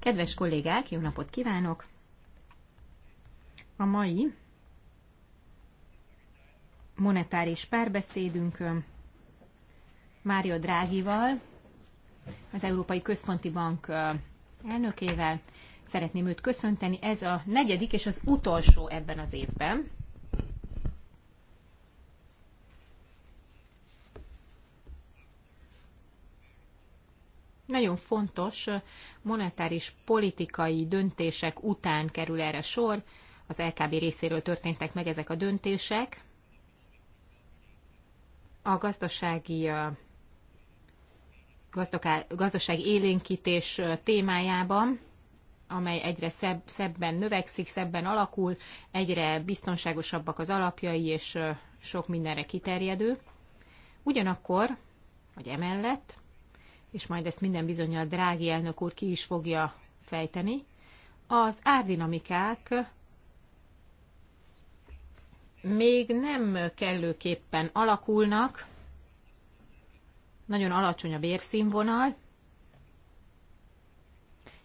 Kedves kollégák, jó napot kívánok! A mai monetáris párbeszédünkön Mário Drágival, az Európai Központi Bank elnökével szeretném őt köszönteni. Ez a negyedik és az utolsó ebben az évben. Nagyon fontos monetáris politikai döntések után kerül erre sor. Az LKB részéről történtek meg ezek a döntések. A gazdasági gazdaság élénkítés témájában, amely egyre szebb, szebben növekszik, szebben alakul, egyre biztonságosabbak az alapjai, és sok mindenre kiterjedő. Ugyanakkor, vagy emellett, és majd ezt minden a drági elnök úr ki is fogja fejteni, az árdinamikák még nem kellőképpen alakulnak, nagyon alacsony a bérszínvonal,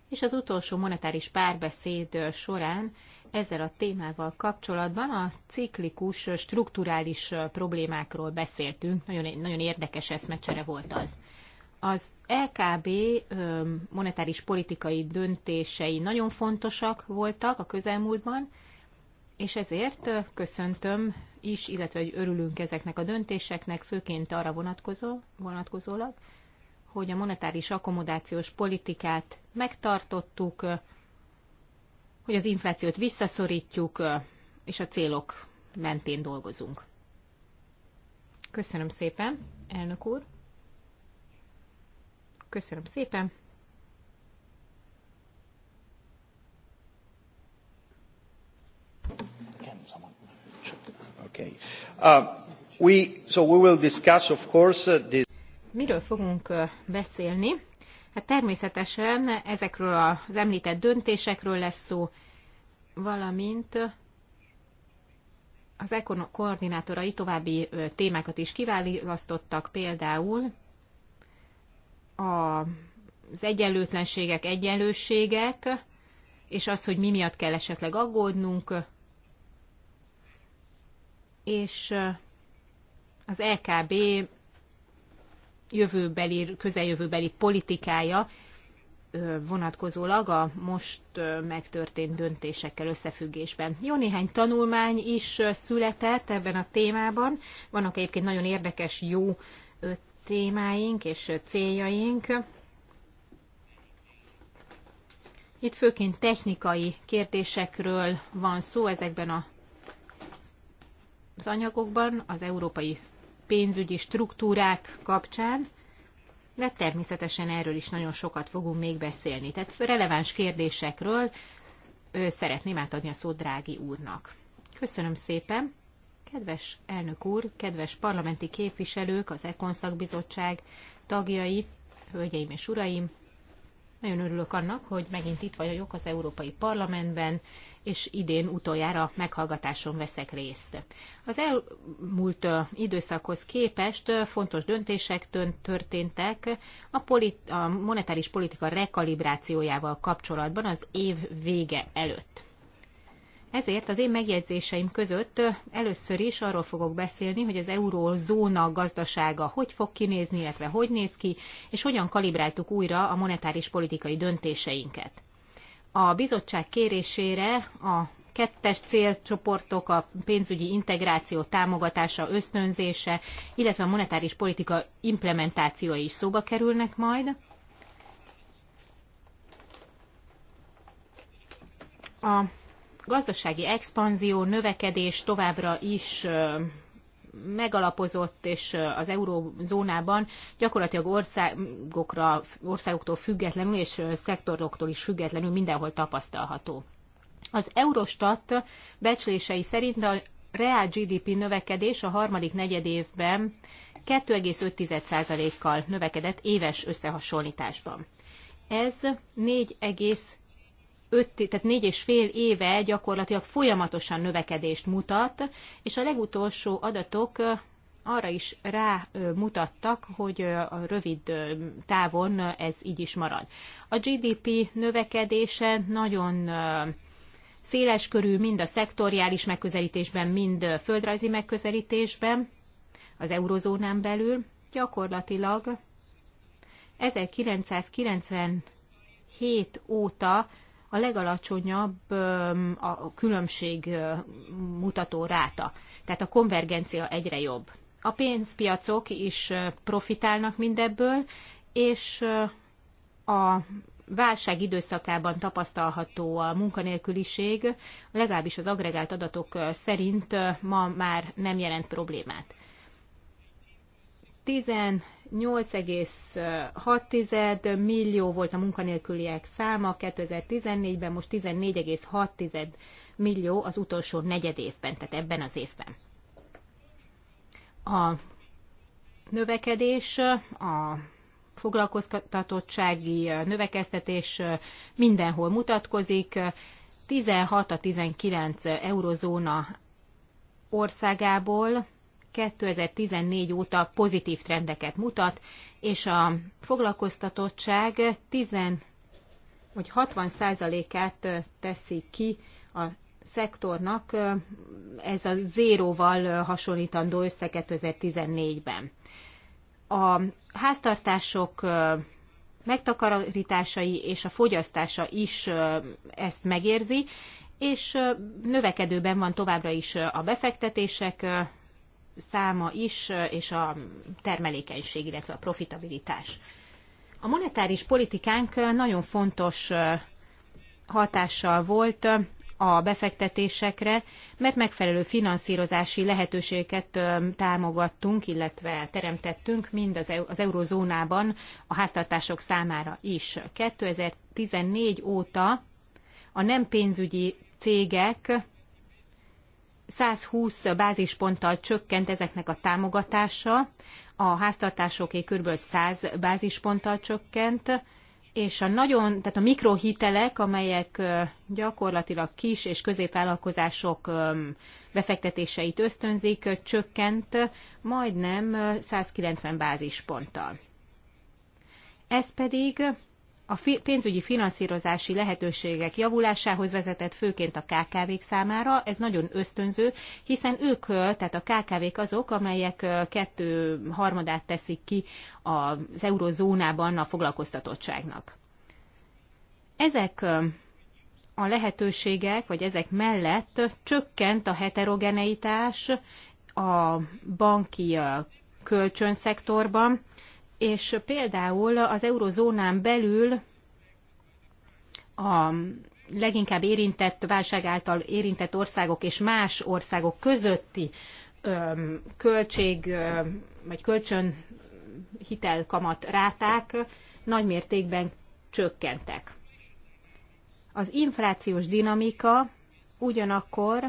és az utolsó monetáris párbeszéd során ezzel a témával kapcsolatban a ciklikus, strukturális problémákról beszéltünk. Nagyon, nagyon érdekes eszmecsere volt az. Az LKB monetáris politikai döntései nagyon fontosak voltak a közelmúltban, és ezért köszöntöm is, illetve hogy örülünk ezeknek a döntéseknek, főként arra vonatkozó, vonatkozólag, hogy a monetáris akkomodációs politikát megtartottuk, hogy az inflációt visszaszorítjuk, és a célok mentén dolgozunk. Köszönöm szépen, elnök úr! Köszönöm szépen! Okay. Uh, we, so we will discuss, of course, uh, this. Miről fogunk uh, beszélni? Hát természetesen ezekről az említett döntésekről lesz szó, valamint az ekonomiai koordinátorai további témákat is kiválasztottak, például az egyenlőtlenségek, egyenlőségek, és az, hogy mi miatt kell esetleg aggódnunk, és az LKB jövőbeli, közeljövőbeli politikája vonatkozólag a most megtörtént döntésekkel összefüggésben. Jó néhány tanulmány is született ebben a témában. Vannak egyébként nagyon érdekes, jó témáink és céljaink. Itt főként technikai kérdésekről van szó ezekben a, az anyagokban, az európai pénzügyi struktúrák kapcsán, de természetesen erről is nagyon sokat fogunk még beszélni. Tehát releváns kérdésekről ő szeretném átadni a szót Drági úrnak. Köszönöm szépen! Kedves elnök úr, kedves parlamenti képviselők, az Ekon szakbizottság tagjai, hölgyeim és uraim, nagyon örülök annak, hogy megint itt vagyok az Európai Parlamentben, és idén utoljára meghallgatáson veszek részt. Az elmúlt időszakhoz képest fontos döntések történtek a, polit- a monetáris politika rekalibrációjával kapcsolatban az év vége előtt. Ezért az én megjegyzéseim között először is arról fogok beszélni, hogy az eurózóna gazdasága hogy fog kinézni, illetve hogy néz ki, és hogyan kalibráltuk újra a monetáris politikai döntéseinket. A bizottság kérésére a kettes célcsoportok, a pénzügyi integráció támogatása, ösztönzése, illetve a monetáris politika implementációja is szóba kerülnek majd. A gazdasági expanzió, növekedés továbbra is megalapozott, és az eurózónában gyakorlatilag országokra, országoktól függetlenül és szektoroktól is függetlenül mindenhol tapasztalható. Az Eurostat becslései szerint a reál GDP növekedés a harmadik negyed évben 2,5%-kal növekedett éves összehasonlításban. Ez öt, tehát négy és fél éve gyakorlatilag folyamatosan növekedést mutat, és a legutolsó adatok arra is rámutattak, hogy a rövid távon ez így is marad. A GDP növekedése nagyon széles körül, mind a szektoriális megközelítésben, mind földrajzi megközelítésben, az eurozónán belül, gyakorlatilag 1997 óta a legalacsonyabb a különbség mutató ráta. Tehát a konvergencia egyre jobb. A pénzpiacok is profitálnak mindebből, és a válság időszakában tapasztalható a munkanélküliség, legalábbis az agregált adatok szerint ma már nem jelent problémát. 8,6 millió volt a munkanélküliek száma 2014-ben, most 14,6 millió az utolsó negyed évben, tehát ebben az évben. A növekedés, a foglalkoztatottsági növekeztetés mindenhol mutatkozik. 16 a 19 eurozóna országából 2014 óta pozitív trendeket mutat, és a foglalkoztatottság 10 vagy 60%-át teszi ki a szektornak, ez a zéróval hasonlítandó össze 2014-ben. A háztartások megtakarításai és a fogyasztása is ezt megérzi, és növekedőben van továbbra is a befektetések száma is, és a termelékenység, illetve a profitabilitás. A monetáris politikánk nagyon fontos hatással volt a befektetésekre, mert megfelelő finanszírozási lehetőségeket támogattunk, illetve teremtettünk mind az, az eurozónában a háztartások számára is. 2014 óta a nem pénzügyi cégek 120 bázisponttal csökkent ezeknek a támogatása, a háztartásoké kb. 100 bázisponttal csökkent, és a nagyon, tehát a mikrohitelek, amelyek gyakorlatilag kis és középvállalkozások befektetéseit ösztönzik, csökkent majdnem 190 bázisponttal. Ez pedig a pénzügyi finanszírozási lehetőségek javulásához vezetett főként a KKV-k számára. Ez nagyon ösztönző, hiszen ők, tehát a KKV-k azok, amelyek kettő harmadát teszik ki az eurozónában a foglalkoztatottságnak. Ezek a lehetőségek, vagy ezek mellett csökkent a heterogeneitás a banki kölcsönszektorban, és például az eurozónán belül a leginkább érintett válság által érintett országok és más országok közötti öm, költség öm, vagy kölcsön hitelkamat ráták nagy mértékben csökkentek. Az inflációs dinamika ugyanakkor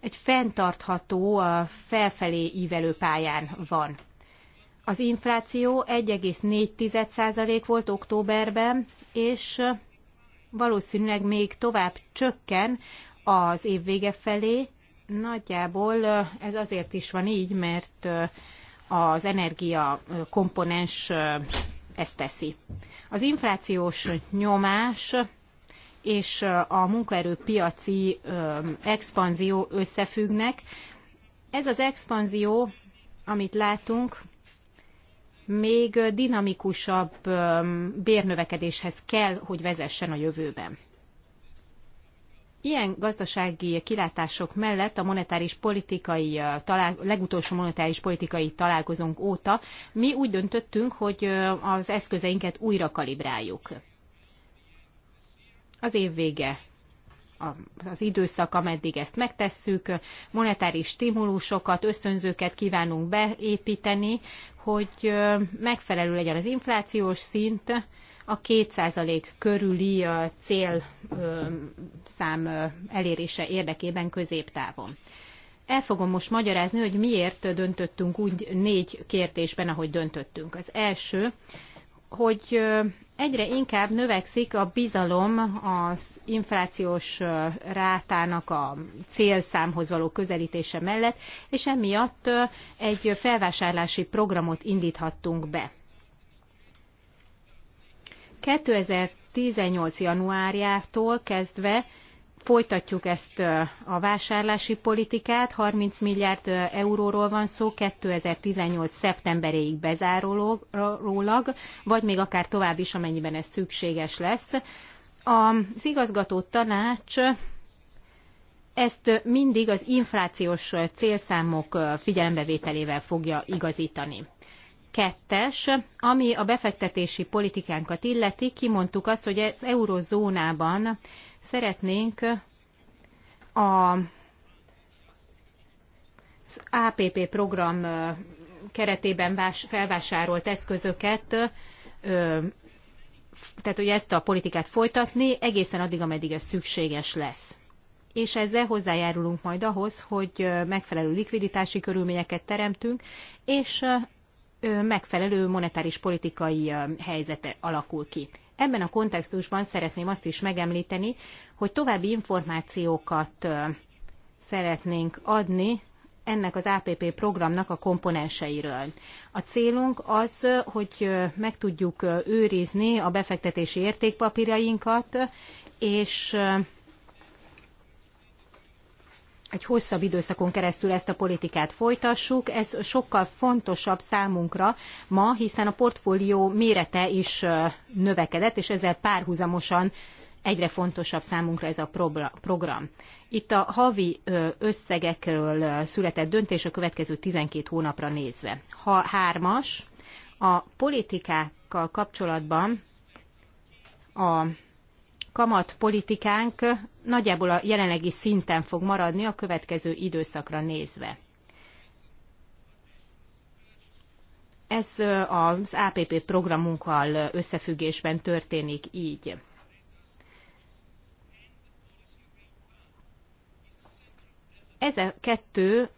egy fenntartható, felfelé ívelő pályán van. Az infláció 1,4% volt októberben, és valószínűleg még tovább csökken az év vége felé. Nagyjából ez azért is van így, mert az energia komponens ezt teszi. Az inflációs nyomás és a munkaerőpiaci expanzió összefüggnek. Ez az expanzió, amit látunk, még dinamikusabb bérnövekedéshez kell, hogy vezessen a jövőben. Ilyen gazdasági kilátások mellett a monetáris politikai talál, legutolsó monetáris politikai találkozónk óta mi úgy döntöttünk, hogy az eszközeinket újra kalibráljuk. Az év vége az időszak, ameddig ezt megtesszük, monetáris stimulusokat, ösztönzőket kívánunk beépíteni, hogy megfelelő legyen az inflációs szint a 2% körüli cél szám elérése érdekében középtávon. El fogom most magyarázni, hogy miért döntöttünk úgy négy kérdésben, ahogy döntöttünk. Az első hogy egyre inkább növekszik a bizalom az inflációs rátának a célszámhoz való közelítése mellett, és emiatt egy felvásárlási programot indíthattunk be. 2018. januárjától kezdve folytatjuk ezt a vásárlási politikát. 30 milliárd euróról van szó 2018. szeptemberéig bezárólag, vagy még akár tovább is, amennyiben ez szükséges lesz. Az igazgató tanács ezt mindig az inflációs célszámok figyelembevételével fogja igazítani. Kettes, ami a befektetési politikánkat illeti, kimondtuk azt, hogy az eurozónában Szeretnénk a az APP program keretében felvásárolt eszközöket, tehát hogy ezt a politikát folytatni egészen addig, ameddig ez szükséges lesz. És ezzel hozzájárulunk majd ahhoz, hogy megfelelő likviditási körülményeket teremtünk, és megfelelő monetáris politikai helyzete alakul ki. Ebben a kontextusban szeretném azt is megemlíteni, hogy további információkat szeretnénk adni ennek az APP programnak a komponenseiről. A célunk az, hogy meg tudjuk őrizni a befektetési értékpapírainkat, és egy hosszabb időszakon keresztül ezt a politikát folytassuk. Ez sokkal fontosabb számunkra ma, hiszen a portfólió mérete is növekedett, és ezzel párhuzamosan egyre fontosabb számunkra ez a program. Itt a havi összegekről született döntés a következő 12 hónapra nézve. Ha hármas, a politikákkal kapcsolatban a kamatpolitikánk nagyjából a jelenlegi szinten fog maradni a következő időszakra nézve. Ez az APP programunkkal összefüggésben történik így. Ez a kettő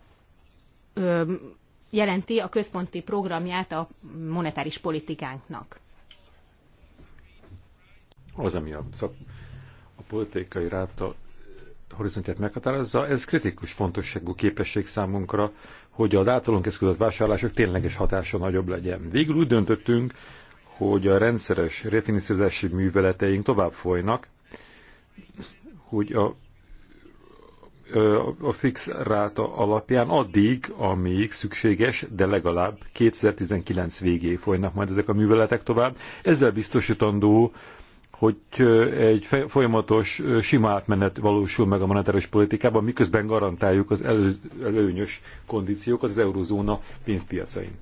jelenti a központi programját a monetáris politikánknak az, ami a, szak, a politikai ráta horizontját meghatározza, ez kritikus fontosságú képesség számunkra, hogy az általunk eszközött vásárlások tényleges hatása nagyobb legyen. Végül úgy döntöttünk, hogy a rendszeres refinanszírozási műveleteink tovább folynak, hogy a, a fix ráta alapján addig, amíg szükséges, de legalább 2019 végéig folynak majd ezek a műveletek tovább. Ezzel biztosítandó, hogy egy folyamatos sima átmenet valósul meg a monetáris politikában, miközben garantáljuk az elő, előnyös kondíciókat az eurozóna pénzpiacain.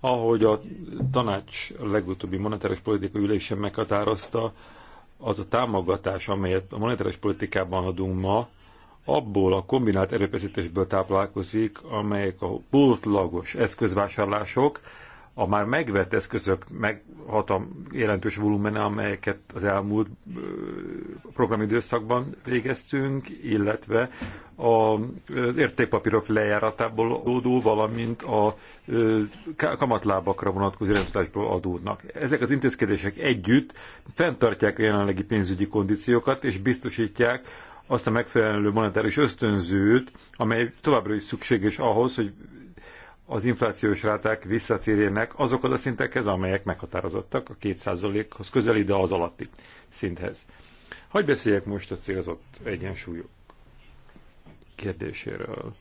Ahogy a tanács legutóbbi monetáris politikai ülésen meghatározta, az a támogatás, amelyet a monetáris politikában adunk ma, abból a kombinált erőfeszítésből táplálkozik, amelyek a boltlagos eszközvásárlások, a már megvett eszközök meghatam jelentős volumene, amelyeket az elmúlt programidőszakban végeztünk, illetve az értékpapírok lejáratából adódó, valamint a kamatlábakra vonatkozó irányításból adódnak. Ezek az intézkedések együtt fenntartják a jelenlegi pénzügyi kondíciókat, és biztosítják azt a megfelelő monetáris ösztönzőt, amely továbbra is szükséges ahhoz, hogy az inflációs ráták visszatérjenek azokhoz a szintekhez, amelyek meghatározottak a 2%-hoz közeli, de az alatti szinthez. Hogy beszéljek most a célzott egyensúlyok kérdéséről.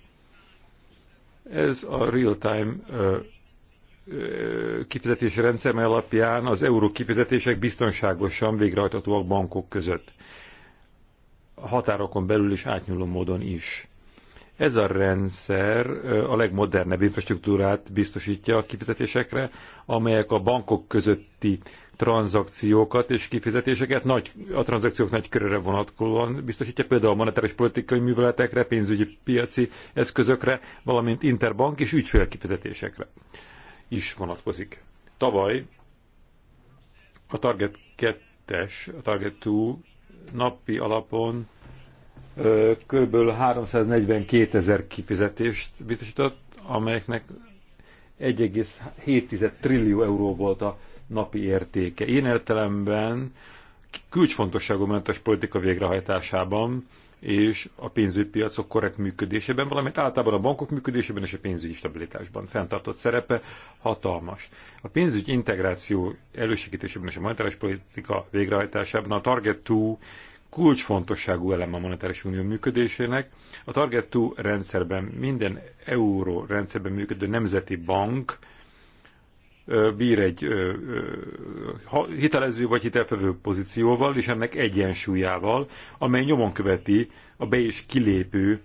Ez a real-time kifizetési rendszer alapján az euró kifizetések biztonságosan végrehajthatóak bankok között. A határokon belül is átnyúló módon is. Ez a rendszer a legmodernebb infrastruktúrát biztosítja a kifizetésekre, amelyek a bankok közötti tranzakciókat és kifizetéseket nagy, a tranzakciók nagy körére vonatkozóan biztosítja, például a monetáris politikai műveletekre, pénzügyi piaci eszközökre, valamint interbank és ügyfél kifizetésekre is vonatkozik. Tavaly a Target 2-es, a Target 2 napi alapon kb. 342 ezer kifizetést biztosított, amelyeknek 1,7 trillió euró volt a napi értéke. Én értelemben kulcsfontosságú mentes politika végrehajtásában és a pénzügypiacok korrekt működésében, valamint általában a bankok működésében és a pénzügyi stabilitásban fenntartott szerepe hatalmas. A pénzügy integráció elősegítésében és a monetáris politika végrehajtásában a Target 2 kulcsfontosságú eleme a monetáris unió működésének. A Target 2 rendszerben minden euró rendszerben működő nemzeti bank bír egy hitelező vagy hitelfevő pozícióval, és ennek egyensúlyával, amely nyomon követi a be- és kilépő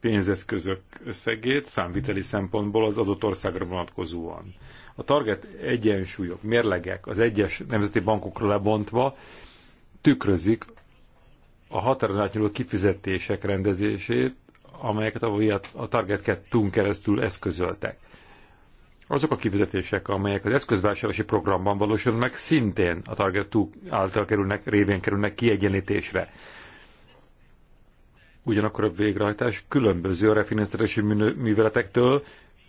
pénzeszközök összegét számviteli szempontból az adott országra vonatkozóan. A target egyensúlyok, mérlegek az egyes nemzeti bankokra lebontva tükrözik a határon átnyúló kifizetések rendezését, amelyeket a, a Target 2 keresztül eszközöltek. Azok a kifizetések, amelyek az eszközvásárlási programban valósulnak meg, szintén a Target 2 által kerülnek, révén kerülnek kiegyenlítésre. Ugyanakkor a végrehajtás különböző a refinanszírozási műveletektől,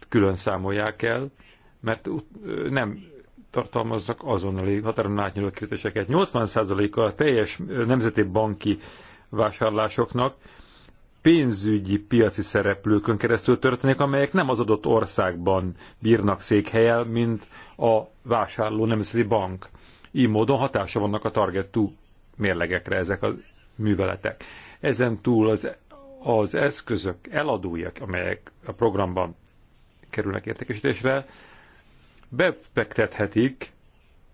külön számolják el, mert nem tartalmaznak azonnali határon átnyúló kifizetéseket. 80%-a a teljes nemzeti banki vásárlásoknak pénzügyi piaci szereplőkön keresztül történik, amelyek nem az adott országban bírnak székhelyel, mint a vásárló nemzeti bank. Így módon hatása vannak a target 2 mérlegekre ezek a műveletek. Ezen túl az, az eszközök eladóiak, amelyek a programban kerülnek értékesítésre, befektethetik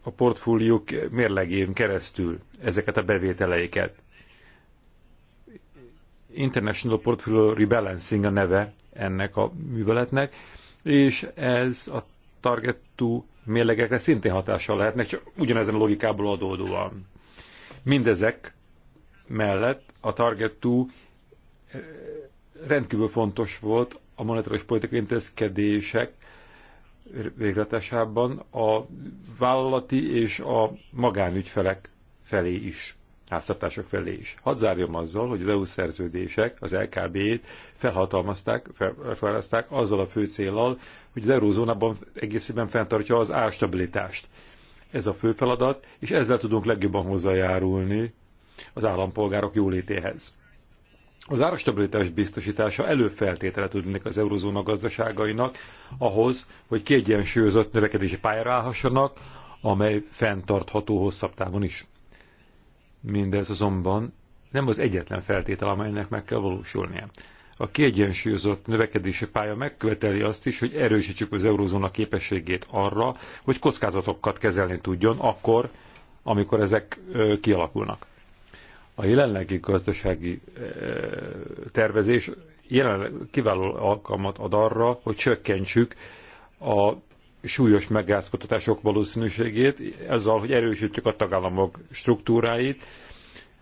a portfóliók mérlegén keresztül ezeket a bevételeiket. International Portfolio Rebalancing a neve ennek a műveletnek, és ez a Target 2 mérlegekre szintén hatással lehetnek, csak ugyanezen a logikából adódóan. Mindezek mellett a Target 2 eh, rendkívül fontos volt a monetáris politikai intézkedések végletesában a vállalati és a magánügyfelek felé is, háztartások felé is. Hadd zárjam azzal, hogy az EU szerződések, az LKB-t felhatalmazták, felhatalmazták azzal a fő célral, hogy az eurózónában egészében fenntartja az árstabilitást. Ez a fő feladat, és ezzel tudunk legjobban hozzájárulni az állampolgárok jólétéhez. Az árastabilitás biztosítása előfeltétele tudnék az eurozóna gazdaságainak ahhoz, hogy kiegyensúlyozott növekedési pályára állhassanak, amely fenntartható hosszabb távon is. Mindez azonban nem az egyetlen feltétel, amelynek meg kell valósulnia. A kiegyensúlyozott növekedési pálya megköveteli azt is, hogy erősítsük az eurozóna képességét arra, hogy kockázatokat kezelni tudjon akkor, amikor ezek kialakulnak. A jelenlegi gazdasági eh, tervezés jelenleg kiváló alkalmat ad arra, hogy csökkentsük a súlyos megrázkodtatások valószínűségét, ezzel, hogy erősítjük a tagállamok struktúráit,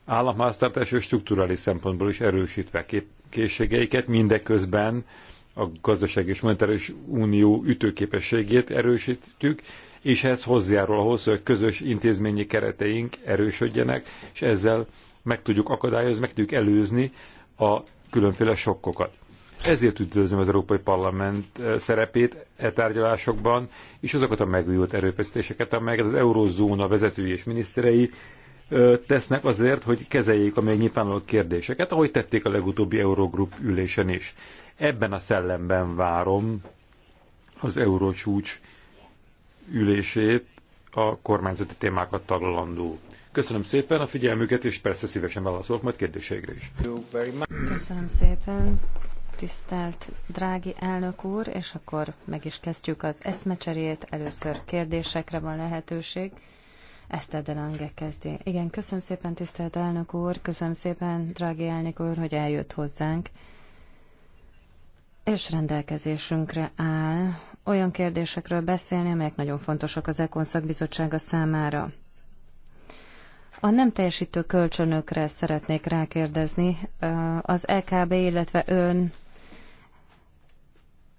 államháztartási és struktúrális szempontból is erősítve készségeiket, mindeközben a gazdaság és monetáris unió ütőképességét erősítjük, és ez hozzájárul ahhoz, hogy közös intézményi kereteink erősödjenek, és ezzel meg tudjuk akadályozni, meg tudjuk előzni a különféle sokkokat. Ezért üdvözlöm az Európai Parlament eh, szerepét e tárgyalásokban, és azokat a megújult erőfeszítéseket, amelyeket az Eurózóna vezetői és miniszterei eh, tesznek azért, hogy kezeljék a még nyilvánvaló kérdéseket, ahogy tették a legutóbbi Eurogroup ülésen is. Ebben a szellemben várom az Eurócsúcs ülését a kormányzati témákat taglalandó Köszönöm szépen a figyelmüket, és persze szívesen válaszolok majd kérdéseikre is. Köszönöm szépen, tisztelt drági elnök úr, és akkor meg is kezdjük az eszmecserét. Először kérdésekre van lehetőség. Eszter Delange kezdi. Igen, köszönöm szépen, tisztelt elnök úr, köszönöm szépen, drági elnök úr, hogy eljött hozzánk. És rendelkezésünkre áll olyan kérdésekről beszélni, amelyek nagyon fontosak az Ekon szakbizottsága számára. A nem teljesítő kölcsönökre szeretnék rákérdezni. Az EKB, illetve ön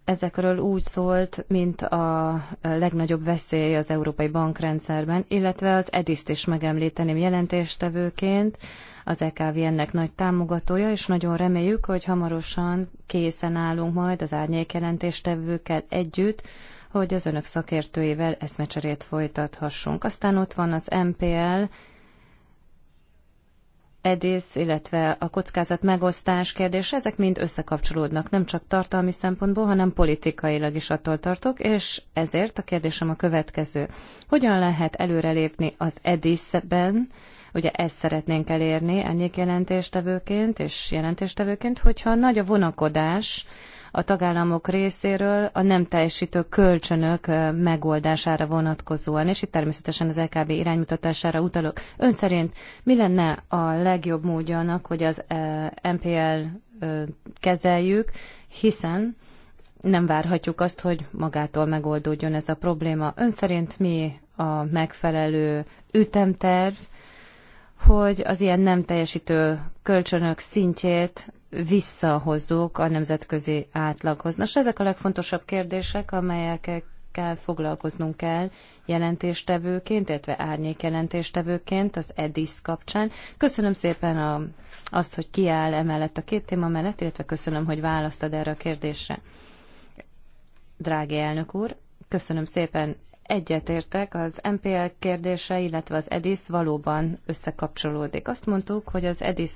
ezekről úgy szólt, mint a legnagyobb veszély az európai bankrendszerben, illetve az EDIS-t is megemlíteném jelentéstevőként. Az EKV ennek nagy támogatója, és nagyon reméljük, hogy hamarosan készen állunk majd az árnyék jelentéstevőkkel együtt, hogy az önök szakértőivel eszmecserét folytathassunk. Aztán ott van az MPL, EDIS, illetve a kockázat megosztás kérdés, ezek mind összekapcsolódnak, nem csak tartalmi szempontból, hanem politikailag is attól tartok, és ezért a kérdésem a következő. Hogyan lehet előrelépni az EDIS-ben, ugye ezt szeretnénk elérni ennyi jelentéstevőként és jelentéstevőként, hogyha nagy a vonakodás a tagállamok részéről a nem teljesítő kölcsönök megoldására vonatkozóan, és itt természetesen az LKB iránymutatására utalok. Ön szerint mi lenne a legjobb módja annak, hogy az MPL kezeljük, hiszen nem várhatjuk azt, hogy magától megoldódjon ez a probléma. Ön szerint mi a megfelelő ütemterv, hogy az ilyen nem teljesítő kölcsönök szintjét visszahozzuk a nemzetközi átlaghoz. Nos, ezek a legfontosabb kérdések, amelyekkel foglalkoznunk kell jelentéstevőként, illetve árnyék jelentéstevőként az EDIS kapcsán. Köszönöm szépen a, azt, hogy kiáll emellett a két téma mellett, illetve köszönöm, hogy választad erre a kérdésre. Drági elnök úr, köszönöm szépen egyetértek, az MPL kérdése, illetve az EDIS valóban összekapcsolódik. Azt mondtuk, hogy az EDIS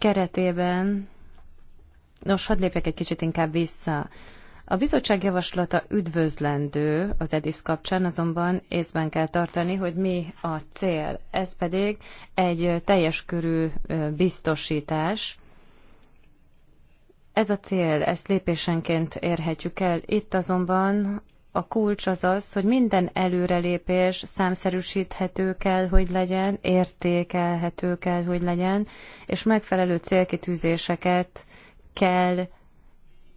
keretében, nos, hadd lépjek egy kicsit inkább vissza. A bizottság javaslata üdvözlendő az EDIS kapcsán, azonban észben kell tartani, hogy mi a cél. Ez pedig egy teljes körű biztosítás. Ez a cél, ezt lépésenként érhetjük el. Itt azonban a kulcs az az, hogy minden előrelépés számszerűsíthető kell, hogy legyen, értékelhető kell, hogy legyen, és megfelelő célkitűzéseket kell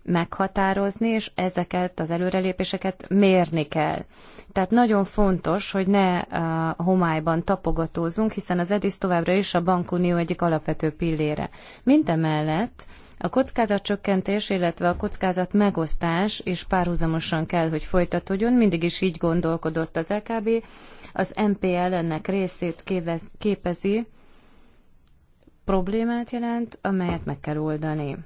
meghatározni, és ezeket az előrelépéseket mérni kell. Tehát nagyon fontos, hogy ne a homályban tapogatózunk, hiszen az EDIS továbbra is a bankunió egyik alapvető pillére. Mindemellett mellett a kockázatcsökkentés, illetve a kockázat megosztás is párhuzamosan kell, hogy folytatódjon. Mindig is így gondolkodott az LKB. E az MPL ennek részét képez, képezi, problémát jelent, amelyet meg kell oldani.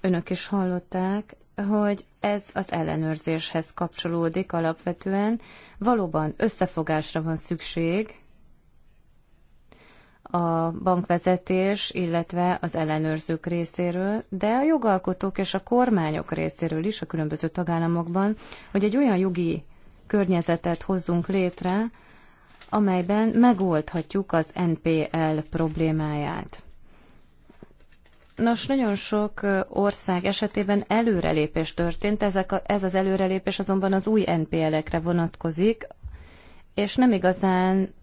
Önök is hallották, hogy ez az ellenőrzéshez kapcsolódik alapvetően. Valóban összefogásra van szükség, a bankvezetés, illetve az ellenőrzők részéről, de a jogalkotók és a kormányok részéről is a különböző tagállamokban, hogy egy olyan jogi környezetet hozzunk létre, amelyben megoldhatjuk az NPL problémáját. Nos, nagyon sok ország esetében előrelépés történt, Ezek a, ez az előrelépés azonban az új NPL-ekre vonatkozik, és nem igazán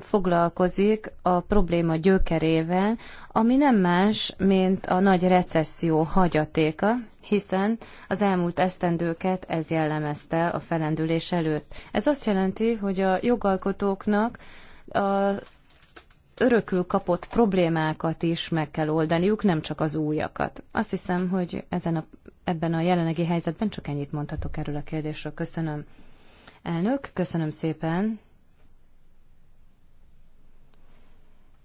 foglalkozik a probléma gyökerével, ami nem más, mint a nagy recesszió hagyatéka, hiszen az elmúlt esztendőket ez jellemezte a felendülés előtt. Ez azt jelenti, hogy a jogalkotóknak a örökül kapott problémákat is meg kell oldaniuk, nem csak az újakat. Azt hiszem, hogy ezen a, ebben a jelenlegi helyzetben csak ennyit mondhatok erről a kérdésről. Köszönöm. Elnök, köszönöm szépen.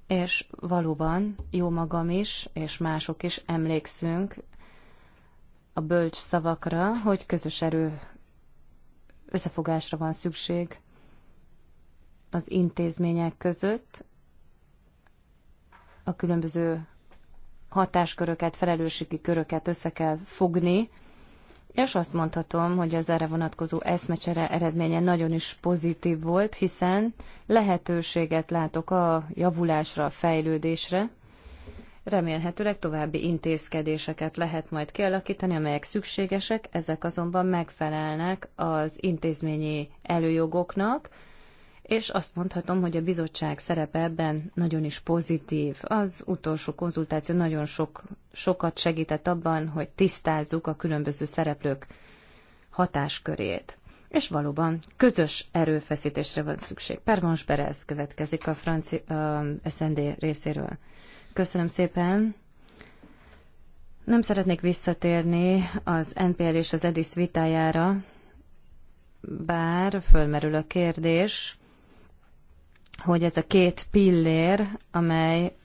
és valóban jó magam is, és mások is emlékszünk a bölcs szavakra, hogy közös erő összefogásra van szükség az intézmények között, a különböző hatásköröket, felelősségi köröket össze kell fogni, és azt mondhatom, hogy az erre vonatkozó eszmecsere eredménye nagyon is pozitív volt, hiszen lehetőséget látok a javulásra, a fejlődésre. Remélhetőleg további intézkedéseket lehet majd kialakítani, amelyek szükségesek, ezek azonban megfelelnek az intézményi előjogoknak, és azt mondhatom, hogy a bizottság szerepe ebben nagyon is pozitív. Az utolsó konzultáció nagyon sok, sokat segített abban, hogy tisztázzuk a különböző szereplők hatáskörét. És valóban közös erőfeszítésre van szükség. Pervans Berez következik a franci, a SND részéről. Köszönöm szépen. Nem szeretnék visszatérni az NPL és az EDIS vitájára, bár fölmerül a kérdés, hogy ez a két pillér, amely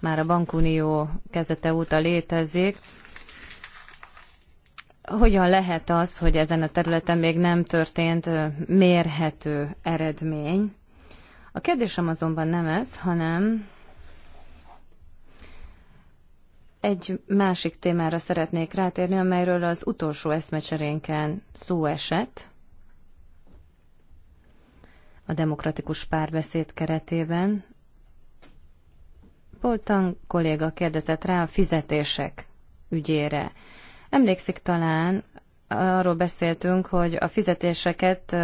már a bankunió kezdete óta létezik, hogyan lehet az, hogy ezen a területen még nem történt mérhető eredmény? A kérdésem azonban nem ez, hanem egy másik témára szeretnék rátérni, amelyről az utolsó eszmecserénken szó esett a demokratikus párbeszéd keretében. Poltan kolléga kérdezett rá a fizetések ügyére. Emlékszik talán, arról beszéltünk, hogy a fizetéseket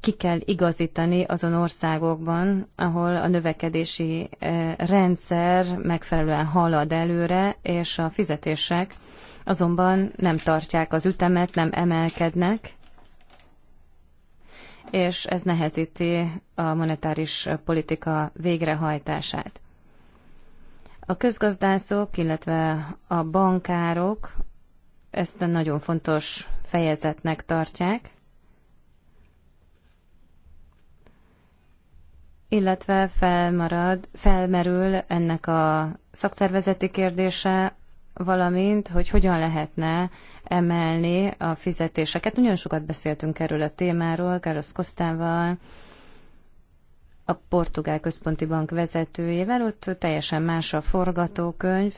ki kell igazítani azon országokban, ahol a növekedési rendszer megfelelően halad előre, és a fizetések azonban nem tartják az ütemet, nem emelkednek és ez nehezíti a monetáris politika végrehajtását. A közgazdászok, illetve a bankárok ezt a nagyon fontos fejezetnek tartják, illetve felmarad, felmerül ennek a szakszervezeti kérdése, valamint, hogy hogyan lehetne emelni a fizetéseket. Nagyon sokat beszéltünk erről a témáról, Carlos Kostával, a Portugál Központi Bank vezetőjével, ott teljesen más a forgatókönyv.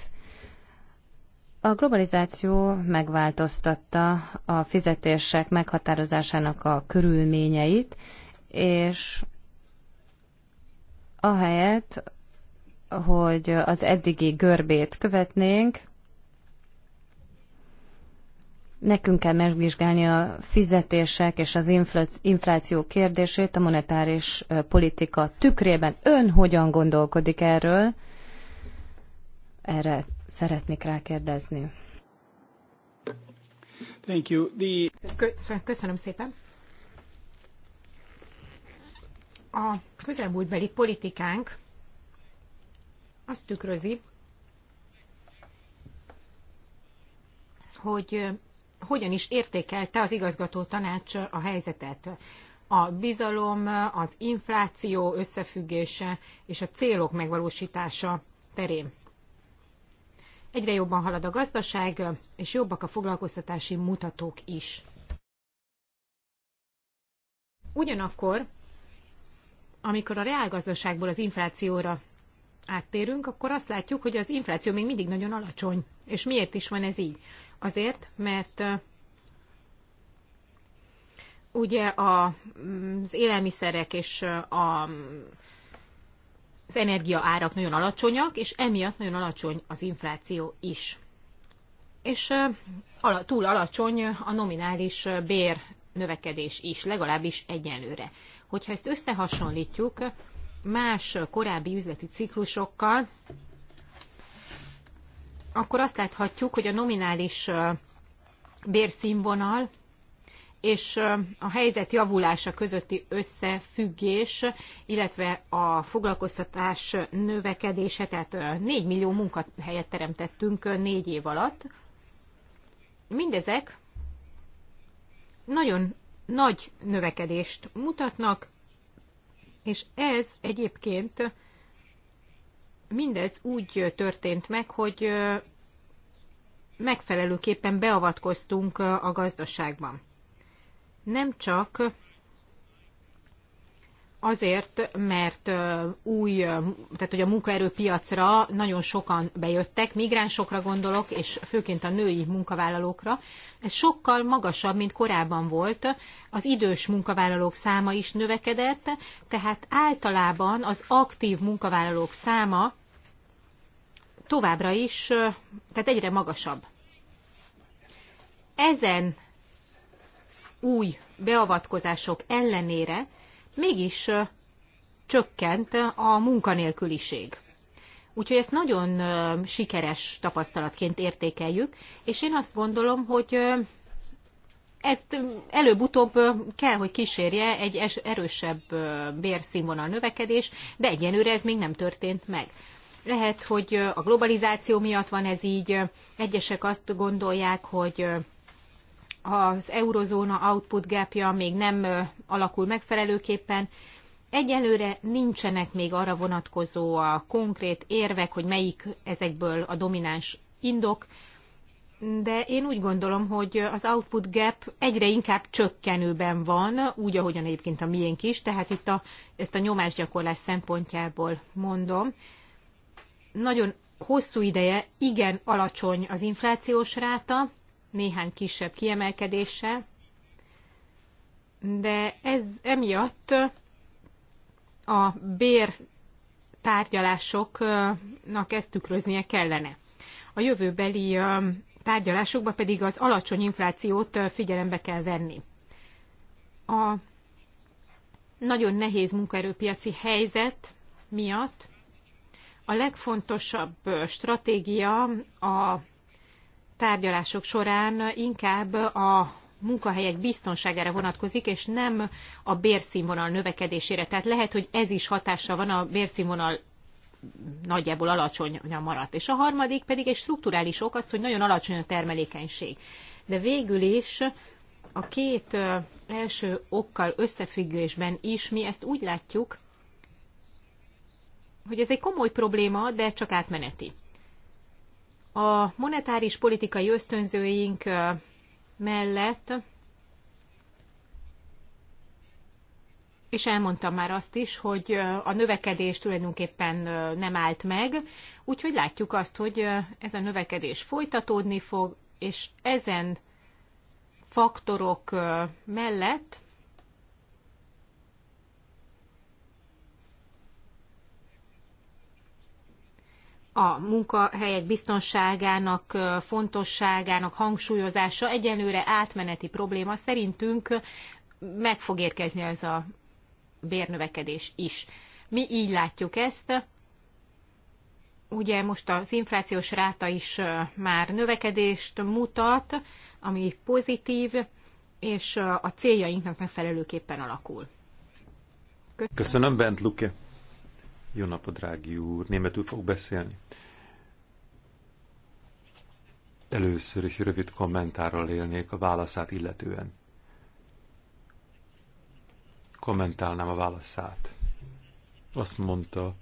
A globalizáció megváltoztatta a fizetések meghatározásának a körülményeit, és ahelyett, hogy az eddigi görbét követnénk, nekünk kell megvizsgálni a fizetések és az infláció kérdését a monetáris politika tükrében. Ön hogyan gondolkodik erről? Erre szeretnék rákérdezni. Thank you. The... Szóval köszönöm szépen. A közelmúltbeli politikánk azt tükrözi, hogy hogyan is értékelte az igazgató tanács a helyzetet. A bizalom, az infláció összefüggése és a célok megvalósítása terén. Egyre jobban halad a gazdaság, és jobbak a foglalkoztatási mutatók is. Ugyanakkor, amikor a reálgazdaságból az inflációra áttérünk, akkor azt látjuk, hogy az infláció még mindig nagyon alacsony. És miért is van ez így? Azért, mert ugye a, az élelmiszerek és a, az energia árak nagyon alacsonyak, és emiatt nagyon alacsony az infláció is. És ala, túl alacsony a nominális bér növekedés is, legalábbis egyenlőre. Hogyha ezt összehasonlítjuk más korábbi üzleti ciklusokkal, akkor azt láthatjuk, hogy a nominális bérszínvonal és a helyzet javulása közötti összefüggés, illetve a foglalkoztatás növekedése, tehát 4 millió munkahelyet teremtettünk 4 év alatt. Mindezek nagyon nagy növekedést mutatnak, és ez egyébként mindez úgy történt meg, hogy megfelelőképpen beavatkoztunk a gazdaságban. Nem csak azért, mert új, tehát hogy a munkaerőpiacra nagyon sokan bejöttek, migránsokra gondolok, és főként a női munkavállalókra. Ez sokkal magasabb, mint korábban volt. Az idős munkavállalók száma is növekedett, tehát általában az aktív munkavállalók száma továbbra is, tehát egyre magasabb. Ezen új beavatkozások ellenére mégis csökkent a munkanélküliség. Úgyhogy ezt nagyon sikeres tapasztalatként értékeljük, és én azt gondolom, hogy ezt előbb-utóbb kell, hogy kísérje egy erősebb bérszínvonal növekedés, de egyenőre ez még nem történt meg. Lehet, hogy a globalizáció miatt van ez így, egyesek azt gondolják, hogy az eurozóna output gapja még nem alakul megfelelőképpen. Egyelőre nincsenek még arra vonatkozó a konkrét érvek, hogy melyik ezekből a domináns indok, de én úgy gondolom, hogy az output gap egyre inkább csökkenőben van, úgy, ahogyan egyébként a miénk is, tehát itt a, ezt a nyomásgyakorlás szempontjából mondom. Nagyon hosszú ideje igen alacsony az inflációs ráta, néhány kisebb kiemelkedéssel, de ez emiatt a bér tárgyalásoknak ezt tükröznie kellene. A jövőbeli tárgyalásokba pedig az alacsony inflációt figyelembe kell venni. A nagyon nehéz munkaerőpiaci helyzet miatt a legfontosabb stratégia a tárgyalások során inkább a munkahelyek biztonságára vonatkozik, és nem a bérszínvonal növekedésére. Tehát lehet, hogy ez is hatása van a bérszínvonal nagyjából alacsonyan maradt. És a harmadik pedig egy strukturális ok az, hogy nagyon alacsony a termelékenység. De végül is a két első okkal összefüggésben is mi ezt úgy látjuk, hogy ez egy komoly probléma, de csak átmeneti. A monetáris politikai ösztönzőink mellett, és elmondtam már azt is, hogy a növekedés tulajdonképpen nem állt meg, úgyhogy látjuk azt, hogy ez a növekedés folytatódni fog, és ezen faktorok mellett a munkahelyek biztonságának, fontosságának hangsúlyozása egyenlőre átmeneti probléma. Szerintünk meg fog érkezni ez a bérnövekedés is. Mi így látjuk ezt. Ugye most az inflációs ráta is már növekedést mutat, ami pozitív, és a céljainknak megfelelőképpen alakul. Köszönöm, Köszönöm Bent Luke. Jó napot, drági úr! Németül fog beszélni. Először is rövid kommentárral élnék a válaszát illetően. Kommentálnám a válaszát. Azt mondta,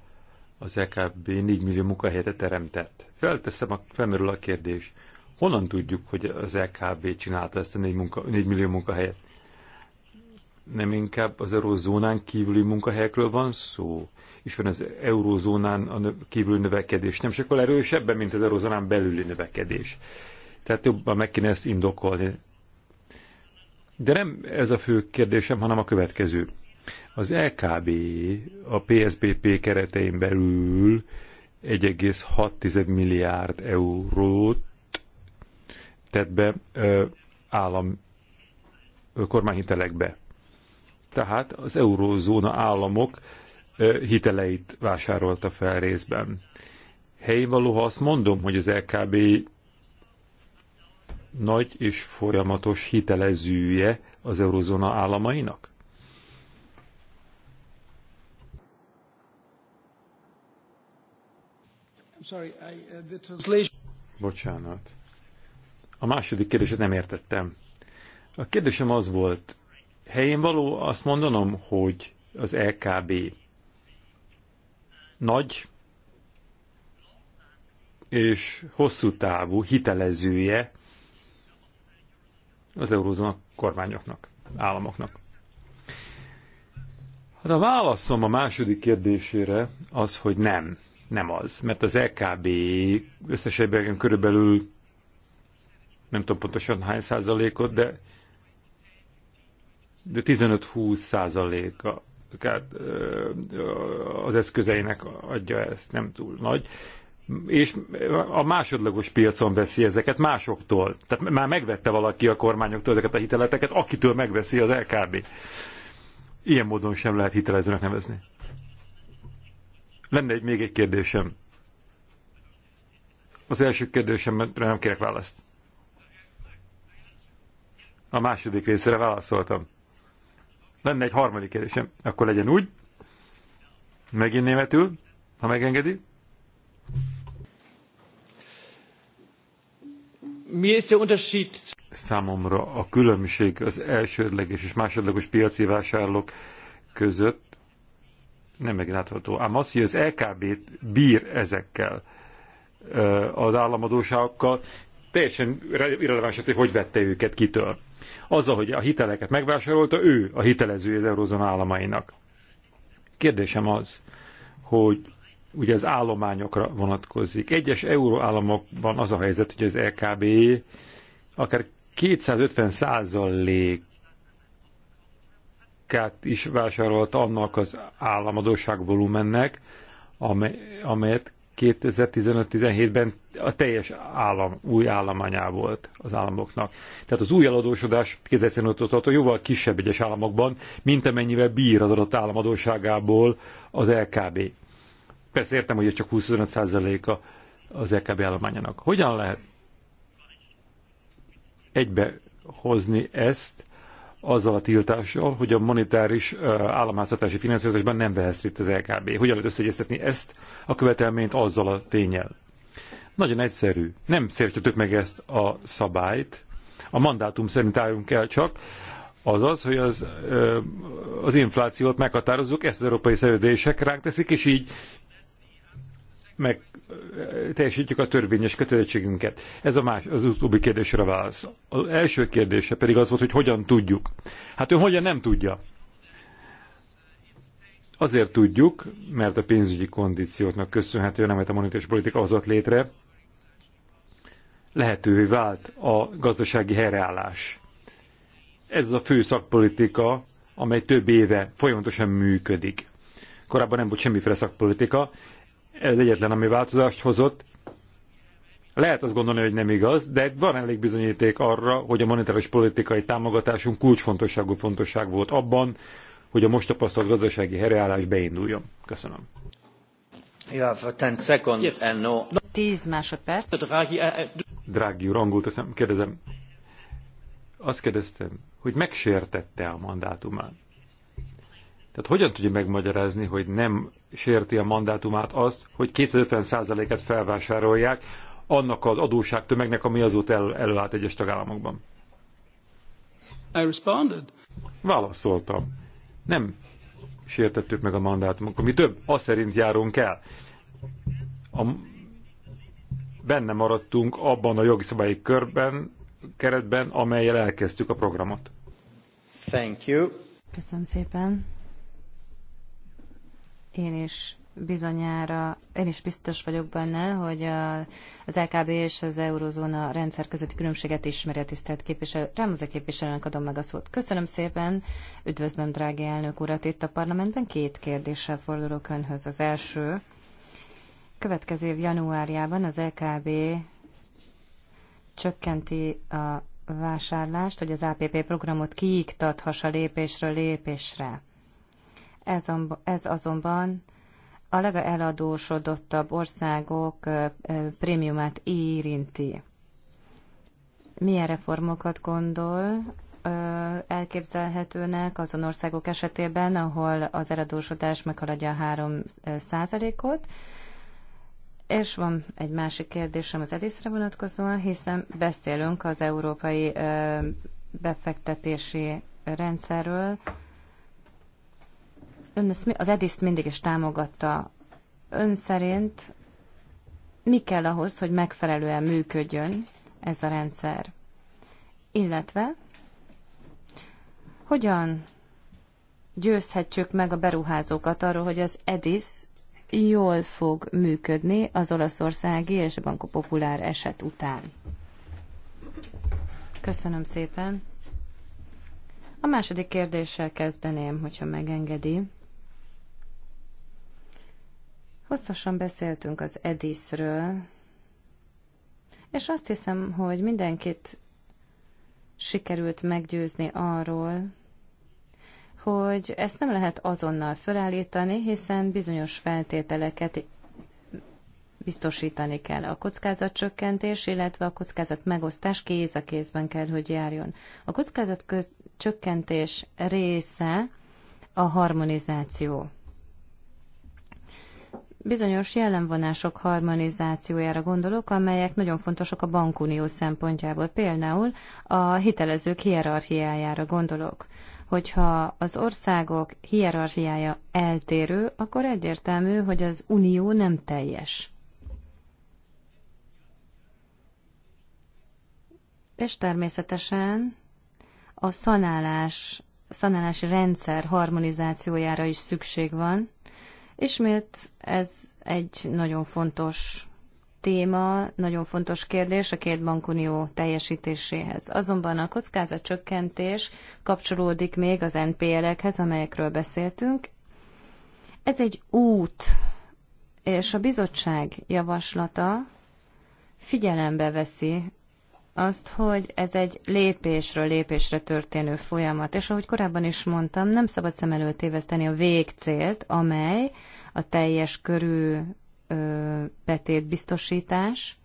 az EKB 4 millió munkahelyet teremtett. Felteszem, a, felmerül a kérdés, honnan tudjuk, hogy az EKB csinálta ezt a 4, munka, 4 millió munkahelyet? Nem inkább az eurozónán kívüli munkahelyekről van szó? és van az eurózónán a növ, kívül növekedés nem sokkal erősebben, mint az eurózónán belüli növekedés. Tehát jobban meg kéne ezt indokolni. De nem ez a fő kérdésem, hanem a következő. Az LKB a PSPP keretein belül 1,6 milliárd eurót tett be ö, állam ö, kormányhitelekbe. Tehát az eurózóna államok hiteleit vásárolta fel részben. Helyén való, ha azt mondom, hogy az LKB nagy és folyamatos hitelezője az eurozóna államainak? Uh, Bocsánat. A második kérdéset nem értettem. A kérdésem az volt, helyén való azt mondanom, hogy az LKB nagy és hosszú távú hitelezője az eurózónak kormányoknak, államoknak. Hát a válaszom a második kérdésére az, hogy nem. Nem az. Mert az LKB összesen körülbelül nem tudom pontosan hány százalékot, de, de 15-20 százaléka az eszközeinek adja ezt, nem túl nagy. És a másodlagos piacon veszi ezeket másoktól. Tehát már megvette valaki a kormányoktól ezeket a hiteleteket, akitől megveszi az LKB. Er Ilyen módon sem lehet hitelezőnek nevezni. Lenne egy, még egy kérdésem. Az első kérdésemre nem kérek választ. A második részre válaszoltam. Lenne egy harmadik kérdésem, akkor legyen úgy, megint németül, ha megengedi. Mi ist der Unterschied? Számomra a különbség az elsődleges és másodlagos piaci vásárlók között nem megnátható. Ám az, hogy az LKB bír ezekkel az államadóságokkal, teljesen irreleváns, hogy hogy vette őket kitől. Azzal, hogy a hiteleket megvásárolta, ő a hitelező az eurozon államainak. Kérdésem az, hogy ugye az állományokra vonatkozik. Egyes euróállamokban az a helyzet, hogy az LKB akár 250 százalék is vásárolta annak az államadóság volumennek, amelyet 2015-17-ben a teljes állam, új állományá volt az államoknak. Tehát az új eladósodás 2015 jóval kisebb egyes államokban, mint amennyivel bír az adott állam adósságából az LKB. Persze értem, hogy ez csak 25%-a az LKB állományának. Hogyan lehet egybehozni ezt azzal a tiltással, hogy a monetáris államháztartási finanszírozásban nem vehet részt az LKB. Hogyan lehet összeegyeztetni ezt a követelményt azzal a tényel? Nagyon egyszerű. Nem szértjük meg ezt a szabályt. A mandátum szerint álljunk el csak, az az, hogy az, az inflációt meghatározzuk, ezt az európai szerződések ránk teszik, és így meg teljesítjük a törvényes kötelezettségünket. Ez a más, az utóbbi kérdésre válasz. Az első kérdése pedig az volt, hogy hogyan tudjuk. Hát ő hogyan nem tudja. Azért tudjuk, mert a pénzügyi kondícióknak köszönhetően, amelyet a monetáris politika hozott létre, lehetővé vált a gazdasági helyreállás. Ez a fő szakpolitika, amely több éve folyamatosan működik. Korábban nem volt semmiféle szakpolitika, ez egyetlen, ami változást hozott. Lehet azt gondolni, hogy nem igaz, de van elég bizonyíték arra, hogy a monetáris politikai támogatásunk kulcsfontosságú fontosság volt abban, hogy a most tapasztalt gazdasági helyreállás beinduljon. Köszönöm. Yeah, 10 seconds yes. and no. 10 másodperc. Drági, eh, eh, úr, angolt teszem, kérdezem. Azt kérdeztem, hogy megsértette a mandátumát. Tehát hogyan tudja megmagyarázni, hogy nem sérti a mandátumát azt, hogy 250%-et felvásárolják annak az adósságtömegnek, ami azóta el, előállt egyes tagállamokban. I responded. Válaszoltam. Nem sértettük meg a mandátumot. Mi több, az szerint járunk el. A, benne maradtunk abban a jogi szabályi körben, keretben, amelyel elkezdtük a programot. Thank you. Köszönöm szépen. Én is bizonyára, én is biztos vagyok benne, hogy a, az LKB és az eurozóna rendszer közötti különbséget ismeri a tisztelt képviselő. a képviselőnek adom meg a szót. Köszönöm szépen, üdvözlöm drági elnök urat itt a parlamentben. Két kérdéssel fordulok önhöz. Az első, következő év januárjában az LKB csökkenti a vásárlást, hogy az APP programot kiiktathassa lépésről lépésre. Ez, ez azonban a legeladósodottabb országok prémiumát érinti. Milyen reformokat gondol elképzelhetőnek azon országok esetében, ahol az eladósodás meghaladja a 3 ot és van egy másik kérdésem az Edisre vonatkozóan, hiszen beszélünk az európai befektetési rendszerről, ön az edis mindig is támogatta. Ön szerint mi kell ahhoz, hogy megfelelően működjön ez a rendszer? Illetve hogyan győzhetjük meg a beruházókat arról, hogy az EDIS jól fog működni az olaszországi és a Banco Populár eset után. Köszönöm szépen. A második kérdéssel kezdeném, hogyha megengedi. Hosszasan beszéltünk az Edisről, és azt hiszem, hogy mindenkit sikerült meggyőzni arról, hogy ezt nem lehet azonnal felállítani, hiszen bizonyos feltételeket biztosítani kell. A kockázatcsökkentés, illetve a kockázat megosztás kéz a kézben kell, hogy járjon. A kockázat csökkentés része a harmonizáció bizonyos jellemvonások harmonizációjára gondolok, amelyek nagyon fontosak a bankunió szempontjából. Például a hitelezők hierarchiájára gondolok. Hogyha az országok hierarchiája eltérő, akkor egyértelmű, hogy az unió nem teljes. És természetesen a szanálás, szanálási rendszer harmonizációjára is szükség van, Ismét ez egy nagyon fontos téma, nagyon fontos kérdés a két bankunió teljesítéséhez. Azonban a kockázatcsökkentés kapcsolódik még az NPL-ekhez, amelyekről beszéltünk. Ez egy út, és a bizottság javaslata figyelembe veszi azt, hogy ez egy lépésről lépésre történő folyamat. És ahogy korábban is mondtam, nem szabad szem előtt téveszteni a végcélt, amely a teljes körű ö, betétbiztosítás.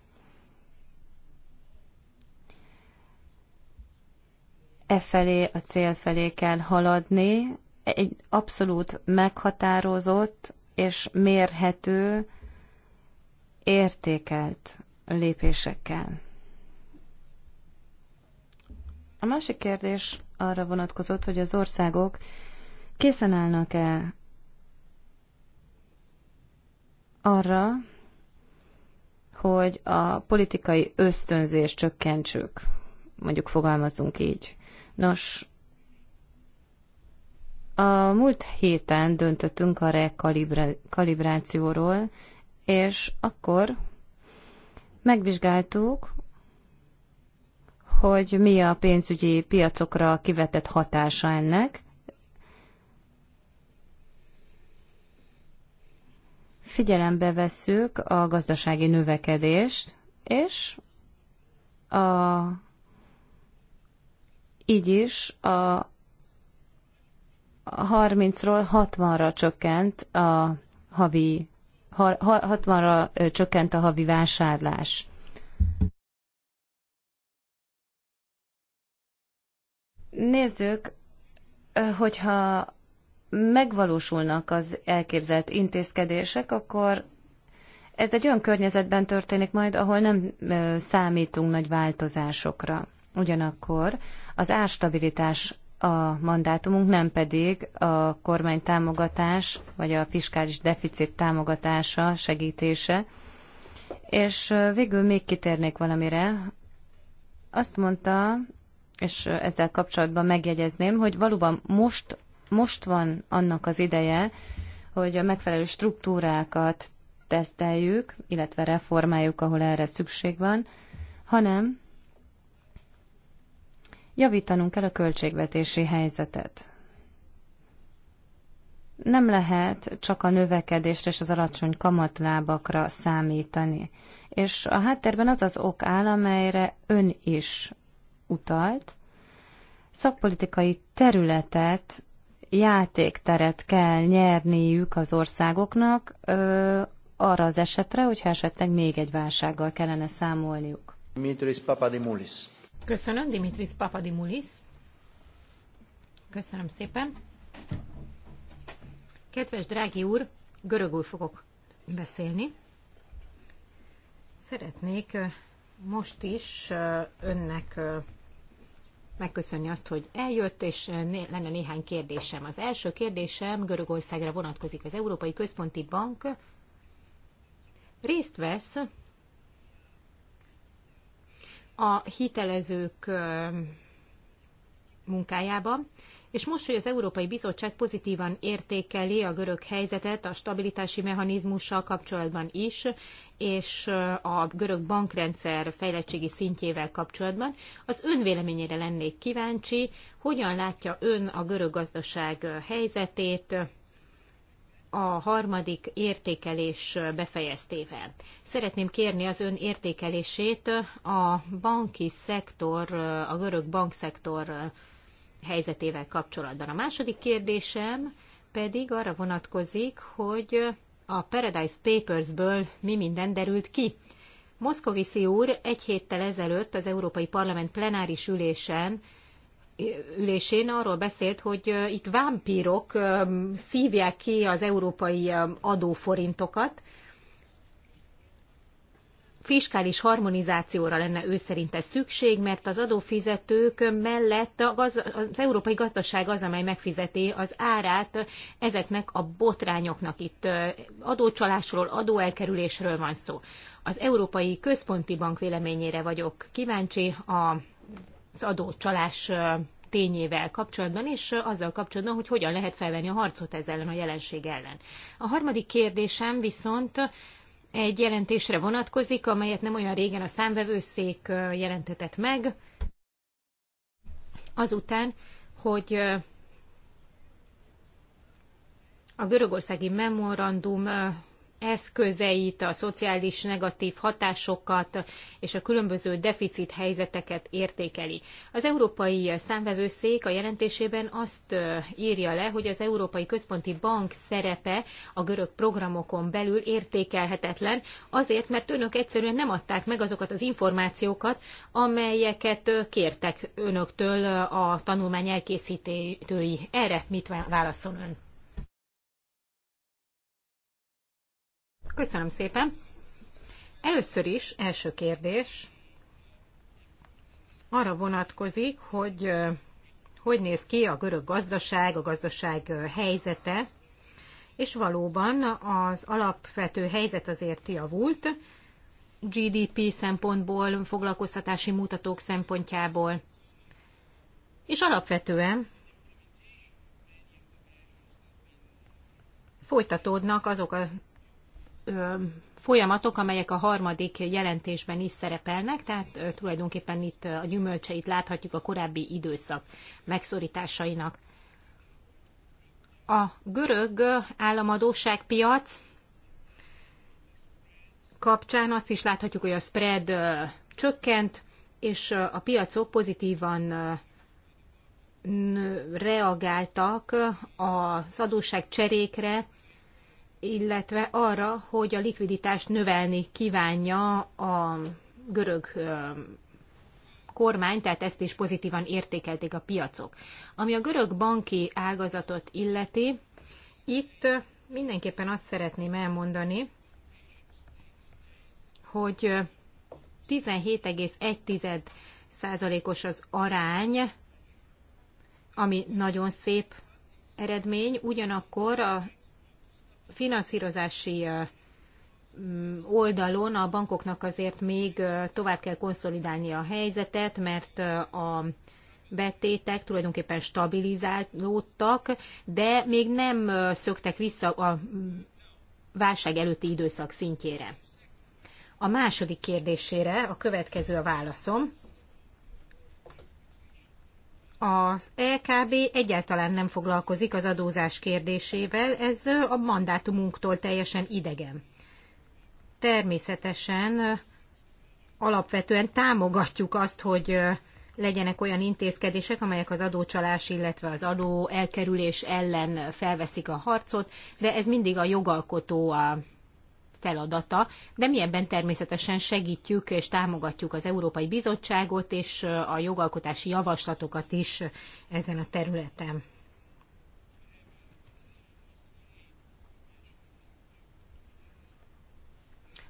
E felé, a cél felé kell haladni. Egy abszolút meghatározott és mérhető, értékelt lépésekkel. A másik kérdés arra vonatkozott, hogy az országok készen állnak-e arra, hogy a politikai ösztönzés csökkentsük, mondjuk fogalmazunk így. Nos, a múlt héten döntöttünk a rekalibrációról, és akkor megvizsgáltuk, hogy mi a pénzügyi piacokra kivetett hatása ennek. Figyelembe vesszük a gazdasági növekedést, és a, így is a 30-ról 60-ra csökkent a havi 60-ra csökkent a havi vásárlás. Nézzük, hogyha megvalósulnak az elképzelt intézkedések, akkor ez egy olyan környezetben történik majd, ahol nem számítunk nagy változásokra. Ugyanakkor az árstabilitás a mandátumunk, nem pedig a kormány támogatás, vagy a fiskális deficit támogatása, segítése. És végül még kitérnék valamire. Azt mondta és ezzel kapcsolatban megjegyezném, hogy valóban most, most van annak az ideje, hogy a megfelelő struktúrákat teszteljük, illetve reformáljuk, ahol erre szükség van, hanem javítanunk kell a költségvetési helyzetet. Nem lehet csak a növekedésre és az alacsony kamatlábakra számítani. És a háttérben az az ok áll, amelyre ön is utalt, szakpolitikai területet, játékteret kell nyerniük az országoknak ö, arra az esetre, hogyha esetleg még egy válsággal kellene számolniuk. Dimitris Papadimulis. Köszönöm, Dimitris Papadimulis. Köszönöm szépen. Kedves drági úr, görögül fogok beszélni. Szeretnék most is önnek megköszönni azt, hogy eljött, és eh, lenne néhány kérdésem. Az első kérdésem Görögországra vonatkozik. Az Európai Központi Bank részt vesz a hitelezők eh, munkájában, és most, hogy az Európai Bizottság pozitívan értékeli a görög helyzetet a stabilitási mechanizmussal kapcsolatban is, és a görög bankrendszer fejlettségi szintjével kapcsolatban, az ön véleményére lennék kíváncsi, hogyan látja ön a görög gazdaság helyzetét, a harmadik értékelés befejeztével. Szeretném kérni az ön értékelését a banki szektor, a görög bankszektor helyzetével kapcsolatban. A második kérdésem pedig arra vonatkozik, hogy a Paradise Papers-ből mi minden derült ki. Moszkoviszi úr egy héttel ezelőtt az Európai Parlament plenáris ülésen ülésén arról beszélt, hogy itt vámpírok szívják ki az európai adóforintokat, fiskális harmonizációra lenne ő szerinte szükség, mert az adófizetők mellett az európai gazdaság az, amely megfizeti az árát ezeknek a botrányoknak. Itt adócsalásról, adóelkerülésről van szó. Az Európai Központi Bank véleményére vagyok kíváncsi az adócsalás tényével kapcsolatban, és azzal kapcsolatban, hogy hogyan lehet felvenni a harcot ezzel ellen a jelenség ellen. A harmadik kérdésem viszont egy jelentésre vonatkozik, amelyet nem olyan régen a számvevőszék jelentetett meg, azután, hogy a görögországi memorandum eszközeit, a szociális negatív hatásokat és a különböző deficit helyzeteket értékeli. Az Európai Számvevőszék a jelentésében azt írja le, hogy az Európai Központi Bank szerepe a görög programokon belül értékelhetetlen, azért, mert önök egyszerűen nem adták meg azokat az információkat, amelyeket kértek önöktől a tanulmány elkészítői. Erre mit válaszol ön? Köszönöm szépen. Először is, első kérdés, arra vonatkozik, hogy hogy néz ki a görög gazdaság, a gazdaság helyzete, és valóban az alapvető helyzet azért javult, GDP szempontból, foglalkoztatási mutatók szempontjából, és alapvetően folytatódnak azok a folyamatok, amelyek a harmadik jelentésben is szerepelnek, tehát tulajdonképpen itt a gyümölcseit láthatjuk a korábbi időszak megszorításainak. A görög államadóságpiac kapcsán azt is láthatjuk, hogy a spread csökkent, és a piacok pozitívan reagáltak az adósság cserékre, illetve arra, hogy a likviditást növelni kívánja a görög kormány, tehát ezt is pozitívan értékelték a piacok. Ami a görög banki ágazatot illeti, itt mindenképpen azt szeretném elmondani, hogy 17,1 százalékos az arány, ami nagyon szép eredmény, ugyanakkor a finanszírozási mm, oldalon a bankoknak azért még tovább kell konszolidálni a helyzetet, mert a betétek tulajdonképpen stabilizálódtak, de még nem szöktek vissza a válság előtti időszak szintjére. A második kérdésére a következő a válaszom az EKB egyáltalán nem foglalkozik az adózás kérdésével, ez a mandátumunktól teljesen idegen. Természetesen alapvetően támogatjuk azt, hogy legyenek olyan intézkedések, amelyek az adócsalás, illetve az adó elkerülés ellen felveszik a harcot, de ez mindig a jogalkotó a feladata, de mi ebben természetesen segítjük és támogatjuk az Európai Bizottságot és a jogalkotási javaslatokat is ezen a területen.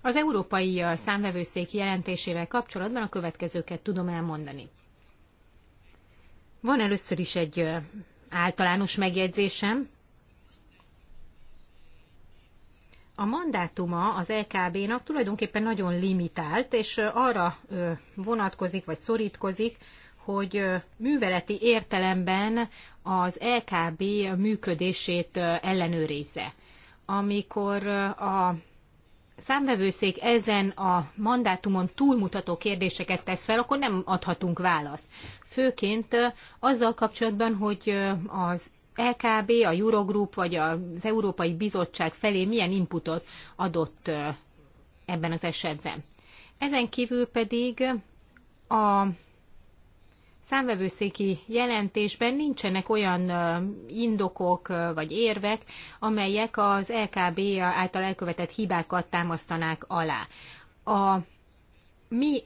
Az Európai Számvevőszék jelentésével kapcsolatban a következőket tudom elmondani. Van először is egy általános megjegyzésem, a mandátuma az LKB-nak e tulajdonképpen nagyon limitált, és arra vonatkozik, vagy szorítkozik, hogy műveleti értelemben az LKB e működését ellenőrizze. Amikor a számvevőszék ezen a mandátumon túlmutató kérdéseket tesz fel, akkor nem adhatunk választ. Főként azzal kapcsolatban, hogy az LKB, a Eurogroup vagy az Európai Bizottság felé milyen inputot adott ebben az esetben. Ezen kívül pedig a számvevőszéki jelentésben nincsenek olyan indokok vagy érvek, amelyek az LKB által elkövetett hibákat támasztanák alá. A mi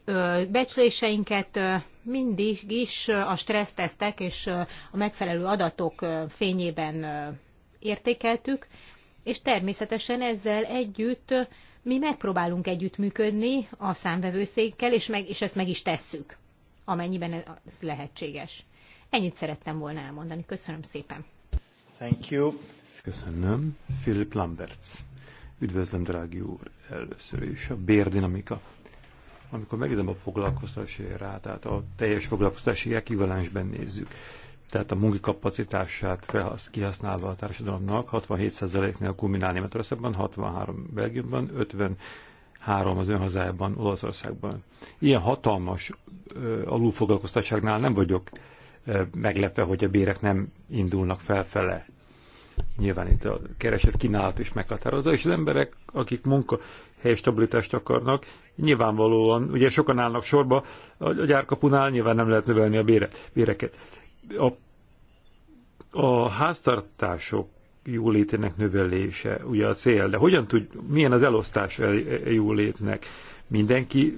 becsléseinket mindig is a stressztesztek és a megfelelő adatok fényében értékeltük, és természetesen ezzel együtt mi megpróbálunk együttműködni a számvevőszékkel, és, meg, és ezt meg is tesszük, amennyiben ez lehetséges. Ennyit szerettem volna elmondani. Köszönöm szépen. Thank you. Köszönöm. Philip Lamberts. Üdvözlöm, drági úr, először is a bérdinamika amikor megnézem a foglalkoztatási tehát a teljes foglalkoztatási ekvivalensben nézzük, tehát a munkikapacitását felhasz, kihasználva a társadalomnak, 67%-nál kulminál Németországban, 63 Belgiumban, 53 az önhazájában, Olaszországban. Ilyen hatalmas ö, alulfoglalkoztatságnál nem vagyok ö, meglepve, hogy a bérek nem indulnak felfele. Nyilván itt a kereset kínálat is meghatározza, és az emberek, akik munka helyi stabilitást akarnak. Nyilvánvalóan, ugye sokan állnak sorba, a gyárkapunál nyilván nem lehet növelni a bére, béreket. A, a háztartások jólétének növelése, ugye a cél, de hogyan tud, milyen az elosztás a e, e, jólétnek? Mindenki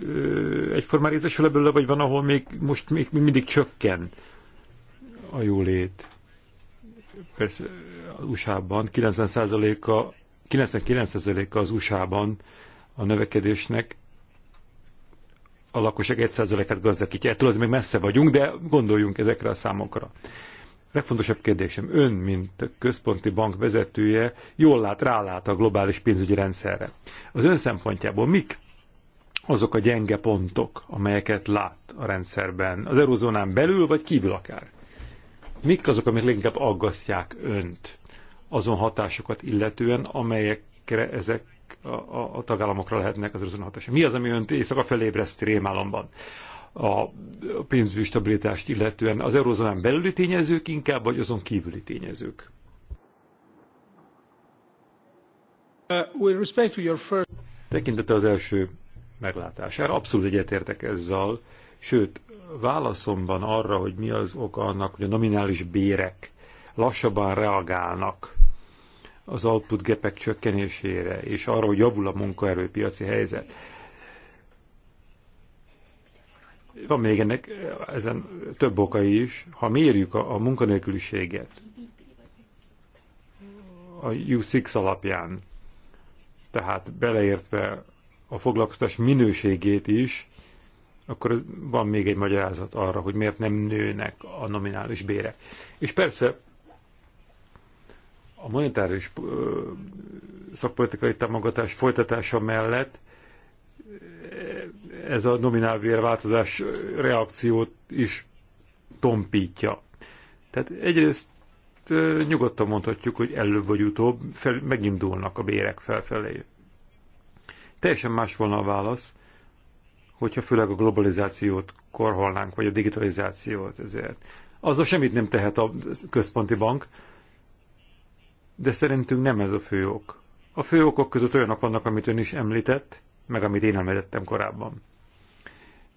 egyformán részesül ebből, vagy van, ahol még most még mindig csökken a jólét? Persze az USA-ban 90%-a 99%-a az USA-ban a növekedésnek a lakosság 1%-át gazdagítja. Ettől az még messze vagyunk, de gondoljunk ezekre a számokra. Legfontosabb kérdésem, ön, mint központi bank vezetője, jól lát, rálát a globális pénzügyi rendszerre. Az ön szempontjából mik azok a gyenge pontok, amelyeket lát a rendszerben, az eurozónán belül, vagy kívül akár? Mik azok, amik leginkább aggasztják önt azon hatásokat illetően, amelyekre ezek a, a, a tagállamokra lehetnek az örzön hatása. Mi az, ami önt éjszaka felébreszti rémálomban? a pénzügyi stabilitást illetően az eurózónán belüli tényezők inkább, vagy azon kívüli tényezők? Uh, first... Tekintete az első meglátására, abszolút egyetértek ezzel, sőt, válaszomban arra, hogy mi az oka annak, hogy a nominális bérek lassabban reagálnak az output gépek csökkenésére, és arra, hogy javul a munkaerőpiaci helyzet. Van még ennek ezen több oka is. Ha mérjük a, a munkanélküliséget a U6 alapján, tehát beleértve a foglalkoztás minőségét is, akkor van még egy magyarázat arra, hogy miért nem nőnek a nominális bérek. És persze a monetáris szakpolitikai támogatás folytatása mellett e, ez a nominál változás reakciót is tompítja. Tehát egyrészt nyugodtan mondhatjuk, hogy előbb vagy utóbb fel, megindulnak a bérek felfelé. Teljesen más volna a válasz, hogyha főleg a globalizációt korholnánk, vagy a digitalizációt ezért. Azzal semmit nem tehet a központi bank, de szerintünk nem ez a fő ok. A fő okok között olyanok vannak, amit ön is említett, meg amit én említettem korábban.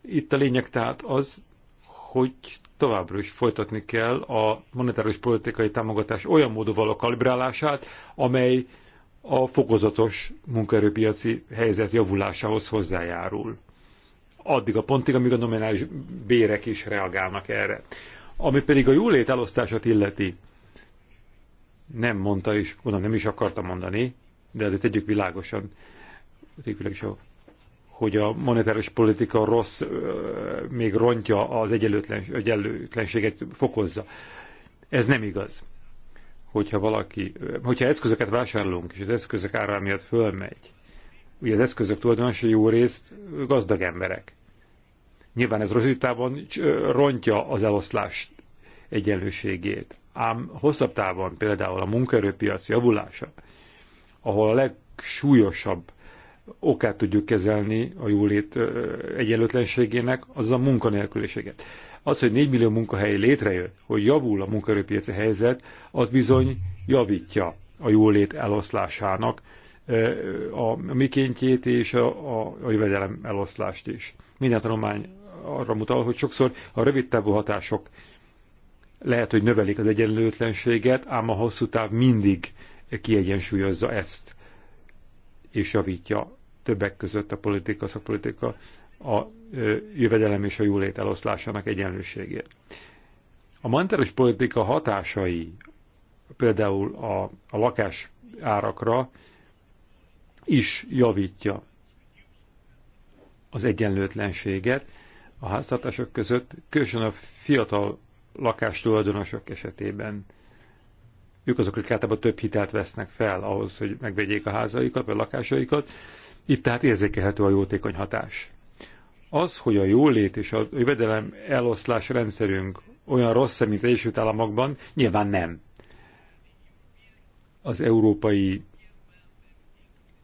Itt a lényeg tehát az, hogy továbbra is folytatni kell a monetáris politikai támogatás olyan módon való kalibrálását, amely a fokozatos munkaerőpiaci helyzet javulásához hozzájárul. Addig a pontig, amíg a nominális bérek is reagálnak erre. Ami pedig a jólét elosztását illeti, nem mondta, és oda nem is akarta mondani, de azért tegyük világosan, hogy a monetáris politika rossz, még rontja az egyenlőtlen, egyenlőtlenséget, fokozza. Ez nem igaz. Hogyha valaki, hogyha eszközöket vásárolunk, és az eszközök ára miatt fölmegy, ugye az eszközök tulajdonosa jó részt gazdag emberek. Nyilván ez rossz rontja az eloszlás egyenlőségét. Ám hosszabb távon például a munkaerőpiac javulása, ahol a legsúlyosabb okát tudjuk kezelni a jólét egyenlőtlenségének, az a munkanélküliséget. Az, hogy 4 millió munkahely létrejött, hogy javul a munkaerőpiaci helyzet, az bizony javítja a jólét eloszlásának a mikéntjét és a, a, a jövedelem eloszlást is. Minden tanulmány arra mutal, hogy sokszor a rövid távú hatások lehet, hogy növelik az egyenlőtlenséget, ám a hosszú táv mindig kiegyensúlyozza ezt, és javítja többek között a politika, szakpolitika a jövedelem és a jólét eloszlásának egyenlőségét. A monetáris politika hatásai például a, a lakás árakra is javítja az egyenlőtlenséget a háztartások között, különösen a fiatal lakástulajdonosok esetében. Ők azok, akik általában több hitelt vesznek fel ahhoz, hogy megvegyék a házaikat, vagy a lakásaikat. Itt tehát érzékelhető a jótékony hatás. Az, hogy a jólét és a jövedelem eloszlás rendszerünk olyan rossz, mint az Egyesült Államokban, nyilván nem. Az európai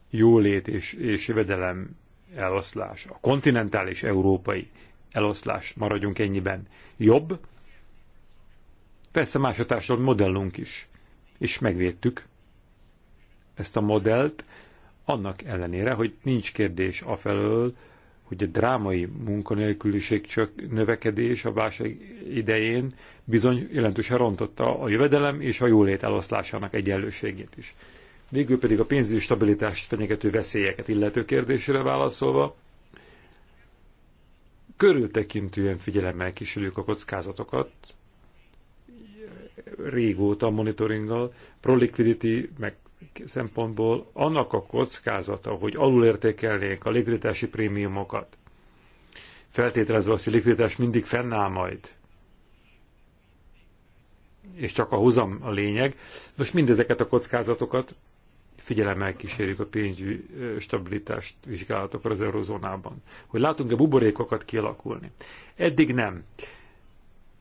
jólét és, és jövedelem eloszlás, a kontinentális európai eloszlás, maradjunk ennyiben, jobb, Persze más a társadalmi modellunk is, és megvédtük ezt a modellt, annak ellenére, hogy nincs kérdés afelől, hogy a drámai munkanélküliség csak növekedés a válság idején bizony jelentősen rontotta a jövedelem és a jólét eloszlásának egyenlőségét is. Végül pedig a pénzügyi stabilitást fenyegető veszélyeket illető kérdésére válaszolva, körültekintően figyelemmel kísérjük a kockázatokat, régóta monitoringgal, prolikvidity meg szempontból annak a kockázata, hogy alulértékelnék a likviditási prémiumokat, feltételezve azt, hogy likviditás mindig fennáll majd, és csak a hozam a lényeg. Most mindezeket a kockázatokat figyelemmel kísérjük a pénzügyi stabilitást vizsgálatokra az eurozónában. Hogy látunk-e buborékokat kialakulni. Eddig nem.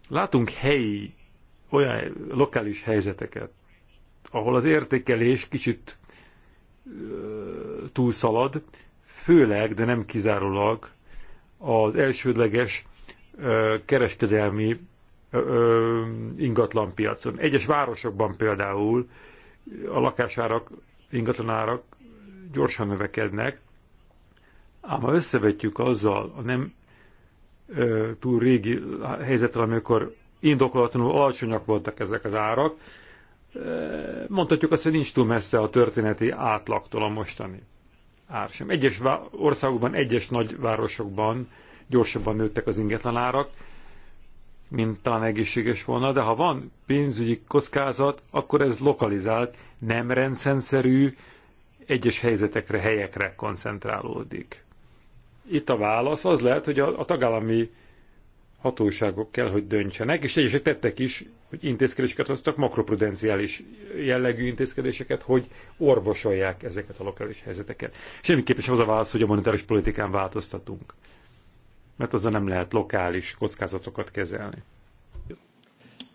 Látunk helyi olyan lokális helyzeteket, ahol az értékelés kicsit túlszalad, főleg, de nem kizárólag az elsődleges kereskedelmi ingatlanpiacon. Egyes városokban például a lakásárak, ingatlanárak gyorsan növekednek, ám ha összevetjük azzal a nem túl régi helyzetre, amikor indokolatlanul alacsonyak voltak ezek az árak. Mondhatjuk azt, hogy nincs túl messze a történeti átlagtól a mostani ár sem. Egyes országokban, egyes nagyvárosokban gyorsabban nőttek az ingetlen árak, mint talán egészséges volna, de ha van pénzügyi kockázat, akkor ez lokalizált, nem rendszerű, egyes helyzetekre, helyekre koncentrálódik. Itt a válasz az lehet, hogy a, a tagállami hatóságok kell, hogy döntsenek, és egyesek tettek is, hogy intézkedéseket hoztak, makroprudenciális jellegű intézkedéseket, hogy orvosolják ezeket a lokális helyzeteket. Semmiképpen sem az a válasz, hogy a monetáris politikán változtatunk. Mert azzal nem lehet lokális kockázatokat kezelni.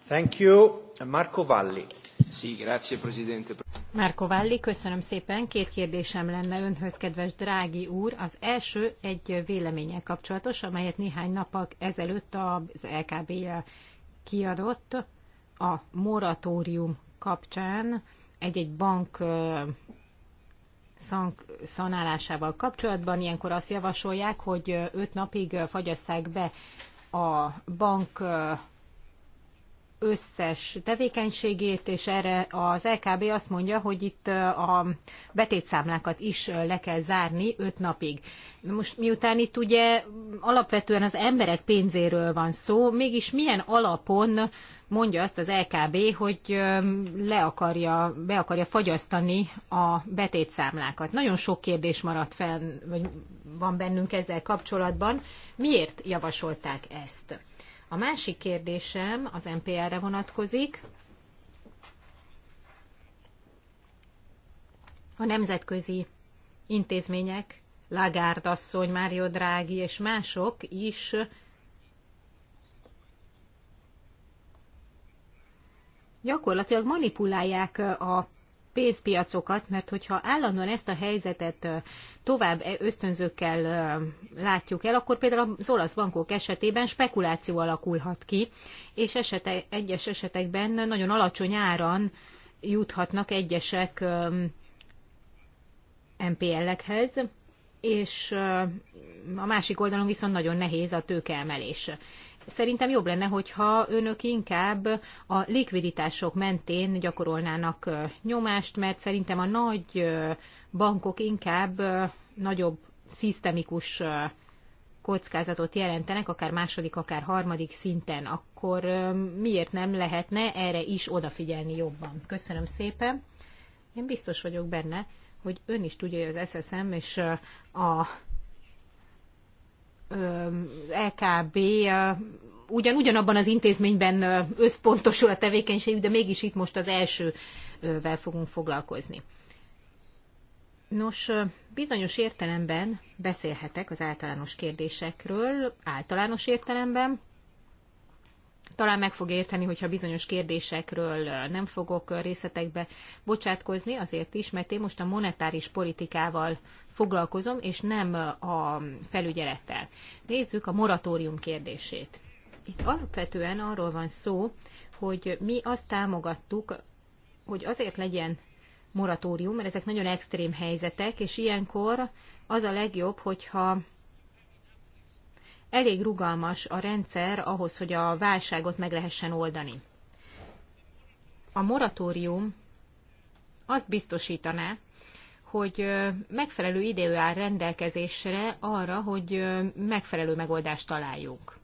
Thank you. Marco Valli. sí, grazie Presidente. Márko Válli, köszönöm szépen. Két kérdésem lenne önhöz, kedves drági úr. Az első egy véleménnyel kapcsolatos, amelyet néhány napak ezelőtt az LKB kiadott a moratórium kapcsán egy-egy bank szank, szanálásával kapcsolatban. Ilyenkor azt javasolják, hogy öt napig fagyasszák be a bank összes tevékenységét, és erre az LKB azt mondja, hogy itt a betétszámlákat is le kell zárni öt napig. Most miután itt ugye alapvetően az emberek pénzéről van szó, mégis milyen alapon mondja azt az LKB, hogy le akarja, be akarja fagyasztani a betétszámlákat. Nagyon sok kérdés maradt fel, vagy van bennünk ezzel kapcsolatban. Miért javasolták ezt? A másik kérdésem az NPR-re vonatkozik. A nemzetközi intézmények, Lagarde asszony, Mário Drági és mások is gyakorlatilag manipulálják a pénzpiacokat, mert hogyha állandóan ezt a helyzetet tovább e, ösztönzőkkel látjuk el, akkor például az olasz bankok esetében spekuláció alakulhat ki, és esete, egyes esetekben nagyon alacsony áran juthatnak egyesek MPL-ekhez, és a másik oldalon viszont nagyon nehéz a tőkeemelés. Szerintem jobb lenne, hogyha önök inkább a likviditások mentén gyakorolnának nyomást, mert szerintem a nagy bankok inkább nagyobb szisztemikus kockázatot jelentenek, akár második, akár harmadik szinten, akkor miért nem lehetne erre is odafigyelni jobban? Köszönöm szépen. Én biztos vagyok benne, hogy ön is tudja, hogy az SSM és a EKB ugyan ugyanabban az intézményben összpontosul a tevékenységük, de mégis itt most az elsővel fogunk foglalkozni. Nos, bizonyos értelemben beszélhetek az általános kérdésekről, általános értelemben, talán meg fog érteni, hogyha bizonyos kérdésekről nem fogok részletekbe bocsátkozni, azért is, mert én most a monetáris politikával foglalkozom, és nem a felügyelettel. Nézzük a moratórium kérdését. Itt alapvetően arról van szó, hogy mi azt támogattuk, hogy azért legyen moratórium, mert ezek nagyon extrém helyzetek, és ilyenkor az a legjobb, hogyha elég rugalmas a rendszer ahhoz, hogy a válságot meg lehessen oldani. A moratórium azt biztosítaná, hogy megfelelő idő áll rendelkezésre arra, hogy megfelelő megoldást találjunk.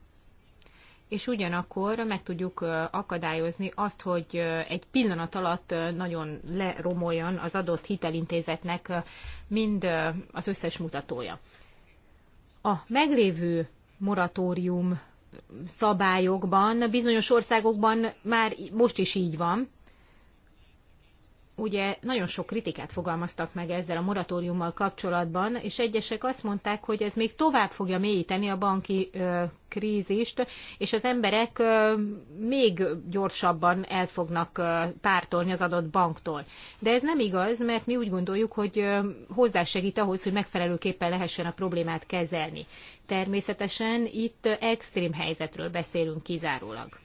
És ugyanakkor meg tudjuk akadályozni azt, hogy egy pillanat alatt nagyon leromoljon az adott hitelintézetnek mind az összes mutatója. A meglévő moratórium szabályokban. Bizonyos országokban már most is így van. Ugye nagyon sok kritikát fogalmaztak meg ezzel a moratóriummal kapcsolatban, és egyesek azt mondták, hogy ez még tovább fogja mélyíteni a banki ö, krízist, és az emberek ö, még gyorsabban el fognak ö, pártolni az adott banktól. De ez nem igaz, mert mi úgy gondoljuk, hogy ö, hozzásegít ahhoz, hogy megfelelőképpen lehessen a problémát kezelni. Természetesen itt extrém helyzetről beszélünk kizárólag.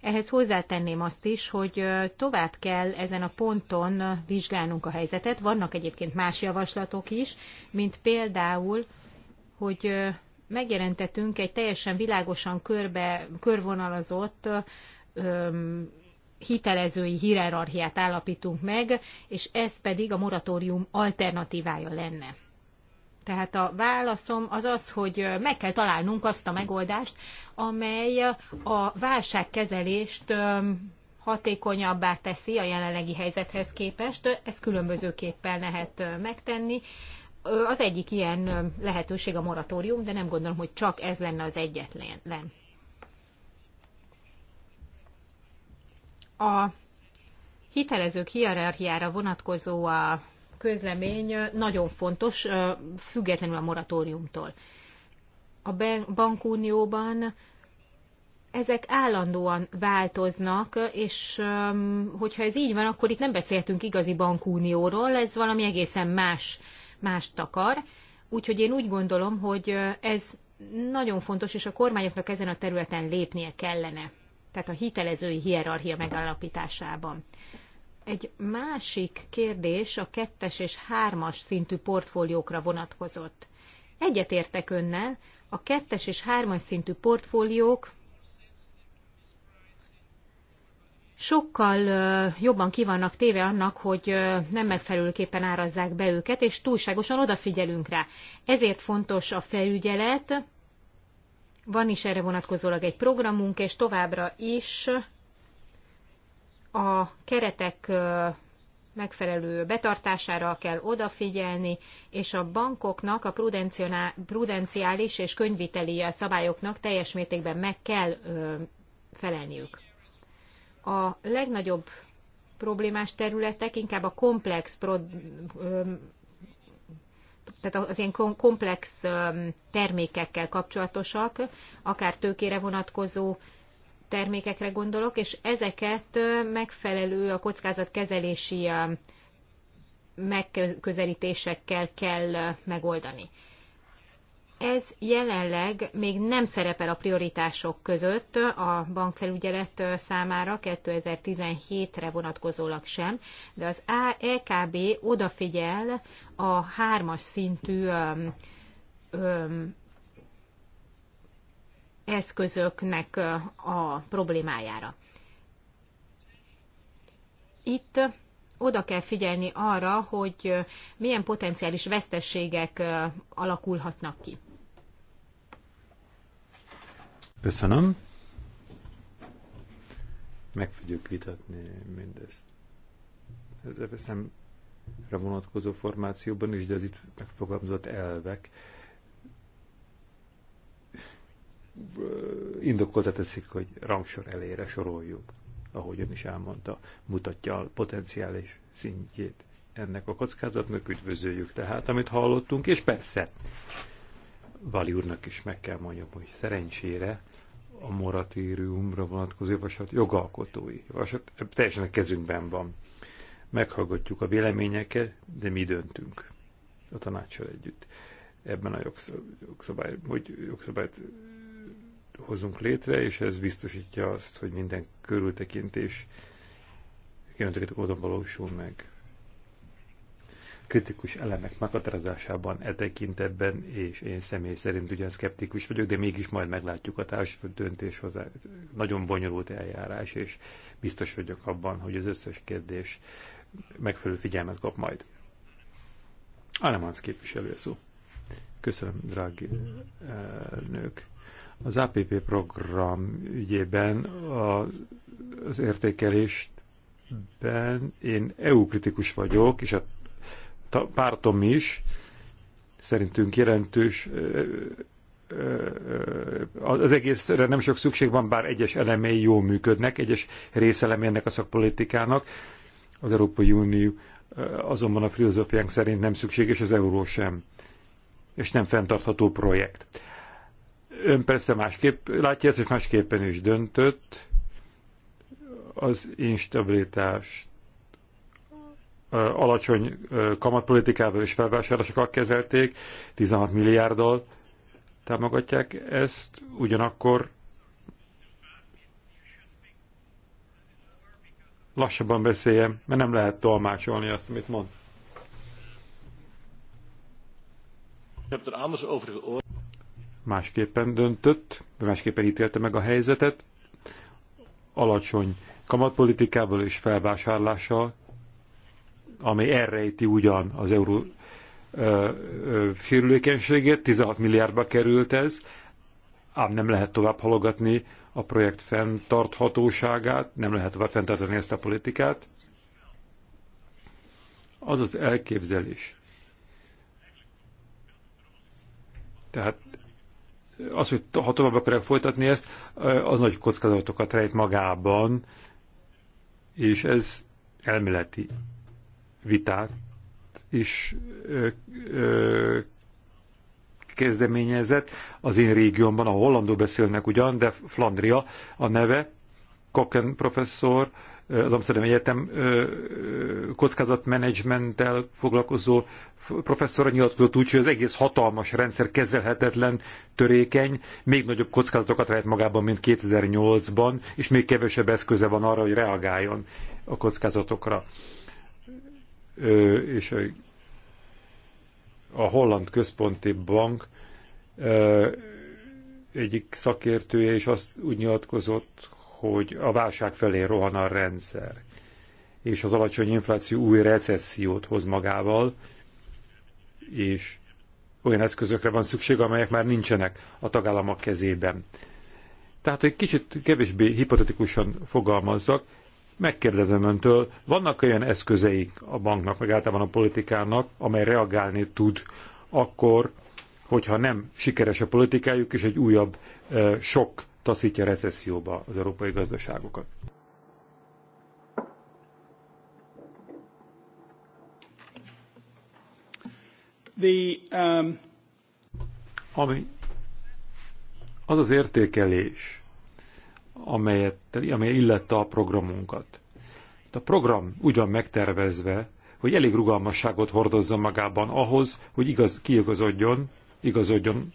Ehhez hozzátenném azt is, hogy tovább kell ezen a ponton vizsgálnunk a helyzetet. Vannak egyébként más javaslatok is, mint például, hogy megjelentetünk egy teljesen világosan körbe, körvonalazott öm, hitelezői hierarchiát állapítunk meg, és ez pedig a moratórium alternatívája lenne. Tehát a válaszom az az, hogy meg kell találnunk azt a megoldást, amely a válságkezelést hatékonyabbá teszi a jelenlegi helyzethez képest. Ezt különbözőképpen lehet megtenni. Az egyik ilyen lehetőség a moratórium, de nem gondolom, hogy csak ez lenne az egyetlen. A hitelezők hierarchiára vonatkozó a közlemény nagyon fontos, függetlenül a moratóriumtól. A bankunióban ezek állandóan változnak, és hogyha ez így van, akkor itt nem beszéltünk igazi bankunióról, ez valami egészen más, más takar. Úgyhogy én úgy gondolom, hogy ez nagyon fontos, és a kormányoknak ezen a területen lépnie kellene. Tehát a hitelezői hierarchia megalapításában. Egy másik kérdés a kettes és hármas szintű portfóliókra vonatkozott. Egyetértek önnel, a kettes és hármas szintű portfóliók sokkal jobban kivannak téve annak, hogy nem megfelelőképpen árazzák be őket, és túlságosan odafigyelünk rá. Ezért fontos a felügyelet, van is erre vonatkozólag egy programunk, és továbbra is a keretek megfelelő betartására kell odafigyelni, és a bankoknak a prudenciális és könyviteli szabályoknak teljes mértékben meg kell felelniük. A legnagyobb problémás területek inkább a komplex, tehát az ilyen komplex termékekkel kapcsolatosak, akár tőkére vonatkozó termékekre gondolok, és ezeket megfelelő a kockázat kezelési megközelítésekkel kell megoldani. Ez jelenleg még nem szerepel a prioritások között a bankfelügyelet számára 2017-re vonatkozólag sem, de az EKB odafigyel a hármas szintű eszközöknek a problémájára. Itt oda kell figyelni arra, hogy milyen potenciális vesztességek alakulhatnak ki. Köszönöm. Meg fogjuk vitatni mindezt. Ez veszem vonatkozó formációban is, de az itt megfogalmazott elvek indokolta teszik, hogy rangsor elére soroljuk, ahogy ön is elmondta, mutatja a potenciális szintjét ennek a kockázatnak, üdvözöljük tehát, amit hallottunk, és persze, Vali úrnak is meg kell mondjam, hogy szerencsére a moratóriumra vonatkozó javaslat jogalkotói javaslat teljesen a kezünkben van. Meghallgatjuk a véleményeket, de mi döntünk a tanácssal együtt ebben a jogszabály, hogy jogszabályt hozunk létre, és ez biztosítja azt, hogy minden körültekintés kijelentőket oda valósul meg. Kritikus elemek meghatározásában e tekintetben, és én személy szerint ugyan szkeptikus vagyok, de mégis majd meglátjuk a társadalmi döntéshozás. Nagyon bonyolult eljárás, és biztos vagyok abban, hogy az összes kérdés megfelelő figyelmet kap majd. Alemansz képviselő szó. Köszönöm, drági eh, nők. Az APP program ügyében a, az értékelésben én EU kritikus vagyok, és a pártom is, szerintünk jelentős az egészre nem sok szükség van, bár egyes elemei jól működnek, egyes részelemi ennek a szakpolitikának. Az Európai Unió azonban a filozófiánk szerint nem szükséges, az euró sem, és nem fenntartható projekt. Ön persze másképp látja ezt, hogy másképpen is döntött. Az instabilitás alacsony kamatpolitikával és felvásárlásokkal kezelték, 16 milliárddal támogatják ezt, ugyanakkor lassabban beszéljem, mert nem lehet tolmácsolni azt, amit mond. Ik heb er anders over másképpen döntött, másképpen ítélte meg a helyzetet, alacsony kamatpolitikával és felvásárlással, amely elrejti ugyan az euró sérülékenységét, 16 milliárdba került ez, ám nem lehet tovább halogatni a projekt fenntarthatóságát, nem lehet tovább fenntartani ezt a politikát. Az az elképzelés. Tehát az, hogy ha tovább akarják folytatni ezt, az nagy kockázatokat rejt magában, és ez elméleti vitát is ö, ö, kezdeményezett. Az én régiómban, a hollandó beszélnek ugyan, de Flandria a neve, Koken professzor az Amsterdam Egyetem kockázatmenedzsmenttel foglalkozó professzora nyilatkozott úgy, hogy az egész hatalmas rendszer kezelhetetlen, törékeny, még nagyobb kockázatokat rejt magában, mint 2008-ban, és még kevesebb eszköze van arra, hogy reagáljon a kockázatokra. És a Holland Központi Bank egyik szakértője is azt úgy nyilatkozott, hogy a válság felé rohan a rendszer, és az alacsony infláció új recessziót hoz magával, és olyan eszközökre van szükség, amelyek már nincsenek a tagállamok kezében. Tehát, hogy kicsit kevésbé hipotetikusan fogalmazzak, megkérdezem öntől, vannak olyan eszközeik a banknak, meg általában a politikának, amely reagálni tud akkor, hogyha nem sikeres a politikájuk, és egy újabb eh, sok taszítja recesszióba az európai gazdaságokat. The, um... Ami az az értékelés, amelyet, amely illette a programunkat. Hát a program úgy van megtervezve, hogy elég rugalmasságot hordozzon magában ahhoz, hogy igaz, kiigazodjon, igazodjon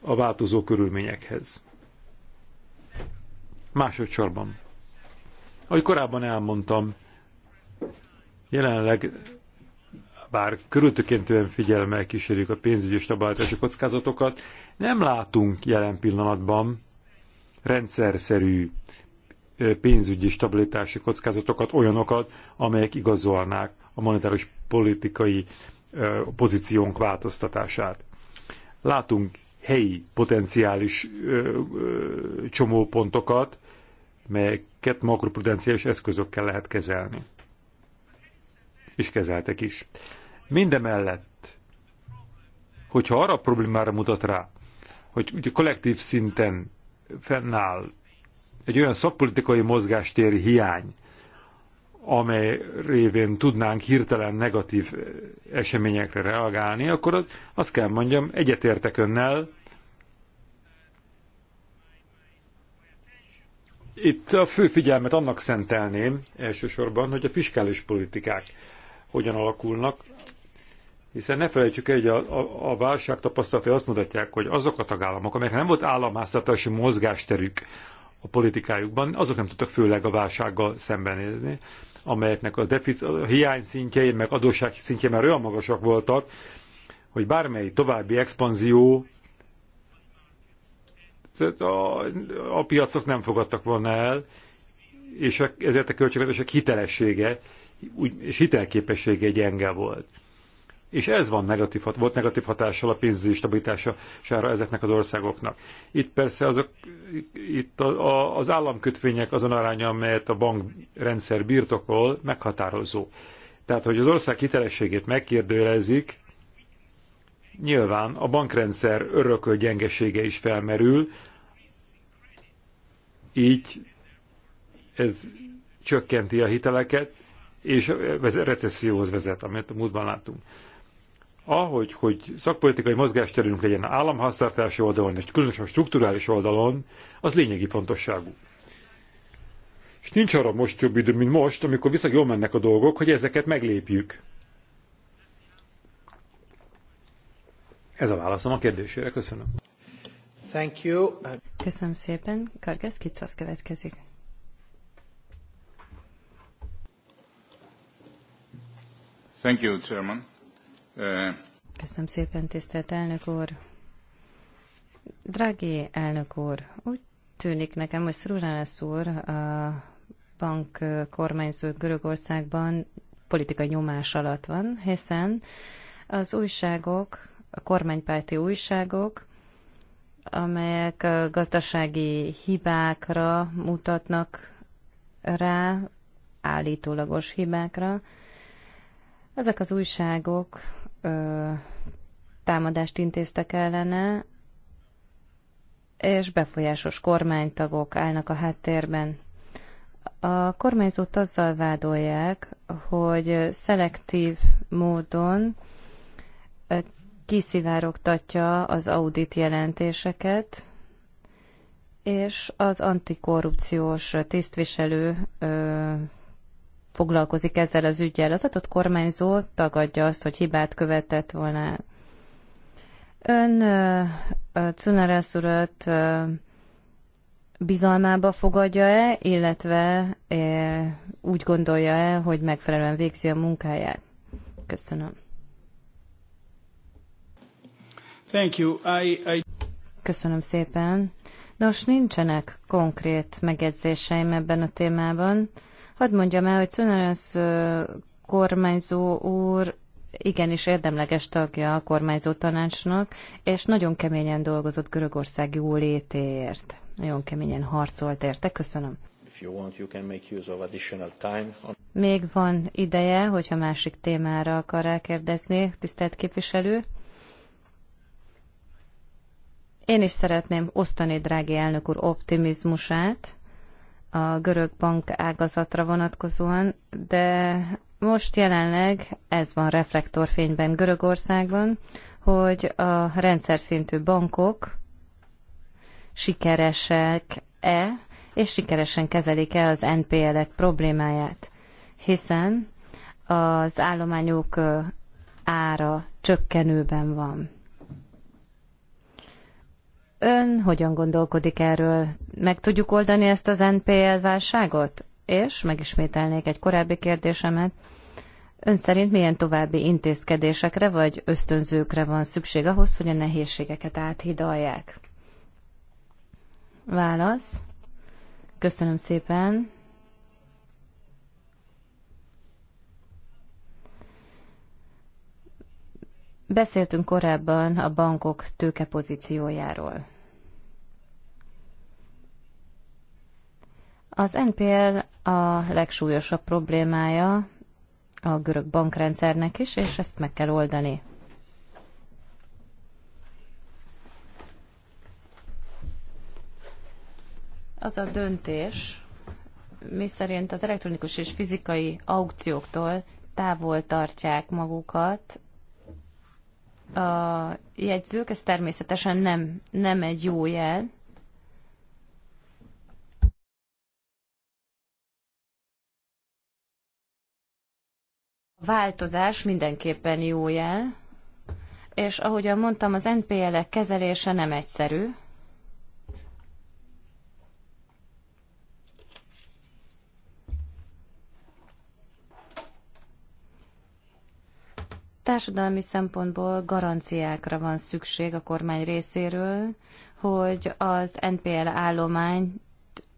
a változó körülményekhez. Másodszorban, ahogy korábban elmondtam, jelenleg bár körültökéntően figyelemmel kísérjük a pénzügyi stabilitási kockázatokat, nem látunk jelen pillanatban rendszerszerű pénzügyi stabilitási kockázatokat, olyanokat, amelyek igazolnák a monetáris politikai pozíciónk változtatását. Látunk helyi potenciális csomópontokat, melyeket makroprudenciális eszközökkel lehet kezelni. És kezeltek is. Mindemellett, hogyha arra a problémára mutat rá, hogy ugye kollektív szinten fennáll egy olyan szakpolitikai mozgástéri hiány, amely révén tudnánk hirtelen negatív eseményekre reagálni, akkor azt kell mondjam, egyetértek önnel, Itt a fő figyelmet annak szentelném elsősorban, hogy a fiskális politikák hogyan alakulnak, hiszen ne felejtsük el, hogy a, a, a válság tapasztalatai azt mutatják, hogy azok a tagállamok, amelyek nem volt államháztartási mozgásterük a politikájukban, azok nem tudtak főleg a válsággal szembenézni, amelyeknek a, defic, a hiány szintjei, meg adósság szintjei már olyan magasak voltak, hogy bármely további expanzió a, a piacok nem fogadtak volna el, és a, ezért a költségvetések hitelessége úgy, és hitelképessége gyenge volt. És ez van negatív, volt negatív hatással a pénzügyi stabilitására ezeknek az országoknak. Itt persze azok, itt a, a, az államkötvények azon aránya, amelyet a bankrendszer birtokol, meghatározó. Tehát, hogy az ország hitelességét megkérdőjelezik, Nyilván a bankrendszer örököl gyengesége is felmerül, így ez csökkenti a hiteleket, és recesszióhoz vezet, amit a múltban láttunk. Ahogy, hogy szakpolitikai mozgásterünk legyen államháztartási oldalon, és különösen a strukturális oldalon, az lényegi fontosságú. És nincs arra most jobb idő, mint most, amikor viszont jól mennek a dolgok, hogy ezeket meglépjük. Ez a válaszom a kérdésére. Köszönöm. Thank you. Köszönöm szépen. Kargesz Kicasz következik. Thank you, Chairman. Uh... Köszönöm szépen, tisztelt elnök úr. Drági elnök úr, úgy tűnik nekem, hogy Szruránász úr a bank kormányzó Görögországban politikai nyomás alatt van, hiszen az újságok kormánypárti újságok, amelyek gazdasági hibákra mutatnak rá, állítólagos hibákra. Ezek az újságok ö, támadást intéztek ellene, és befolyásos kormánytagok állnak a háttérben. A kormányzót azzal vádolják, hogy szelektív módon kiszivárogtatja az audit jelentéseket, és az antikorrupciós tisztviselő ö, foglalkozik ezzel az ügyel. Az adott kormányzó tagadja azt, hogy hibát követett volna. Ön Cunarász urat ö, bizalmába fogadja-e, illetve ö, úgy gondolja-e, hogy megfelelően végzi a munkáját? Köszönöm. Köszönöm szépen. Nos, nincsenek konkrét megjegyzéseim ebben a témában. Hadd mondjam el, hogy Cunarens kormányzó úr igenis érdemleges tagja a kormányzó tanácsnak, és nagyon keményen dolgozott Görögország jólétéért. Nagyon keményen harcolt érte. Köszönöm. Még van ideje, hogyha másik témára akar rákérdezni, tisztelt képviselő. Én is szeretném osztani, drági elnök úr, optimizmusát a görög bank ágazatra vonatkozóan, de most jelenleg ez van reflektorfényben Görögországban, hogy a rendszer szintű bankok sikeresek-e, és sikeresen kezelik-e az NPL-ek problémáját. Hiszen az állományok ára csökkenőben van. Ön hogyan gondolkodik erről? Meg tudjuk oldani ezt az NPL válságot? És megismételnék egy korábbi kérdésemet. Ön szerint milyen további intézkedésekre vagy ösztönzőkre van szükség ahhoz, hogy a nehézségeket áthidalják? Válasz. Köszönöm szépen. Beszéltünk korábban a bankok tőkepozíciójáról. Az NPL a legsúlyosabb problémája a görög bankrendszernek is, és ezt meg kell oldani. Az a döntés, miszerint az elektronikus és fizikai aukcióktól távol tartják magukat a jegyzők, ez természetesen nem, nem egy jó jel, A változás mindenképpen jó jel, és ahogyan mondtam, az NPL-ek kezelése nem egyszerű. Társadalmi szempontból garanciákra van szükség a kormány részéről, hogy az NPL állomány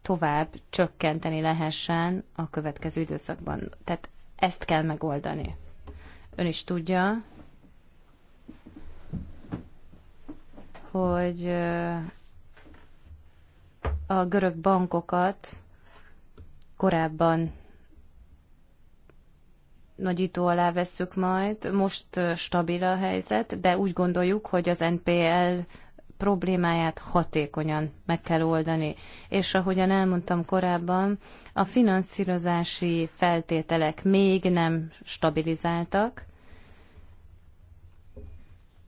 tovább csökkenteni lehessen a következő időszakban. Tehát ezt kell megoldani. Ön is tudja, hogy a görög bankokat korábban nagyító alá veszük majd. Most stabil a helyzet, de úgy gondoljuk, hogy az NPL problémáját hatékonyan meg kell oldani. És ahogyan elmondtam korábban, a finanszírozási feltételek még nem stabilizáltak.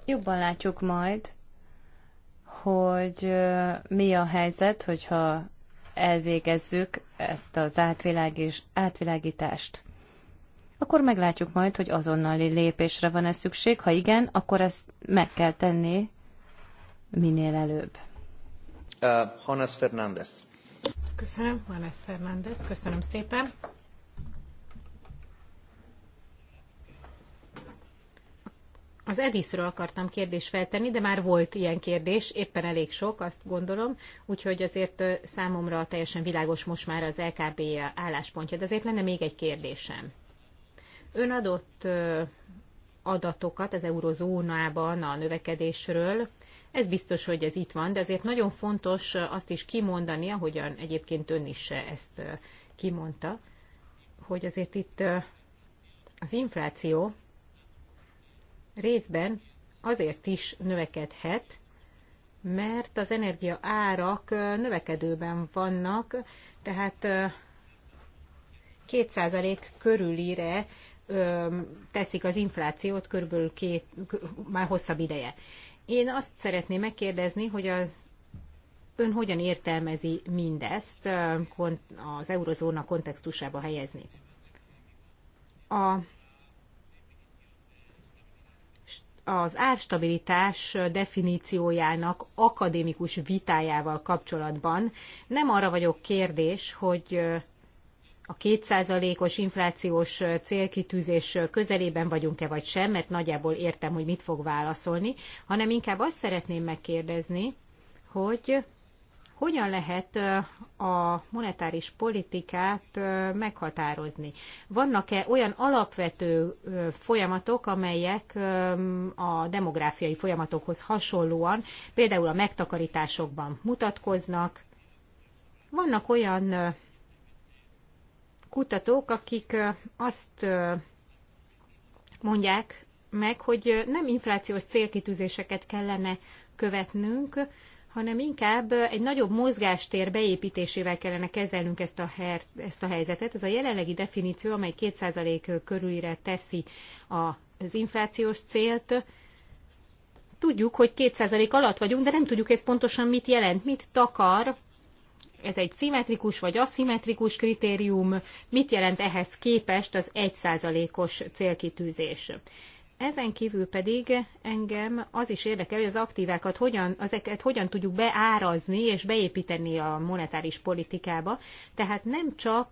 Jobban látjuk majd, hogy mi a helyzet, hogyha elvégezzük ezt az átvilágis, átvilágítást akkor meglátjuk majd, hogy azonnali lépésre van-e szükség. Ha igen, akkor ezt meg kell tenni, minél előbb. Uh, Jonas Fernández. Köszönöm, Jonas Fernández. Köszönöm szépen. Az Edisről akartam kérdés feltenni, de már volt ilyen kérdés, éppen elég sok, azt gondolom, úgyhogy azért számomra teljesen világos most már az LKB álláspontja, de azért lenne még egy kérdésem. Ön adott adatokat az eurozónában a növekedésről, ez biztos, hogy ez itt van, de azért nagyon fontos eh, azt is kimondani, ahogyan egyébként ön is eh, ezt eh, kimondta, hogy azért itt az infláció részben azért is növekedhet, mert az energia árak növekedőben vannak, tehát 2% körülire teszik az inflációt körülbelül két, már hosszabb ideje. Én azt szeretném megkérdezni, hogy az ön hogyan értelmezi mindezt az eurozóna kontextusába helyezni? A, az árstabilitás definíciójának akadémikus vitájával kapcsolatban nem arra vagyok kérdés, hogy a kétszázalékos inflációs célkitűzés közelében vagyunk-e vagy sem, mert nagyjából értem, hogy mit fog válaszolni, hanem inkább azt szeretném megkérdezni, hogy hogyan lehet a monetáris politikát meghatározni? Vannak-e olyan alapvető folyamatok, amelyek a demográfiai folyamatokhoz hasonlóan, például a megtakarításokban mutatkoznak? Vannak olyan kutatók, akik azt mondják meg, hogy nem inflációs célkitűzéseket kellene követnünk, hanem inkább egy nagyobb mozgástér beépítésével kellene kezelnünk ezt a, her, ezt a helyzetet. Ez a jelenlegi definíció, amely 2% körülire teszi az inflációs célt, tudjuk, hogy 2% alatt vagyunk, de nem tudjuk ez pontosan mit jelent, mit takar ez egy szimmetrikus vagy aszimmetrikus kritérium, mit jelent ehhez képest az 1%-os célkitűzés. Ezen kívül pedig engem az is érdekel, hogy az aktívákat hogyan, ezeket hogyan tudjuk beárazni és beépíteni a monetáris politikába. Tehát nem csak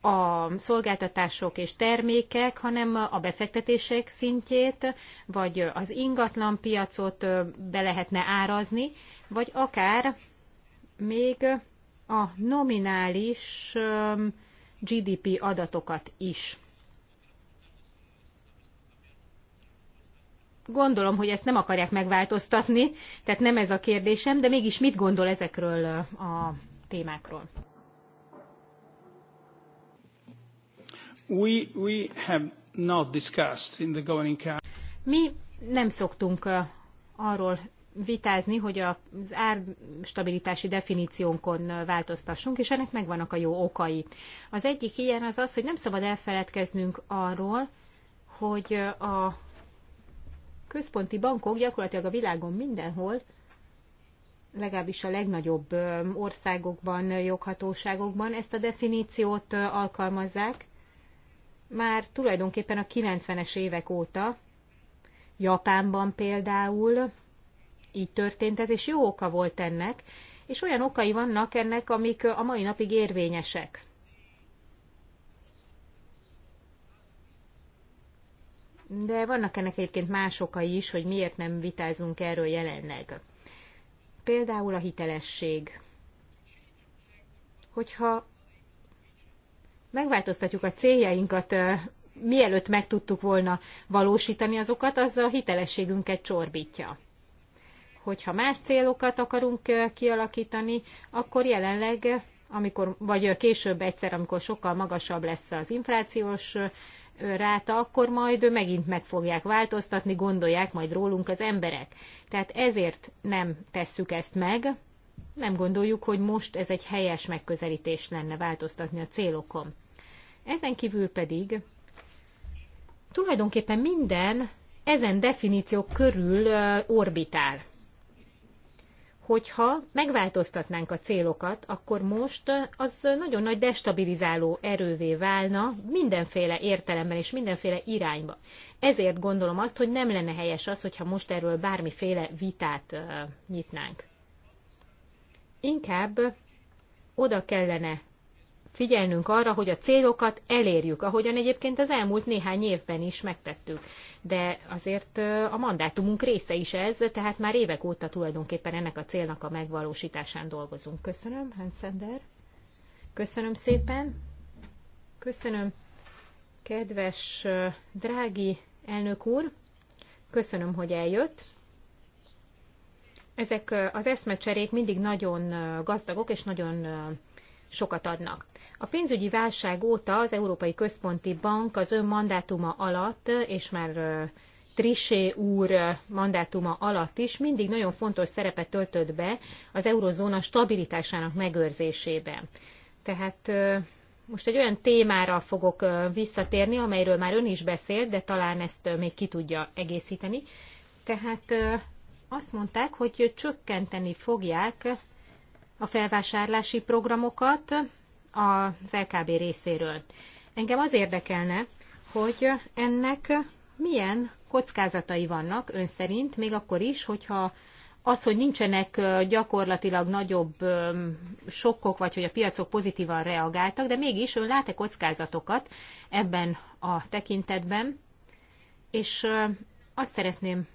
a szolgáltatások és termékek, hanem a befektetések szintjét, vagy az ingatlan piacot be lehetne árazni, vagy akár még a nominális GDP adatokat is. Gondolom, hogy ezt nem akarják megváltoztatni, tehát nem ez a kérdésem, de mégis mit gondol ezekről a témákról? We, we have not discussed in the governing council. Mi nem szoktunk arról vitázni, hogy az árstabilitási definíciónkon változtassunk, és ennek megvannak a jó okai. Az egyik ilyen az az, hogy nem szabad elfeledkeznünk arról, hogy a központi bankok gyakorlatilag a világon mindenhol, legalábbis a legnagyobb országokban, joghatóságokban ezt a definíciót alkalmazzák, már tulajdonképpen a 90-es évek óta, Japánban például így történt ez, és jó oka volt ennek, és olyan okai vannak ennek, amik a mai napig érvényesek. De vannak ennek egyébként más okai is, hogy miért nem vitázunk erről jelenleg. Például a hitelesség. Hogyha megváltoztatjuk a céljainkat, mielőtt meg tudtuk volna valósítani azokat, az a hitelességünket csorbítja hogyha más célokat akarunk kialakítani, akkor jelenleg, amikor, vagy később egyszer, amikor sokkal magasabb lesz az inflációs ráta, akkor majd megint meg fogják változtatni, gondolják majd rólunk az emberek. Tehát ezért nem tesszük ezt meg, nem gondoljuk, hogy most ez egy helyes megközelítés lenne változtatni a célokon. Ezen kívül pedig tulajdonképpen minden ezen definíciók körül orbitál hogyha megváltoztatnánk a célokat, akkor most az nagyon nagy destabilizáló erővé válna mindenféle értelemben és mindenféle irányba. Ezért gondolom azt, hogy nem lenne helyes az, hogyha most erről bármiféle vitát nyitnánk. Inkább oda kellene figyelnünk arra, hogy a célokat elérjük, ahogyan egyébként az elmúlt néhány évben is megtettük. De azért a mandátumunk része is ez, tehát már évek óta tulajdonképpen ennek a célnak a megvalósításán dolgozunk. Köszönöm, Hansender. Köszönöm szépen. Köszönöm, kedves, drági elnök úr. Köszönöm, hogy eljött. Ezek az eszmecserék mindig nagyon gazdagok és nagyon sokat adnak. A pénzügyi válság óta az Európai Központi Bank az ön mandátuma alatt, és már Trisé úr mandátuma alatt is mindig nagyon fontos szerepet töltött be az eurozóna stabilitásának megőrzésében. Tehát most egy olyan témára fogok visszatérni, amelyről már ön is beszélt, de talán ezt még ki tudja egészíteni. Tehát azt mondták, hogy csökkenteni fogják a felvásárlási programokat, az LKB részéről. Engem az érdekelne, hogy ennek milyen kockázatai vannak ön szerint, még akkor is, hogyha az, hogy nincsenek gyakorlatilag nagyobb sokkok, vagy hogy a piacok pozitívan reagáltak, de mégis ön lát-e kockázatokat ebben a tekintetben, és azt szeretném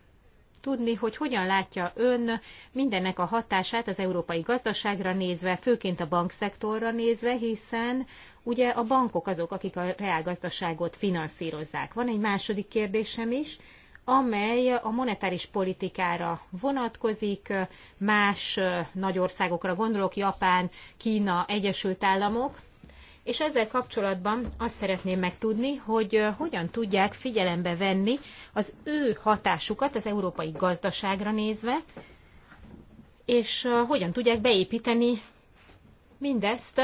tudni, hogy hogyan látja ön mindennek a hatását az európai gazdaságra nézve, főként a bankszektorra nézve, hiszen ugye a bankok azok, akik a reálgazdaságot finanszírozzák. Van egy második kérdésem is, amely a monetáris politikára vonatkozik, más nagy országokra gondolok, Japán, Kína, Egyesült Államok, és ezzel kapcsolatban azt szeretném megtudni, hogy hogyan tudják figyelembe venni az ő hatásukat az európai gazdaságra nézve, és hogyan tudják beépíteni mindezt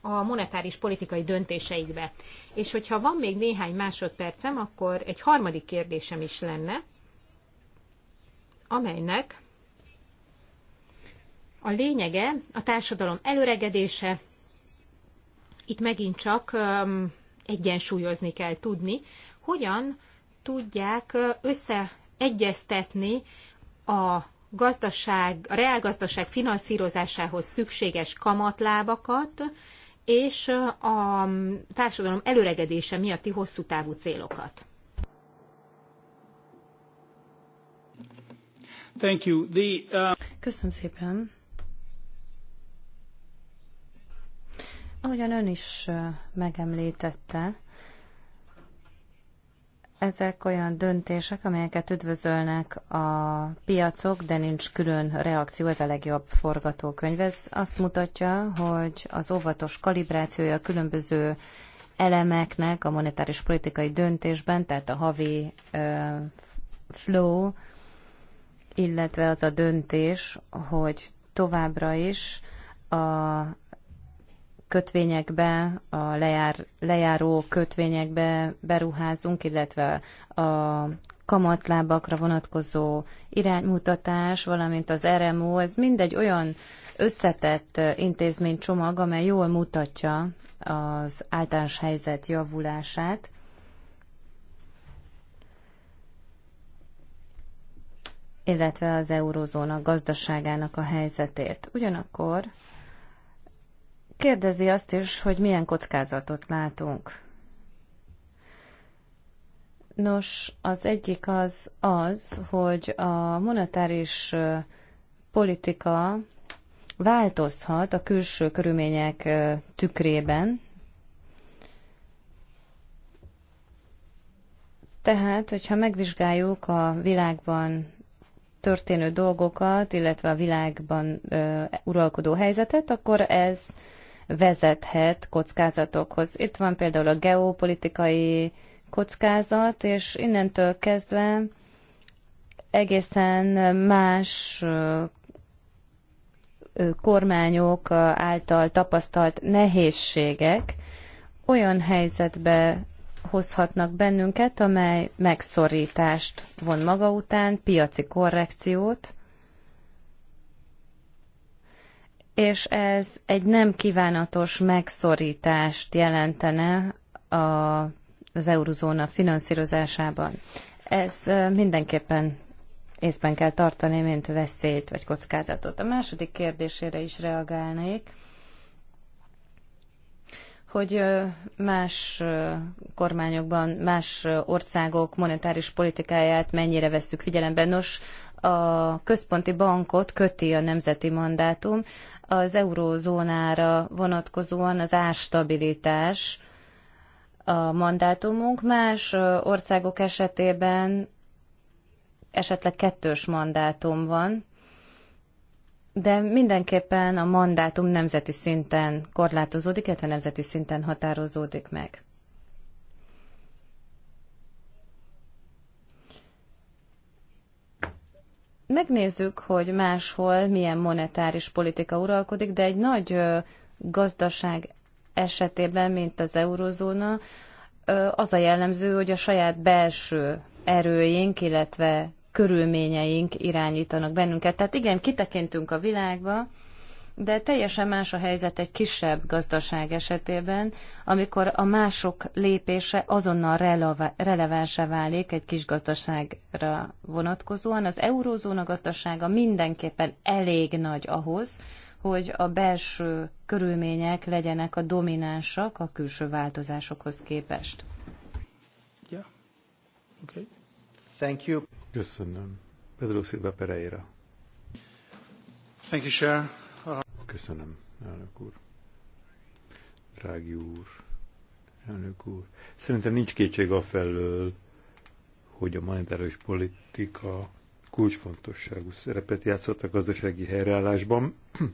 a monetáris politikai döntéseikbe. És hogyha van még néhány másodpercem, akkor egy harmadik kérdésem is lenne, amelynek a lényege a társadalom előregedése itt megint csak egyensúlyozni kell tudni, hogyan tudják összeegyeztetni a gazdaság, a reálgazdaság finanszírozásához szükséges kamatlábakat és a társadalom előregedése miatti hosszú távú célokat. Thank you. The, uh... Köszönöm szépen. Ahogyan ön is megemlítette, ezek olyan döntések, amelyeket üdvözölnek a piacok, de nincs külön reakció, ez a legjobb forgatókönyv. Ez azt mutatja, hogy az óvatos kalibrációja a különböző elemeknek a monetáris politikai döntésben, tehát a havi ö, flow, illetve az a döntés, hogy továbbra is a kötvényekbe, a lejár, lejáró kötvényekbe beruházunk, illetve a kamatlábakra vonatkozó iránymutatás, valamint az RMO, ez mindegy olyan összetett intézménycsomag, amely jól mutatja az általános helyzet javulását. illetve az eurózóna gazdaságának a helyzetét. Ugyanakkor Kérdezi azt is, hogy milyen kockázatot látunk. Nos, az egyik az az, hogy a monetáris politika változhat a külső körülmények tükrében. Tehát, hogyha megvizsgáljuk a világban történő dolgokat, illetve a világban uralkodó helyzetet, akkor ez vezethet kockázatokhoz. Itt van például a geopolitikai kockázat, és innentől kezdve egészen más kormányok által tapasztalt nehézségek olyan helyzetbe hozhatnak bennünket, amely megszorítást von maga után, piaci korrekciót, és ez egy nem kívánatos megszorítást jelentene a, az eurozóna finanszírozásában. Ez mindenképpen észben kell tartani, mint veszélyt vagy kockázatot. A második kérdésére is reagálnék, hogy más kormányokban, más országok monetáris politikáját mennyire veszük figyelembe. Nos, a központi bankot köti a nemzeti mandátum, az eurózónára vonatkozóan az árstabilitás a mandátumunk, más országok esetében esetleg kettős mandátum van, de mindenképpen a mandátum nemzeti szinten korlátozódik, illetve nemzeti szinten határozódik meg. megnézzük, hogy máshol milyen monetáris politika uralkodik, de egy nagy gazdaság esetében, mint az eurozóna, az a jellemző, hogy a saját belső erőink, illetve körülményeink irányítanak bennünket. Tehát igen, kitekintünk a világba, de teljesen más a helyzet egy kisebb gazdaság esetében, amikor a mások lépése azonnal relevánsá válik egy kis gazdaságra vonatkozóan. Az eurózóna gazdasága mindenképpen elég nagy ahhoz, hogy a belső körülmények legyenek a dominánsak a külső változásokhoz képest. Yeah. Okay. Thank you. Köszönöm. Pedro Silva Pereira. Thank you, Chair. Köszönöm, elnök úr. Drági úr, elnök úr. Szerintem nincs kétség a felől, hogy a monetáris politika kulcsfontosságú szerepet játszott a gazdasági helyreállásban,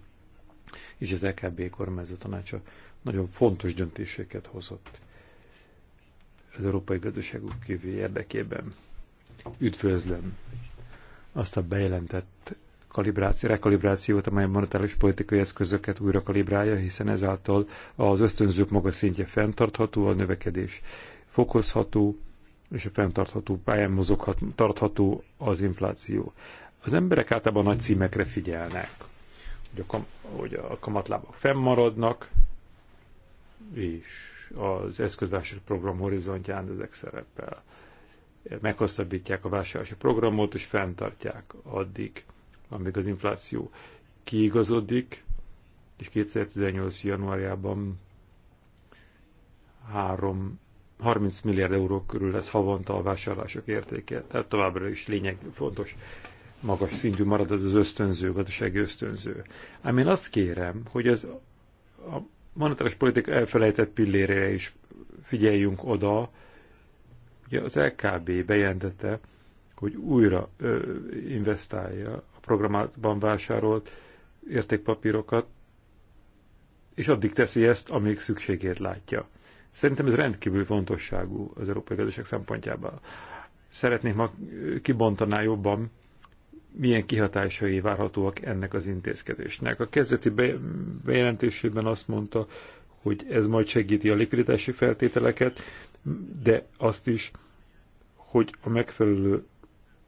és az LKB e kormányzó tanácsa nagyon fontos döntéseket hozott az európai gazdaságok kívül érdekében. Üdvözlöm azt a bejelentett kalibráció, rekalibrációt, amely a monetáris politikai eszközöket újra kalibrálja, hiszen ezáltal az ösztönzők magas szintje fenntartható, a növekedés fokozható, és a fenntartható pályán mozoghat, tartható az infláció. Az emberek általában nagy címekre figyelnek, hogy a, kam, hogy a kamatlábak fennmaradnak, és az eszközvásárló program horizontján ezek szerepel. Meghosszabbítják a vásárlási programot, és fenntartják addig amíg az infláció kiigazodik, és 2018. januárjában 3, 30 milliárd euró körül lesz havonta a vásárlások értéke. Tehát továbbra is lényeg fontos magas szintű marad ez az ösztönző, gazdasági ösztönző. Ám én azt kérem, hogy ez a monetáris politika elfelejtett pillérére is figyeljünk oda, ugye az LKB bejelentette, hogy újra ö, investálja programban vásárolt értékpapírokat, és addig teszi ezt, amíg szükségét látja. Szerintem ez rendkívül fontosságú az európai gazdaság szempontjából. Szeretnék ma kibontaná jobban, milyen kihatásai várhatóak ennek az intézkedésnek. A kezdeti bejelentésében azt mondta, hogy ez majd segíti a likviditási feltételeket, de azt is, hogy a megfelelő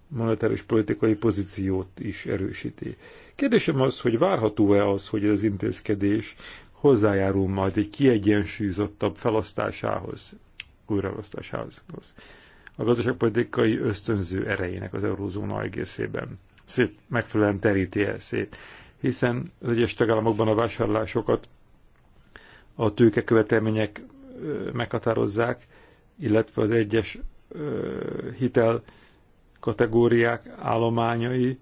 monetáris politikai pozíciót is erősíti. Kérdésem az, hogy várható-e az, hogy az intézkedés hozzájárul majd egy kiegyensúlyozottabb felasztásához, újraelosztásához, a gazdaságpolitikai ösztönző erejének az eurózóna egészében. Szép, megfelelően teríti el szét, hiszen az egyes tagállamokban a vásárlásokat a tőkekövetelmények meghatározzák, illetve az egyes hitel kategóriák állományai,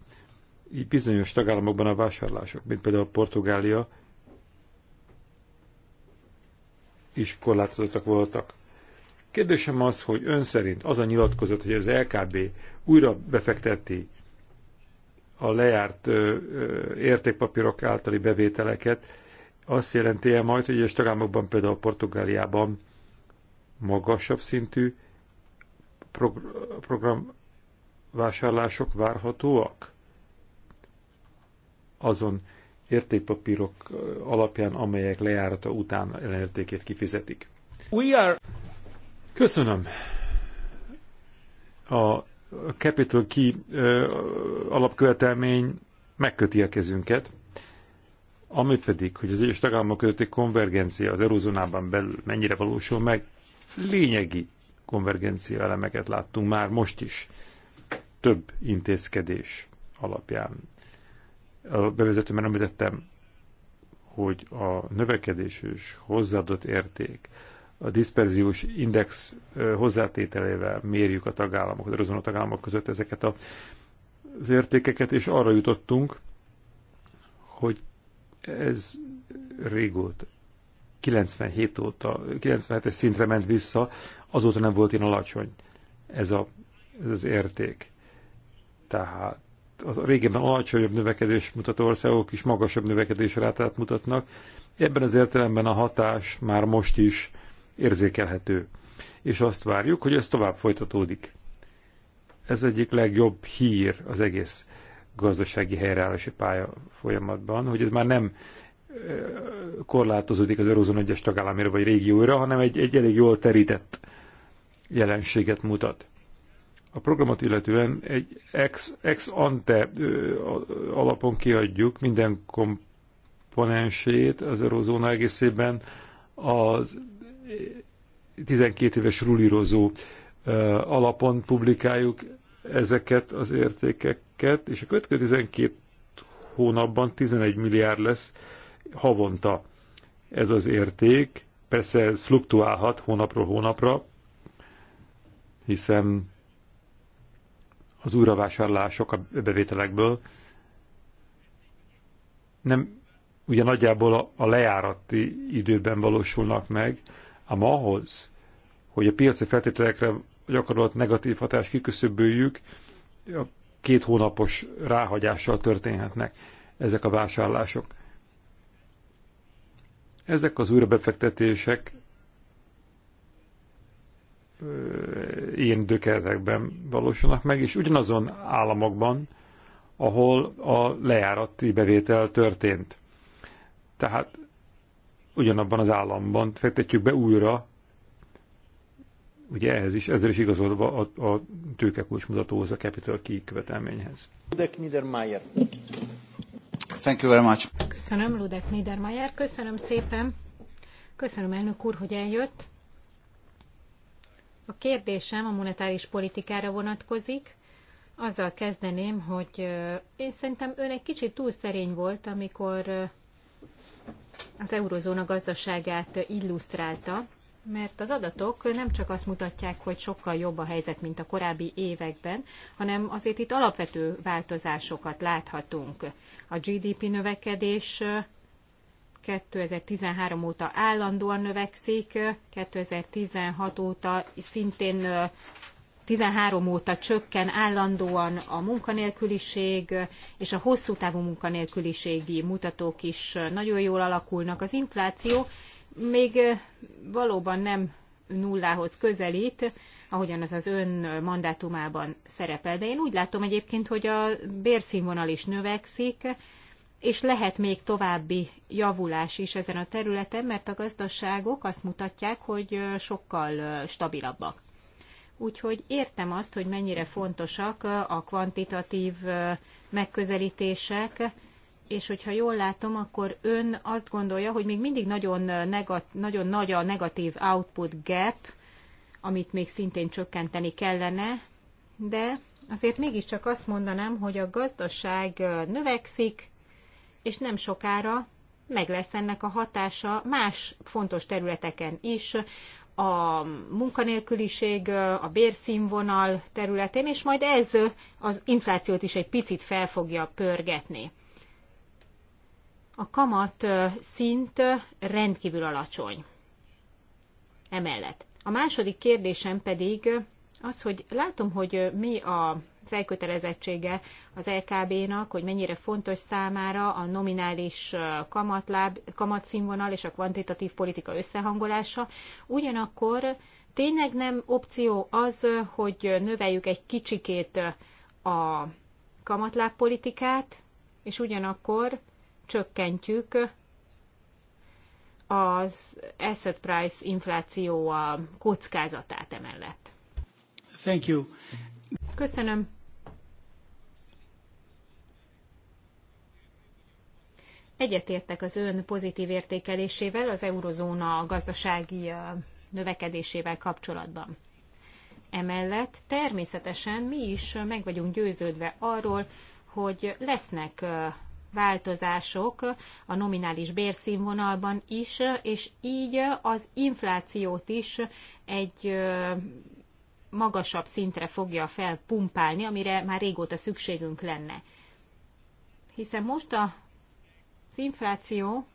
így bizonyos tagállamokban a vásárlások, mint például Portugália, is korlátozottak voltak. Kérdésem az, hogy ön szerint az a nyilatkozat, hogy az LKB újra befekteti a lejárt ö, ö, értékpapírok általi bevételeket, azt jelenti -e majd, hogy egyes tagállamokban, például Portugáliában magasabb szintű program vásárlások várhatóak azon értékpapírok alapján, amelyek lejárata után ellenértékét kifizetik. We are... Köszönöm. A Capital Key alapkövetelmény megköti a kezünket, ami pedig, hogy az egyes tagállamok közötti konvergencia az eurozónában belül mennyire valósul meg, lényegi konvergencia elemeket láttunk már most is több intézkedés alapján. A bevezetőben említettem, hogy a növekedés és hozzáadott érték a disperziós index hozzátételével mérjük a tagállamok, az a tagállamok között ezeket a, az értékeket, és arra jutottunk, hogy ez régóta, 97 óta, 97-es szintre ment vissza, azóta nem volt ilyen alacsony ez, a, ez az érték. Tehát az a régebben alacsonyabb növekedés mutató országok is magasabb növekedés rátát mutatnak. Ebben az értelemben a hatás már most is érzékelhető. És azt várjuk, hogy ez tovább folytatódik. Ez egyik legjobb hír az egész gazdasági helyreállási pálya folyamatban, hogy ez már nem korlátozódik az Eurózon egyes tagállamára vagy régióra, hanem egy, egy elég jól terített jelenséget mutat a programot illetően egy ex, ex ante alapon kiadjuk minden komponensét az eurozóna egészében az 12 éves rulírozó alapon publikáljuk ezeket az értékeket, és a következő 12 hónapban 11 milliárd lesz havonta ez az érték. Persze ez fluktuálhat hónapról hónapra, hiszen az újravásárlások a bevételekből nem ugye nagyjából a, a lejárati időben valósulnak meg, ám ahhoz, hogy a piaci feltételekre gyakorolt negatív hatás kiküszöböljük, a két hónapos ráhagyással történhetnek ezek a vásárlások. Ezek az újrabefektetések ilyen dökeretekben valósulnak meg, és ugyanazon államokban, ahol a lejárati bevétel történt. Tehát ugyanabban az államban fektetjük be újra, ugye ehhez is, ezzel is igazolva a, a mutatóhoz, a capital key követelményhez. Ludek Niedermayer. Thank you very much. Köszönöm, Ludek Niedermayer. Köszönöm szépen. Köszönöm, elnök úr, hogy eljött. A kérdésem a monetáris politikára vonatkozik. Azzal kezdeném, hogy én szerintem ön egy kicsit túl szerény volt, amikor az eurozóna gazdaságát illusztrálta, mert az adatok nem csak azt mutatják, hogy sokkal jobb a helyzet, mint a korábbi években, hanem azért itt alapvető változásokat láthatunk. A GDP növekedés 2013 óta állandóan növekszik, 2016 óta szintén 13 óta csökken állandóan a munkanélküliség, és a hosszú távú munkanélküliségi mutatók is nagyon jól alakulnak. Az infláció még valóban nem nullához közelít, ahogyan az az ön mandátumában szerepel. De én úgy látom egyébként, hogy a bérszínvonal is növekszik, és lehet még további javulás is ezen a területen, mert a gazdaságok azt mutatják, hogy sokkal stabilabbak. Úgyhogy értem azt, hogy mennyire fontosak a kvantitatív megközelítések, és hogyha jól látom, akkor ön azt gondolja, hogy még mindig nagyon, negat, nagyon nagy a negatív output gap, amit még szintén csökkenteni kellene, de azért mégiscsak azt mondanám, hogy a gazdaság növekszik, és nem sokára meg lesz ennek a hatása más fontos területeken is, a munkanélküliség, a bérszínvonal területén, és majd ez az inflációt is egy picit fel fogja pörgetni. A kamat szint rendkívül alacsony. Emellett. A második kérdésem pedig az, hogy látom, hogy mi a az elkötelezettsége az LKB-nak, hogy mennyire fontos számára a nominális kamatláb, kamatszínvonal és a kvantitatív politika összehangolása. Ugyanakkor tényleg nem opció az, hogy növeljük egy kicsikét a kamatlábpolitikát, és ugyanakkor csökkentjük az asset price infláció kockázatát emellett. Thank you. Köszönöm. Egyetértek az ön pozitív értékelésével az eurozóna gazdasági növekedésével kapcsolatban. Emellett természetesen mi is meg vagyunk győződve arról, hogy lesznek változások a nominális bérszínvonalban is, és így az inflációt is egy magasabb szintre fogja felpumpálni, amire már régóta szükségünk lenne. Hiszen most a, az infláció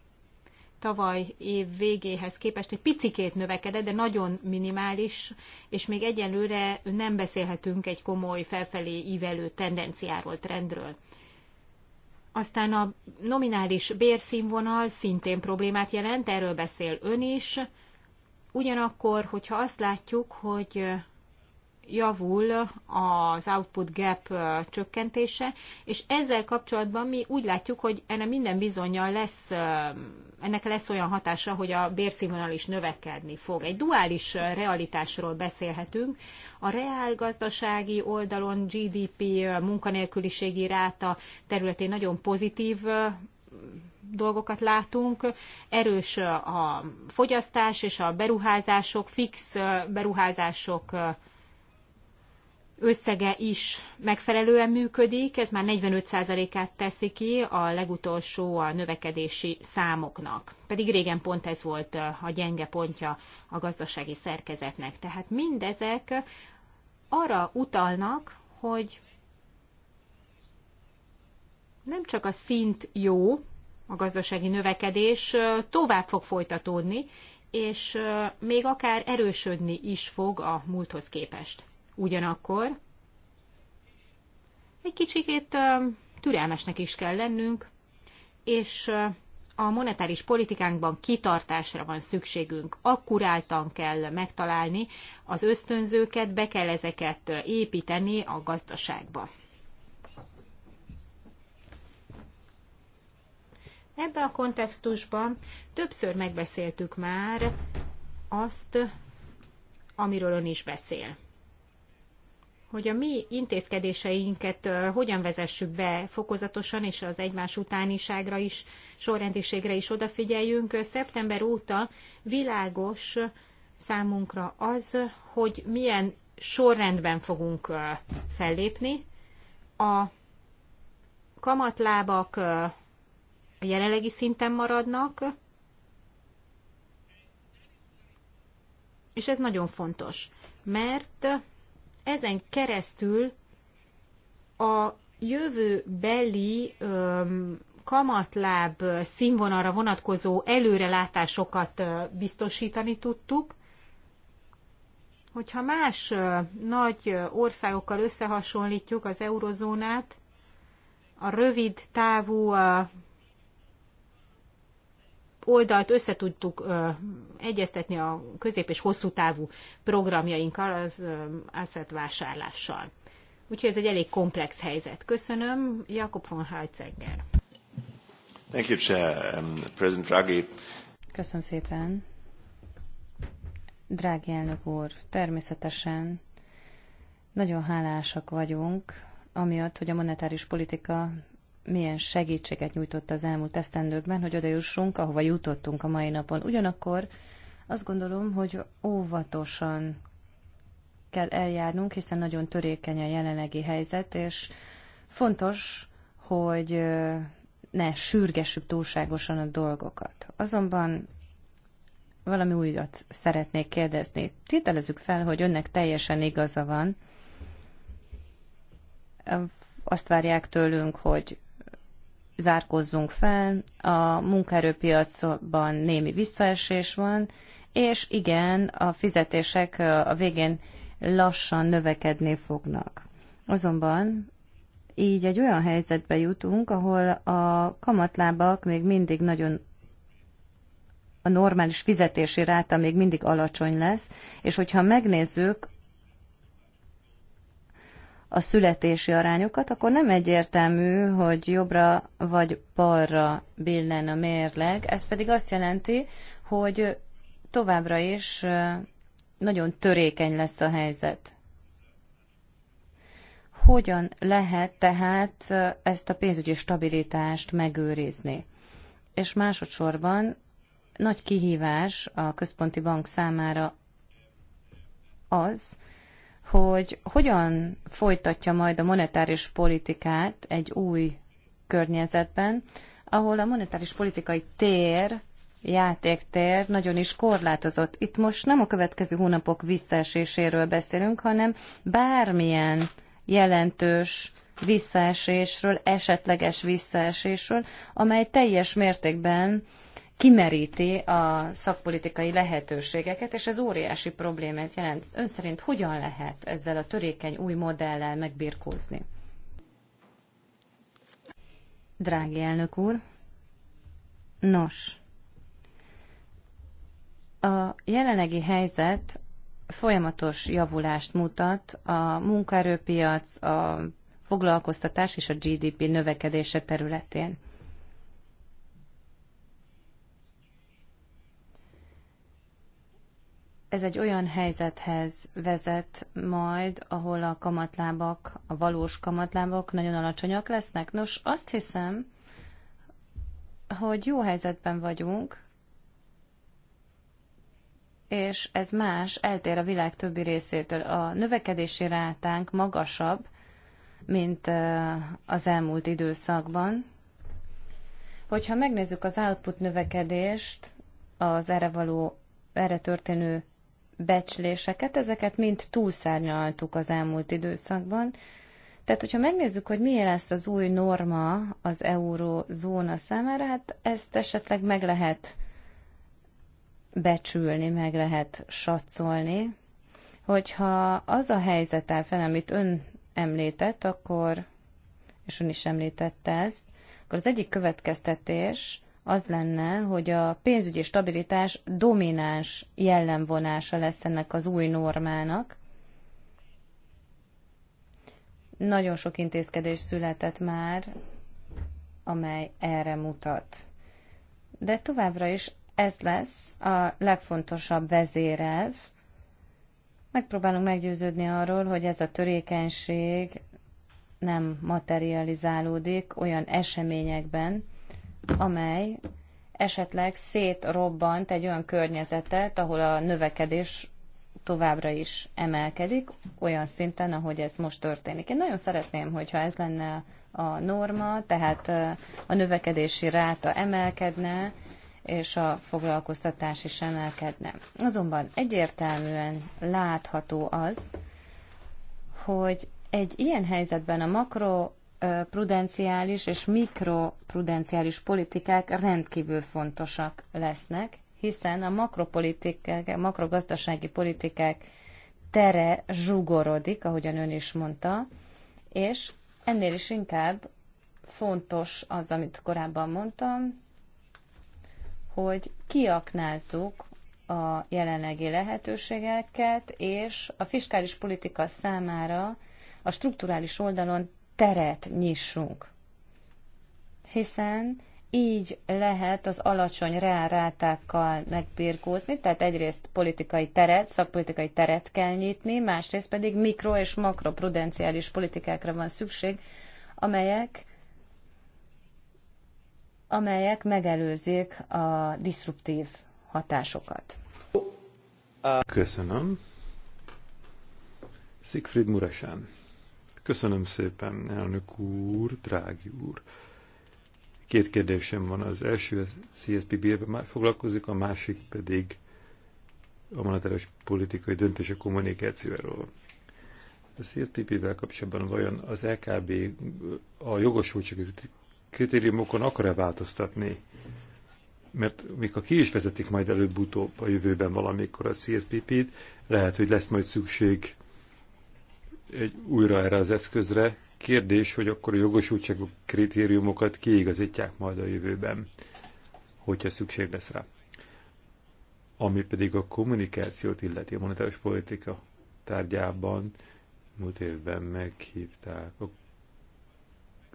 tavaly év végéhez képest egy picikét növekedett, de nagyon minimális, és még egyelőre nem beszélhetünk egy komoly felfelé ívelő tendenciáról, trendről. Aztán a nominális bérszínvonal szintén problémát jelent, erről beszél ön is. Ugyanakkor, hogyha azt látjuk, hogy javul az output gap csökkentése, és ezzel kapcsolatban mi úgy látjuk, hogy ennek minden bizonyal lesz, ennek lesz olyan hatása, hogy a bérszínvonal is növekedni fog. Egy duális realitásról beszélhetünk. A reál gazdasági oldalon GDP, munkanélküliségi ráta területén nagyon pozitív dolgokat látunk. Erős a fogyasztás és a beruházások, fix beruházások összege is megfelelően működik, ez már 45%-át teszi ki a legutolsó a növekedési számoknak. Pedig régen pont ez volt a gyenge pontja a gazdasági szerkezetnek. Tehát mindezek arra utalnak, hogy nem csak a szint jó, a gazdasági növekedés tovább fog folytatódni, és még akár erősödni is fog a múlthoz képest. Ugyanakkor egy kicsikét türelmesnek is kell lennünk, és a monetáris politikánkban kitartásra van szükségünk. Akkuráltan kell megtalálni az ösztönzőket, be kell ezeket építeni a gazdaságba. Ebben a kontextusban többször megbeszéltük már azt, amiről ön is beszél hogy a mi intézkedéseinket hogyan vezessük be fokozatosan, és az egymás utániságra is, sorrendiségre is odafigyeljünk. Szeptember óta világos számunkra az, hogy milyen sorrendben fogunk fellépni. A kamatlábak a jelenlegi szinten maradnak, és ez nagyon fontos, mert ezen keresztül a jövőbeli öm, kamatláb színvonalra vonatkozó előrelátásokat biztosítani tudtuk, hogyha más nagy országokkal összehasonlítjuk az eurozónát, a rövid távú oldalt össze tudtuk egyeztetni a közép- és hosszú távú programjainkkal az asset vásárlással. Úgyhogy ez egy elég komplex helyzet. Köszönöm. Jakob von Heitzegger. Thank you, Chair. Um, President Draghi. Köszönöm szépen. Drági elnök úr, természetesen nagyon hálásak vagyunk, amiatt, hogy a monetáris politika milyen segítséget nyújtott az elmúlt esztendőkben, hogy oda jussunk, ahova jutottunk a mai napon. Ugyanakkor azt gondolom, hogy óvatosan kell eljárnunk, hiszen nagyon törékeny a jelenlegi helyzet, és fontos, hogy ne sürgessük túlságosan a dolgokat. Azonban valami újat szeretnék kérdezni. Tételezzük fel, hogy önnek teljesen igaza van. Azt várják tőlünk, hogy zárkozzunk fel, a munkaerőpiacban némi visszaesés van, és igen, a fizetések a végén lassan növekedni fognak. Azonban így egy olyan helyzetbe jutunk, ahol a kamatlábak még mindig nagyon a normális fizetési ráta még mindig alacsony lesz, és hogyha megnézzük a születési arányokat, akkor nem egyértelmű, hogy jobbra vagy balra billen a mérleg. Ez pedig azt jelenti, hogy továbbra is nagyon törékeny lesz a helyzet. Hogyan lehet tehát ezt a pénzügyi stabilitást megőrizni? És másodszorban nagy kihívás a központi bank számára az, hogy hogyan folytatja majd a monetáris politikát egy új környezetben, ahol a monetáris politikai tér, játéktér nagyon is korlátozott. Itt most nem a következő hónapok visszaeséséről beszélünk, hanem bármilyen jelentős visszaesésről, esetleges visszaesésről, amely teljes mértékben kimeríti a szakpolitikai lehetőségeket, és ez óriási problémát jelent. Ön szerint hogyan lehet ezzel a törékeny új modellel megbirkózni? Drági elnök úr, nos, a jelenlegi helyzet folyamatos javulást mutat a munkaerőpiac, a foglalkoztatás és a GDP növekedése területén. ez egy olyan helyzethez vezet majd, ahol a kamatlábak, a valós kamatlábak nagyon alacsonyak lesznek. Nos, azt hiszem, hogy jó helyzetben vagyunk, és ez más, eltér a világ többi részétől. A növekedési rátánk magasabb, mint az elmúlt időszakban. Hogyha megnézzük az output növekedést, az erre való, erre történő becsléseket, ezeket mind túlszárnyaltuk az elmúlt időszakban. Tehát, hogyha megnézzük, hogy mi lesz az új norma az eurózóna számára, hát ezt esetleg meg lehet becsülni, meg lehet satszolni. Hogyha az a helyzet áll fel, amit ön említett, akkor, és ön is említette ezt, akkor az egyik következtetés, az lenne, hogy a pénzügyi stabilitás domináns jellemvonása lesz ennek az új normának. Nagyon sok intézkedés született már, amely erre mutat. De továbbra is ez lesz a legfontosabb vezérelv. Megpróbálunk meggyőződni arról, hogy ez a törékenység nem materializálódik olyan eseményekben, amely esetleg szétrobbant egy olyan környezetet, ahol a növekedés továbbra is emelkedik, olyan szinten, ahogy ez most történik. Én nagyon szeretném, hogyha ez lenne a norma, tehát a növekedési ráta emelkedne, és a foglalkoztatás is emelkedne. Azonban egyértelműen látható az, hogy egy ilyen helyzetben a makro prudenciális és mikroprudenciális politikák rendkívül fontosak lesznek, hiszen a makropolitikák, a makrogazdasági politikák tere zsugorodik, ahogyan ön is mondta, és ennél is inkább fontos az, amit korábban mondtam, hogy kiaknázzuk a jelenlegi lehetőségeket, és a fiskális politika számára a strukturális oldalon teret nyissunk. Hiszen így lehet az alacsony reálrátákkal megbirkózni, tehát egyrészt politikai teret, szakpolitikai teret kell nyitni, másrészt pedig mikro- és makroprudenciális politikákra van szükség, amelyek amelyek megelőzik a diszruptív hatásokat. Köszönöm. Siegfried Muresán. Köszönöm szépen, elnök úr, drági úr. Két kérdésem van. Az első a CSP ben foglalkozik, a másik pedig a monetáris politikai döntése kommunikációról. A CSPP-vel kapcsolatban vajon az LKB e a jogosultsági kritériumokon akar-e változtatni? Mert ha ki is vezetik majd előbb-utóbb a jövőben valamikor a CSPP-t, lehet, hogy lesz majd szükség egy, újra erre az eszközre. Kérdés, hogy akkor a jogosultság kritériumokat kiigazítják majd a jövőben, hogyha szükség lesz rá. Ami pedig a kommunikációt illeti, a monetáris politika tárgyában múlt évben meghívták a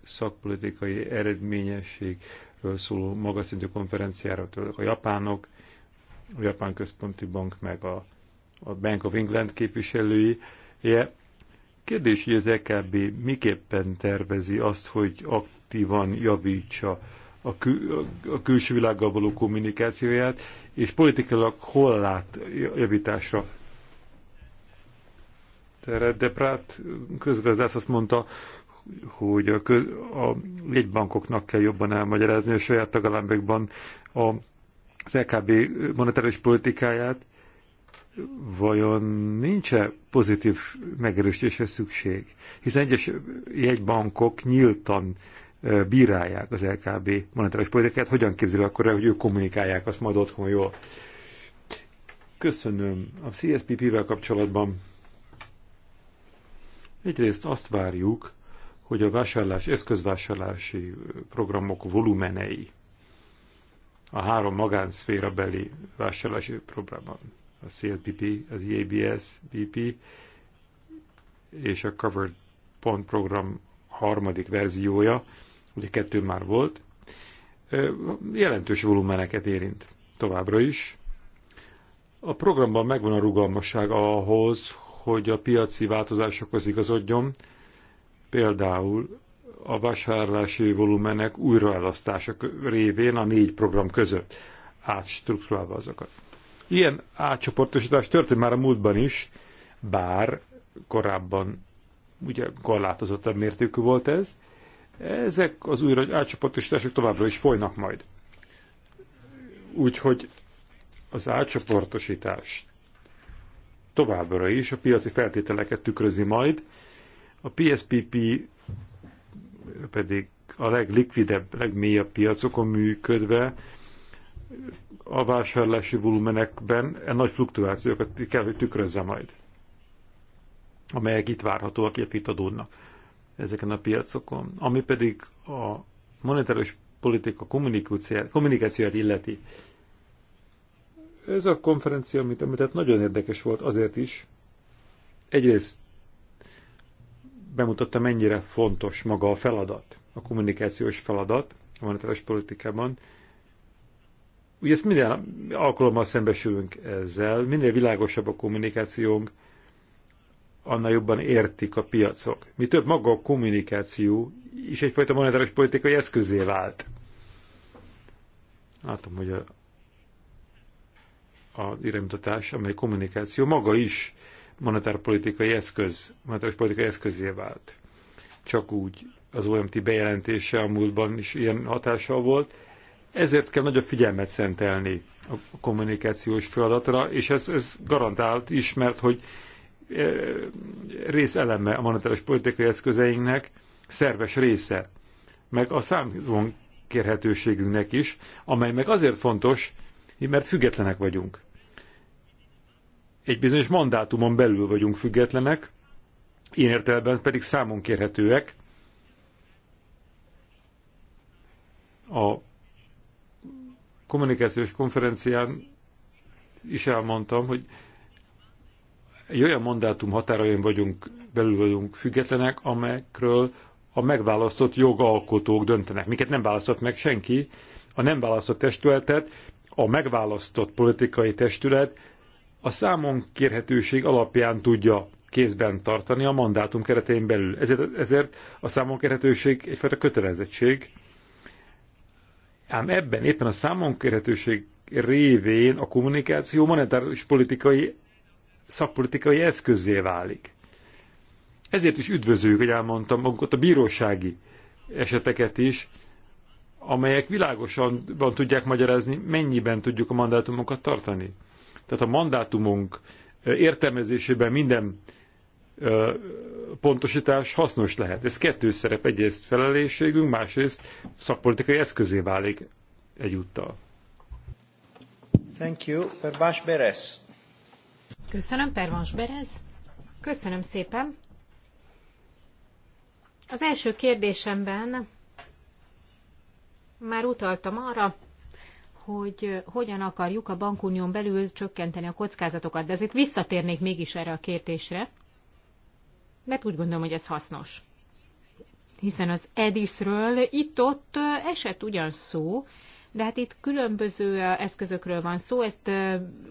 szakpolitikai eredményességről szóló magas szintű konferenciára tőlük a japánok, a Japán Központi Bank meg a, a Bank of England képviselői, Yeah. Kérdés, hogy az EKB miképpen tervezi azt, hogy aktívan javítsa a, kül, a külső világgal való kommunikációját, és politikailag hol lát javításra teret, de Prát közgazdász azt mondta, hogy a, köz, a jegybankoknak kell jobban elmagyarázni a saját tagállamokban a, az LKB e monetáris politikáját, vajon nincs-e pozitív megerősítése szükség? Hiszen egyes jegybankok nyíltan bírálják az LKB monetáris politikát, hogyan képzeli akkor el, hogy ők kommunikálják azt majd otthon jól. Köszönöm. A CSPP-vel kapcsolatban egyrészt azt várjuk, hogy a vásárlás, eszközvásárlási programok volumenei a három magánszféra beli vásárlási programban a CLPP, az EABS, BP és a Covered Pont program harmadik verziója, ugye kettő már volt, jelentős volumeneket érint továbbra is. A programban megvan a rugalmasság ahhoz, hogy a piaci változásokhoz igazodjon, például a vásárlási volumenek újraelasztása révén a négy program között átstruktúrálva azokat. Ilyen átcsoportosítás történt már a múltban is, bár korábban ugye korlátozottabb mértékű volt ez. Ezek az újra átcsoportosítások továbbra is folynak majd. Úgyhogy az átcsoportosítás továbbra is a piaci feltételeket tükrözi majd, a PSPP pedig a leglikvidebb, legmélyebb piacokon működve a vásárlási volumenekben a e nagy fluktuációkat kell, hogy tükrözze majd, amelyek itt várhatóak, illetve itt adódnak ezeken a piacokon. Ami pedig a monetáris politika kommunikációját illeti. Ez a konferencia, amit említett, nagyon érdekes volt azért is. Egyrészt bemutatta, mennyire fontos maga a feladat, a kommunikációs feladat a monetáris politikában, Ugye ezt minden alkalommal szembesülünk ezzel, minél világosabb a kommunikációnk, annál jobban értik a piacok. Mi több maga a kommunikáció is egyfajta monetáris politikai eszközé vált. Látom, hogy a, a iránymutatás, amely kommunikáció maga is monetárpolitikai eszköz, monetáris politikai eszközé vált. Csak úgy az OMT bejelentése a múltban is ilyen hatással volt, ezért kell nagyobb figyelmet szentelni a kommunikációs feladatra, és ez, ez garantált is, mert hogy e, részeleme a monetáris politikai eszközeinknek, szerves része, meg a számon kérhetőségünknek is, amely meg azért fontos, mert függetlenek vagyunk. Egy bizonyos mandátumon belül vagyunk függetlenek, én értelemben pedig számon kérhetőek a kommunikációs konferencián is elmondtam, hogy egy olyan mandátum határain vagyunk, belül vagyunk függetlenek, amelyekről a megválasztott jogalkotók döntenek. Miket nem választott meg senki, a nem választott testületet, a megválasztott politikai testület a számon kérhetőség alapján tudja kézben tartani a mandátum keretein belül. Ezért, ezért a számon kérhetőség egyfajta kötelezettség, Ám ebben éppen a számonkérhetőség révén a kommunikáció monetáris politikai szakpolitikai eszközé válik. Ezért is üdvözöljük, hogy elmondtam magukat a bírósági eseteket is, amelyek világosan van tudják magyarázni, mennyiben tudjuk a mandátumokat tartani. Tehát a mandátumunk értelmezésében minden pontosítás hasznos lehet. Ez kettő szerep, egyrészt felelősségünk, másrészt szakpolitikai eszközé válik egyúttal. Thank you. Pervás Berez. Köszönöm, Pervás Berez. Köszönöm szépen. Az első kérdésemben már utaltam arra, hogy hogyan akarjuk a bankunión belül csökkenteni a kockázatokat, de ezért visszatérnék mégis erre a kérdésre mert úgy gondolom, hogy ez hasznos. Hiszen az Edisről itt-ott esett ugyan szó, de hát itt különböző eszközökről van szó, ezt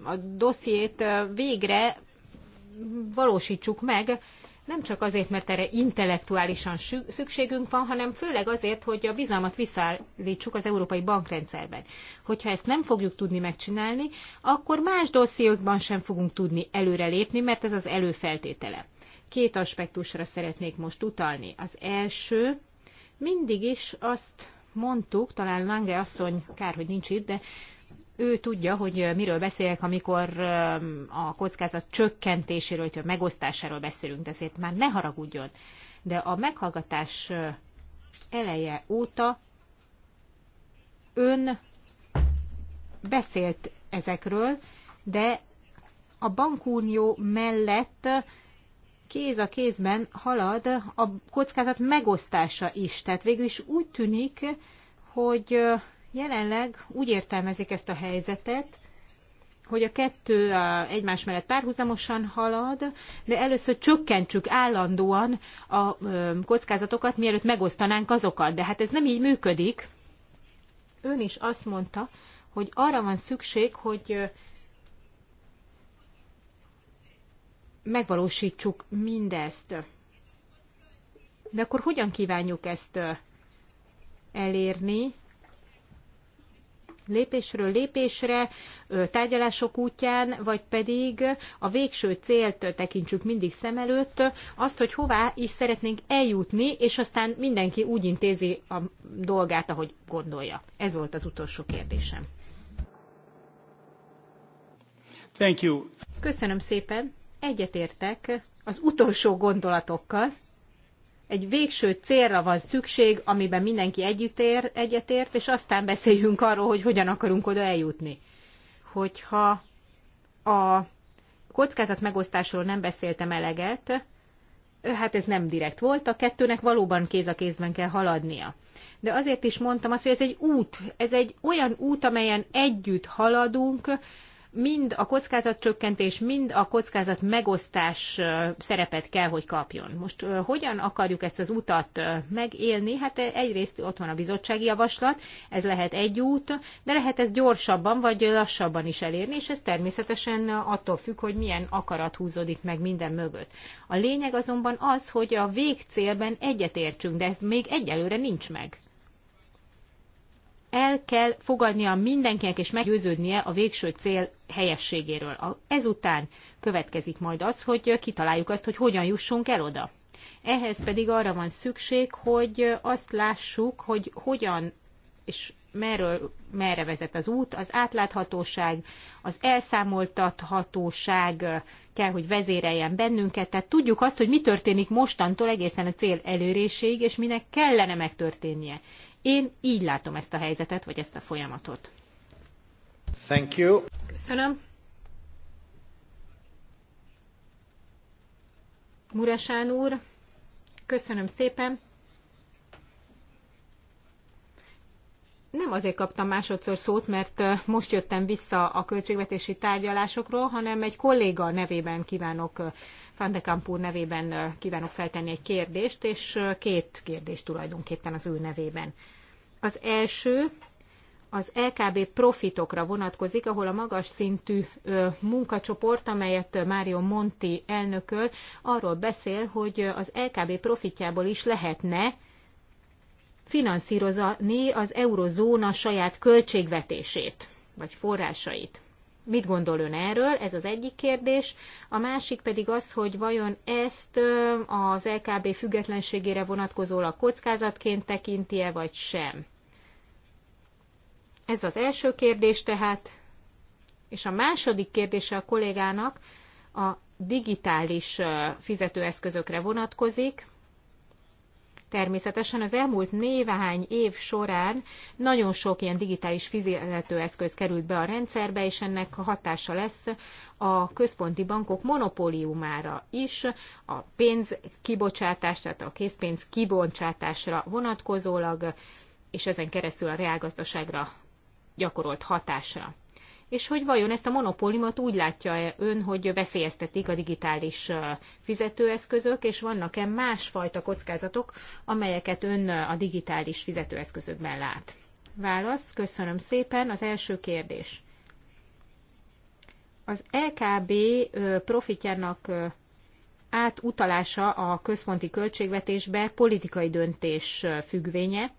a dossziét végre valósítsuk meg, nem csak azért, mert erre intellektuálisan szükségünk van, hanem főleg azért, hogy a bizalmat visszaállítsuk az európai bankrendszerben. Hogyha ezt nem fogjuk tudni megcsinálni, akkor más dossziókban sem fogunk tudni előrelépni, mert ez az előfeltétele. Két aspektusra szeretnék most utalni. Az első, mindig is azt mondtuk, talán Lange asszony, kár, hogy nincs itt, de ő tudja, hogy miről beszélek, amikor a kockázat csökkentéséről, vagy a megosztásáról beszélünk, ezért már ne haragudjon. De a meghallgatás eleje óta ön beszélt ezekről, de a bankunió mellett kéz a kézben halad a kockázat megosztása is. Tehát végül is úgy tűnik, hogy jelenleg úgy értelmezik ezt a helyzetet, hogy a kettő egymás mellett párhuzamosan halad, de először csökkentsük állandóan a kockázatokat, mielőtt megosztanánk azokat. De hát ez nem így működik. Ön is azt mondta, hogy arra van szükség, hogy megvalósítsuk mindezt. De akkor hogyan kívánjuk ezt elérni? Lépésről lépésre, tárgyalások útján, vagy pedig a végső célt tekintsük mindig szem előtt, azt, hogy hová is szeretnénk eljutni, és aztán mindenki úgy intézi a dolgát, ahogy gondolja. Ez volt az utolsó kérdésem. Thank you. Köszönöm szépen egyetértek az utolsó gondolatokkal. Egy végső célra van szükség, amiben mindenki ér, egyetért, és aztán beszéljünk arról, hogy hogyan akarunk oda eljutni. Hogyha a kockázat megosztásról nem beszéltem eleget, hát ez nem direkt volt, a kettőnek valóban kéz a kézben kell haladnia. De azért is mondtam azt, hogy ez egy út, ez egy olyan út, amelyen együtt haladunk, mind a kockázatcsökkentés, mind a kockázat megosztás szerepet kell, hogy kapjon. Most hogyan akarjuk ezt az utat megélni? Hát egyrészt ott van a bizottsági javaslat, ez lehet egy út, de lehet ez gyorsabban vagy lassabban is elérni, és ez természetesen attól függ, hogy milyen akarat húzódik meg minden mögött. A lényeg azonban az, hogy a végcélben egyetértsünk, de ez még egyelőre nincs meg el kell fogadnia mindenkinek és meggyőződnie a végső cél helyességéről. Ezután következik majd az, hogy kitaláljuk azt, hogy hogyan jussunk el oda. Ehhez pedig arra van szükség, hogy azt lássuk, hogy hogyan és merről, merre vezet az út, az átláthatóság, az elszámoltathatóság kell, hogy vezéreljen bennünket, tehát tudjuk azt, hogy mi történik mostantól egészen a cél eléréséig, és minek kellene megtörténnie. Én így látom ezt a helyzetet, vagy ezt a folyamatot. Thank you. Köszönöm. Muresán úr, köszönöm szépen. Nem azért kaptam másodszor szót, mert most jöttem vissza a költségvetési tárgyalásokról, hanem egy kolléga nevében kívánok van de Kamp úr nevében kívánok feltenni egy kérdést, és két kérdést tulajdonképpen az ő nevében. Az első az LKB profitokra vonatkozik, ahol a magas szintű munkacsoport, amelyet Mário Monti elnököl, arról beszél, hogy az LKB profitjából is lehetne finanszírozni az eurozóna saját költségvetését, vagy forrásait. Mit gondol ön erről? Ez az egyik kérdés. A másik pedig az, hogy vajon ezt az LKB függetlenségére vonatkozólag kockázatként tekinti-e, vagy sem. Ez az első kérdés tehát. És a második kérdése a kollégának a digitális fizetőeszközökre vonatkozik. Természetesen az elmúlt néhány év során nagyon sok ilyen digitális fizetőeszköz került be a rendszerbe, és ennek hatása lesz a központi bankok monopóliumára is, a pénzkibocsátás, tehát a készpénz kibocsátásra vonatkozólag, és ezen keresztül a reálgazdaságra gyakorolt hatásra és hogy vajon ezt a monopóliumot úgy látja-e ön, hogy veszélyeztetik a digitális fizetőeszközök, és vannak-e másfajta kockázatok, amelyeket ön a digitális fizetőeszközökben lát? Válasz, köszönöm szépen. Az első kérdés. Az LKB profitjának átutalása a központi költségvetésbe politikai döntés függvénye,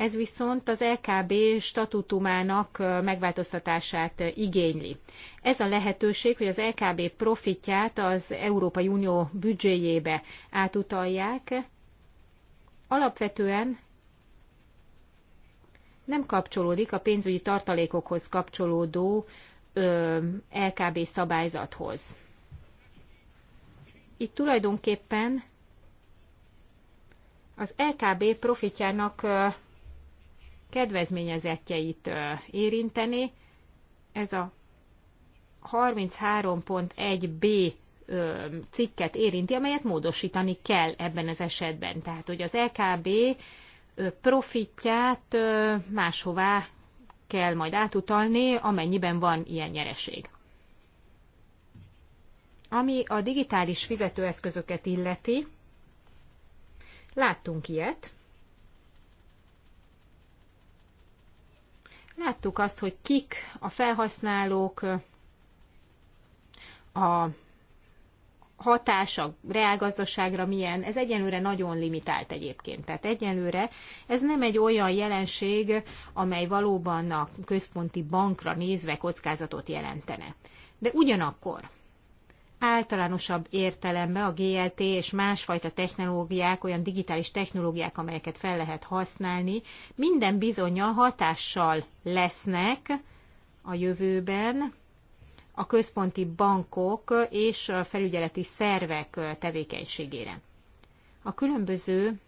ez viszont az LKB statutumának megváltoztatását igényli. Ez a lehetőség, hogy az LKB profitját az Európai Unió büdzséjébe átutalják, alapvetően nem kapcsolódik a pénzügyi tartalékokhoz kapcsolódó ö, LKB szabályzathoz. Itt tulajdonképpen az LKB profitjának kedvezményezettjeit érinteni. Ez a 33.1b cikket érinti, amelyet módosítani kell ebben az esetben. Tehát, hogy az LKB profitját máshová kell majd átutalni, amennyiben van ilyen nyereség. Ami a digitális fizetőeszközöket illeti, láttunk ilyet, Láttuk azt, hogy kik a felhasználók, a hatása a reálgazdaságra milyen, ez egyenlőre nagyon limitált egyébként. Tehát egyenlőre ez nem egy olyan jelenség, amely valóban a központi bankra nézve kockázatot jelentene. De ugyanakkor általánosabb értelemben a GLT és másfajta technológiák, olyan digitális technológiák, amelyeket fel lehet használni, minden bizonya hatással lesznek a jövőben a központi bankok és felügyeleti szervek tevékenységére. A különböző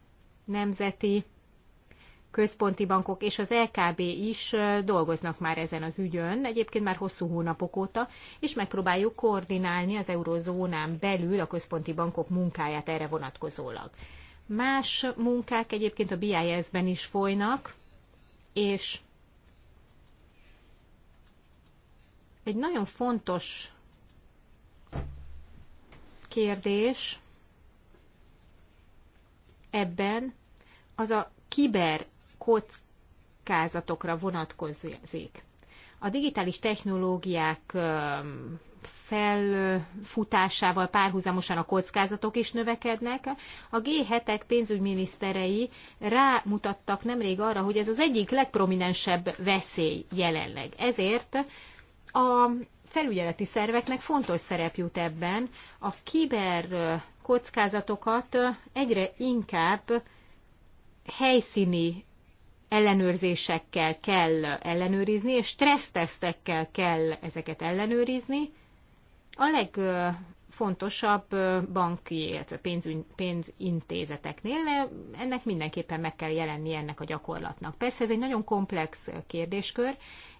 nemzeti központi bankok és az LKB is dolgoznak már ezen az ügyön, egyébként már hosszú hónapok óta, és megpróbáljuk koordinálni az eurozónán belül a központi bankok munkáját erre vonatkozólag. Más munkák egyébként a BIS-ben is folynak, és egy nagyon fontos kérdés ebben az a kiber kockázatokra vonatkozik. A digitális technológiák felfutásával párhuzamosan a kockázatok is növekednek. A G7-ek pénzügyminiszterei rámutattak nemrég arra, hogy ez az egyik legprominensebb veszély jelenleg. Ezért a felügyeleti szerveknek fontos szerep jut ebben. A kiber kockázatokat egyre inkább helyszíni ellenőrzésekkel kell ellenőrizni, és stressztesztekkel kell ezeket ellenőrizni. A legfontosabb banki, illetve pénzintézeteknél ennek mindenképpen meg kell jelenni ennek a gyakorlatnak. Persze ez egy nagyon komplex kérdéskör,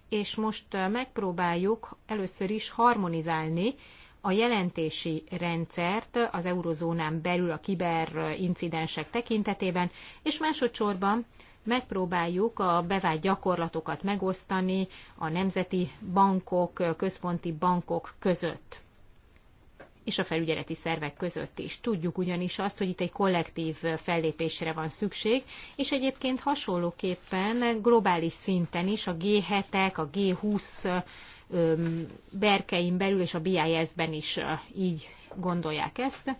és most megpróbáljuk először is harmonizálni a jelentési rendszert az eurozónán belül a kiberincidensek tekintetében, és másodszorban megpróbáljuk a bevált gyakorlatokat megosztani a nemzeti bankok, központi bankok között és a felügyeleti szervek között is. Tudjuk ugyanis azt, hogy itt egy kollektív fellépésre van szükség, és egyébként hasonlóképpen globális szinten is a G7-ek, a G20 berkein belül és a BIS-ben is így gondolják ezt.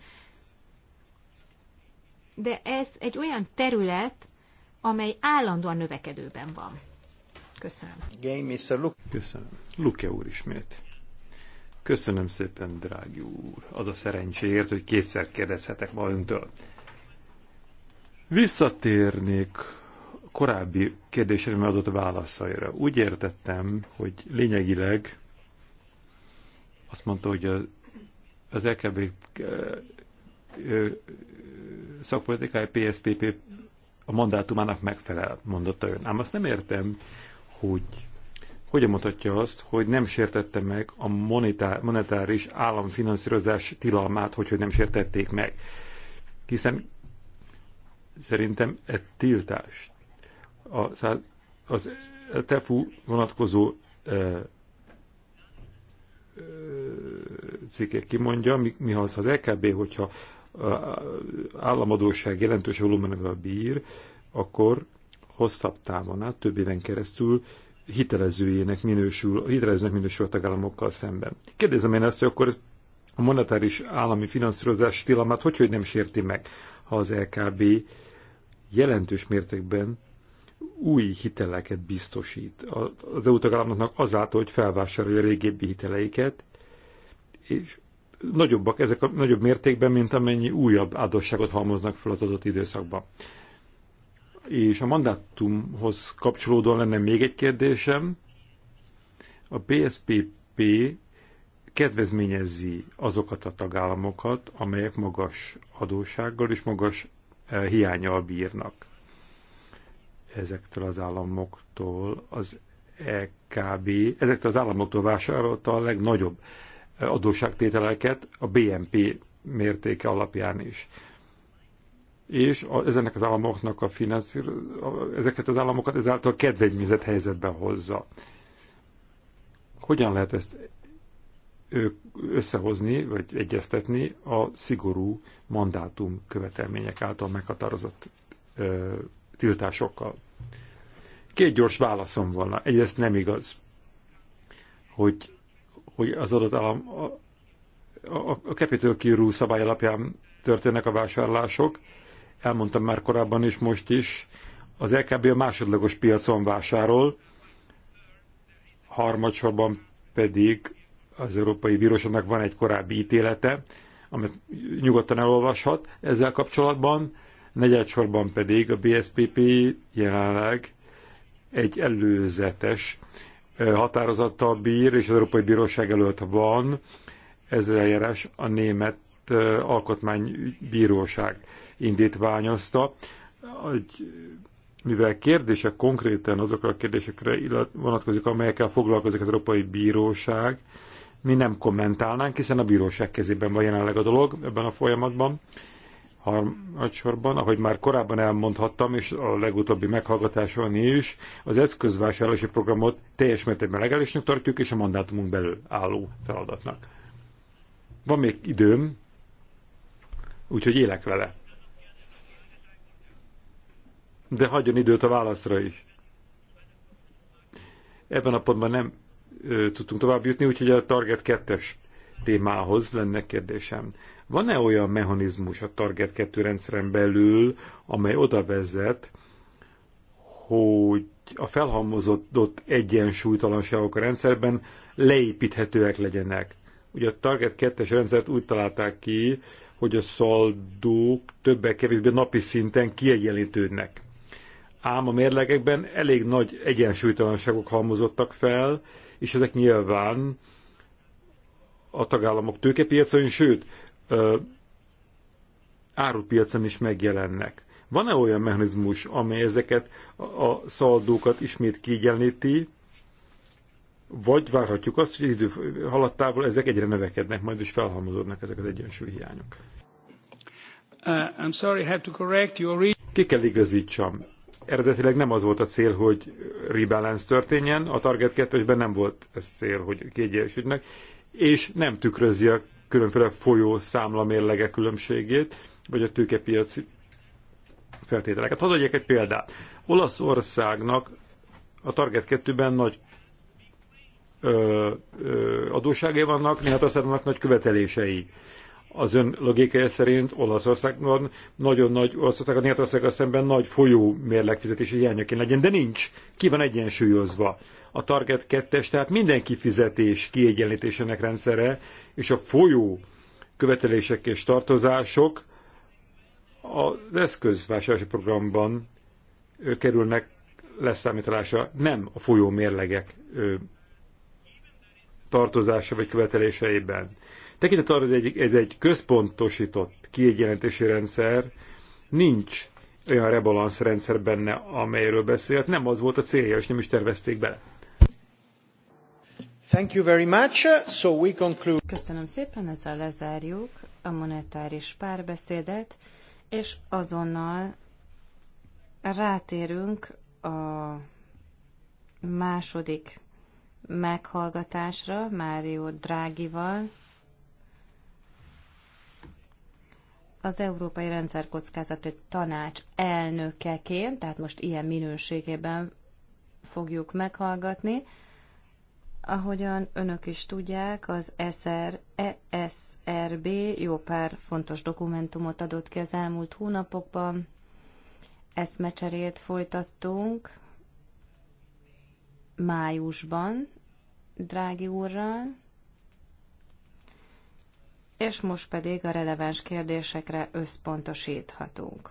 De ez egy olyan terület, amely állandóan növekedőben van. Köszönöm. Köszönöm. Luke úr ismét. Köszönöm szépen, drági úr. Az a szerencséért, hogy kétszer kérdezhetek ma öntől. Visszatérnék korábbi kérdésemre adott válaszaira. Úgy értettem, hogy lényegileg azt mondta, hogy az, az LKB szakpolitikai PSPP a mandátumának megfelel, mondotta ön. Ám azt nem értem, hogy hogyan mutatja azt, hogy nem sértette meg a monetár, monetáris államfinanszírozás tilalmát, hogy, hogy nem sértették meg. Hiszen szerintem egy tiltás, a, az TEFU vonatkozó e, e, cikkek kimondja, mi, mi az, az LKB, e hogyha államadóság jelentős volumenevel bír, akkor hosszabb távon át, több éven keresztül hitelezőjének minősül, hitelezőnek minősül a tagállamokkal szemben. Kérdezem én ezt, hogy akkor a monetáris állami finanszírozás tilalmát hogy, hogy nem sérti meg, ha az LKB jelentős mértékben új hiteleket biztosít az EU tagállamoknak azáltal, hogy felvásárolja a régebbi hiteleiket, és nagyobbak, ezek a nagyobb mértékben, mint amennyi újabb adósságot halmoznak fel az adott időszakban. És a mandátumhoz kapcsolódóan lenne még egy kérdésem. A PSPP kedvezményezi azokat a tagállamokat, amelyek magas adóssággal és magas eh, hiányal bírnak. Ezektől az államoktól az EKB, ezektől az államoktól vásárolta a legnagyobb adósságtételeket a BNP mértéke alapján is. És a, ezenek az államoknak a finanszír, a, ezeket az államokat ezáltal kedvegymizett helyzetbe hozza. Hogyan lehet ezt összehozni, vagy egyeztetni a szigorú mandátum követelmények által meghatározott ö, tiltásokkal? Két gyors válaszom volna. Egyrészt nem igaz, hogy hogy az adott állam a, a, a Capital Key Rule szabály alapján történnek a vásárlások. Elmondtam már korábban is, most is. Az LKB a másodlagos piacon vásárol, harmadsorban pedig az Európai Bíróságnak van egy korábbi ítélete, amit nyugodtan elolvashat ezzel kapcsolatban, negyedsorban pedig a BSPP jelenleg egy előzetes határozattal bír, és az Európai Bíróság előtt van, ez eljárás a német alkotmánybíróság indítványozta, hogy mivel kérdések konkrétan azokra a kérdésekre vonatkozik, amelyekkel foglalkozik az Európai Bíróság, mi nem kommentálnánk, hiszen a bíróság kezében van jelenleg a dolog ebben a folyamatban, Harmadsorban, ahogy már korábban elmondhattam, és a legutóbbi meghallgatáson is, az eszközvásárlási programot teljes mértékben legálisnak tartjuk, és a mandátumunk belül álló feladatnak. Van még időm, úgyhogy élek vele. De hagyjon időt a válaszra is. Ebben a pontban nem ö, tudtunk tovább jutni, úgyhogy a Target 2-es témához lenne kérdésem. Van-e olyan mechanizmus a Target 2 rendszeren belül, amely oda vezet, hogy a felhalmozott egyensúlytalanságok a rendszerben leépíthetőek legyenek. Ugye a Target 2-es rendszert úgy találták ki, hogy a szaldók többek-kevésbé napi szinten kiegyenlítődnek. Ám a mérlegekben elég nagy egyensúlytalanságok halmozottak fel, és ezek nyilván a tagállamok tőkepiacain, sőt, ö, árupiacon is megjelennek. Van-e olyan mechanizmus, amely ezeket a szaldókat ismét kiegyenlíti, vagy várhatjuk azt, hogy az idő haladtával ezek egyre növekednek, majd is felhalmozódnak ezek az egyensúlyhiányok? Uh, I'm sorry, I have to correct your... Ki kell igazítsam. Eredetileg nem az volt a cél, hogy rebalance történjen, a Target 2 esben nem volt ez cél, hogy kiegyensúlyodnak, és nem tükrözi a különféle folyó számla mérlege különbségét, vagy a tőkepiaci feltételeket. Hadd adjak egy példát. Olaszországnak a Target 2-ben nagy ö, ö, adósságai vannak, Németországnak nagy követelései. Az ön logikája szerint Olaszországban nagyon nagy, Olaszország a Németországgal szemben nagy folyó mérlegfizetési hiánya kéne legyen, de nincs. Ki van egyensúlyozva? a Target 2-es, tehát mindenki fizetés kiegyenlítésének rendszere, és a folyó követelések és tartozások az eszközvásárlási programban kerülnek leszámításra, nem a folyó mérlegek tartozása vagy követeléseiben. Tekintet arra, hogy ez egy központosított kiegyenlítési rendszer, nincs olyan rebalansz rendszer benne, amelyről beszélt, nem az volt a célja, és nem is tervezték bele. Thank you very much. So we conclude. Köszönöm szépen, ezzel lezárjuk a monetáris párbeszédet, és azonnal rátérünk a második meghallgatásra Mário Drágival, az Európai Rendszerkockázati Tanács elnökeként, tehát most ilyen minőségében fogjuk meghallgatni. Ahogyan önök is tudják, az SR, ESRB jó pár fontos dokumentumot adott ki az elmúlt hónapokban. Eszmecserét folytattunk májusban Drági úrral, és most pedig a releváns kérdésekre összpontosíthatunk.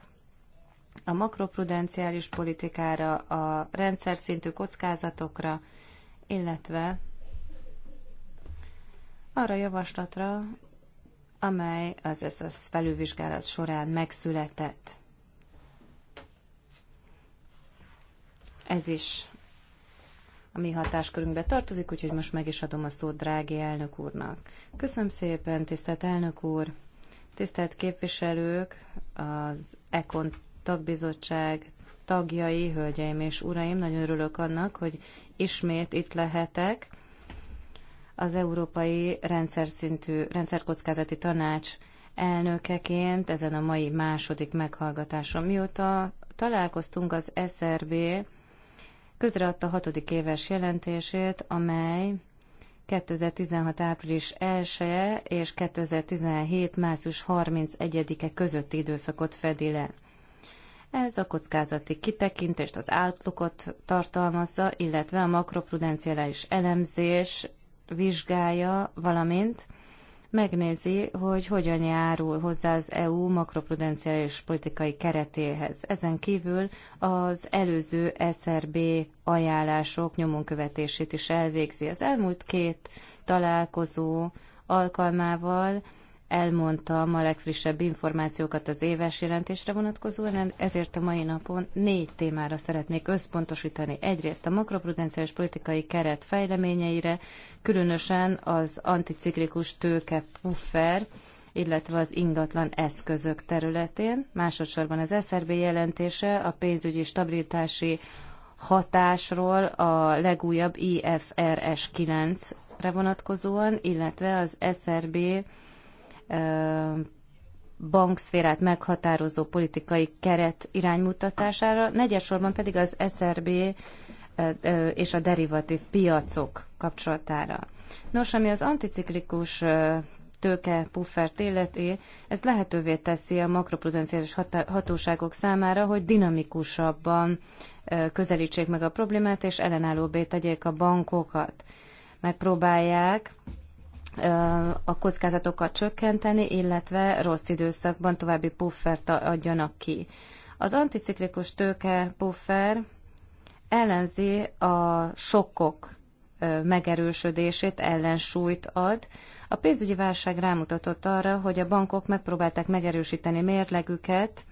A makroprudenciális politikára, a rendszer szintű kockázatokra, illetve arra javaslatra, amely az SS felülvizsgálat során megszületett. Ez is a mi hatáskörünkbe tartozik, úgyhogy most meg is adom a szót drági elnök úrnak. Köszönöm szépen, tisztelt elnök úr, tisztelt képviselők, az EKON tagbizottság tagjai, hölgyeim és uraim. Nagyon örülök annak, hogy ismét itt lehetek az Európai Rendszer szintű, Rendszerkockázati Tanács elnökeként ezen a mai második meghallgatáson. Mióta találkoztunk az SRB, közreadta hatodik éves jelentését, amely 2016. április 1 -e és 2017. március 31-e közötti időszakot fedi le. Ez a kockázati kitekintést, az átlukot tartalmazza, illetve a makroprudenciális elemzés vizsgálja, valamint megnézi, hogy hogyan járul hozzá az EU makroprudenciális politikai keretéhez. Ezen kívül az előző SRB ajánlások nyomonkövetését is elvégzi. Az elmúlt két találkozó alkalmával elmondtam a legfrissebb információkat az éves jelentésre vonatkozóan, ezért a mai napon négy témára szeretnék összpontosítani. Egyrészt a makroprudenciális politikai keret fejleményeire, különösen az anticiklikus tőke puffer, illetve az ingatlan eszközök területén. Másodszorban az SRB jelentése a pénzügyi stabilitási hatásról a legújabb IFRS 9-re vonatkozóan, illetve az SRB bankszférát meghatározó politikai keret iránymutatására, negyedsorban pedig az SRB és a derivatív piacok kapcsolatára. Nos, ami az anticiklikus tőke puffert életé, ez lehetővé teszi a makroprudenciális hatóságok számára, hogy dinamikusabban közelítsék meg a problémát, és ellenállóbbé tegyék a bankokat. Megpróbálják a kockázatokat csökkenteni, illetve rossz időszakban további puffert adjanak ki. Az anticiklikus tőke puffer ellenzi a sokkok megerősödését, ellensúlyt ad. A pénzügyi válság rámutatott arra, hogy a bankok megpróbálták megerősíteni mérlegüket,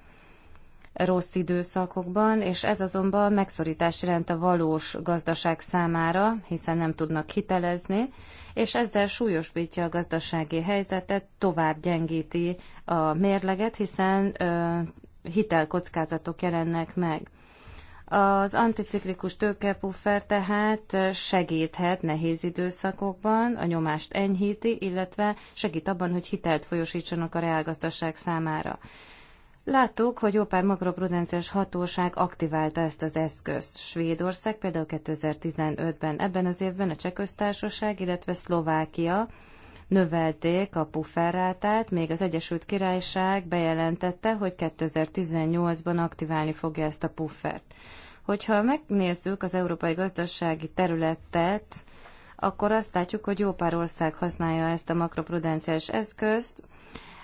rossz időszakokban, és ez azonban megszorítás jelent a valós gazdaság számára, hiszen nem tudnak hitelezni, és ezzel súlyosbítja a gazdasági helyzetet, tovább gyengíti a mérleget, hiszen ö, hitelkockázatok jelennek meg. Az anticiklikus tőkepuffer tehát segíthet nehéz időszakokban, a nyomást enyhíti, illetve segít abban, hogy hitelt folyosítsanak a reálgazdaság számára. Láttuk, hogy jó pár makroprudenciás hatóság aktiválta ezt az eszközt. Svédország például 2015-ben, ebben az évben a Csehköztársaság, illetve Szlovákia növelték a pufferrátát, még az Egyesült Királyság bejelentette, hogy 2018-ban aktiválni fogja ezt a puffert. Hogyha megnézzük az európai gazdasági területet, akkor azt látjuk, hogy jó pár ország használja ezt a makroprudenciás eszközt,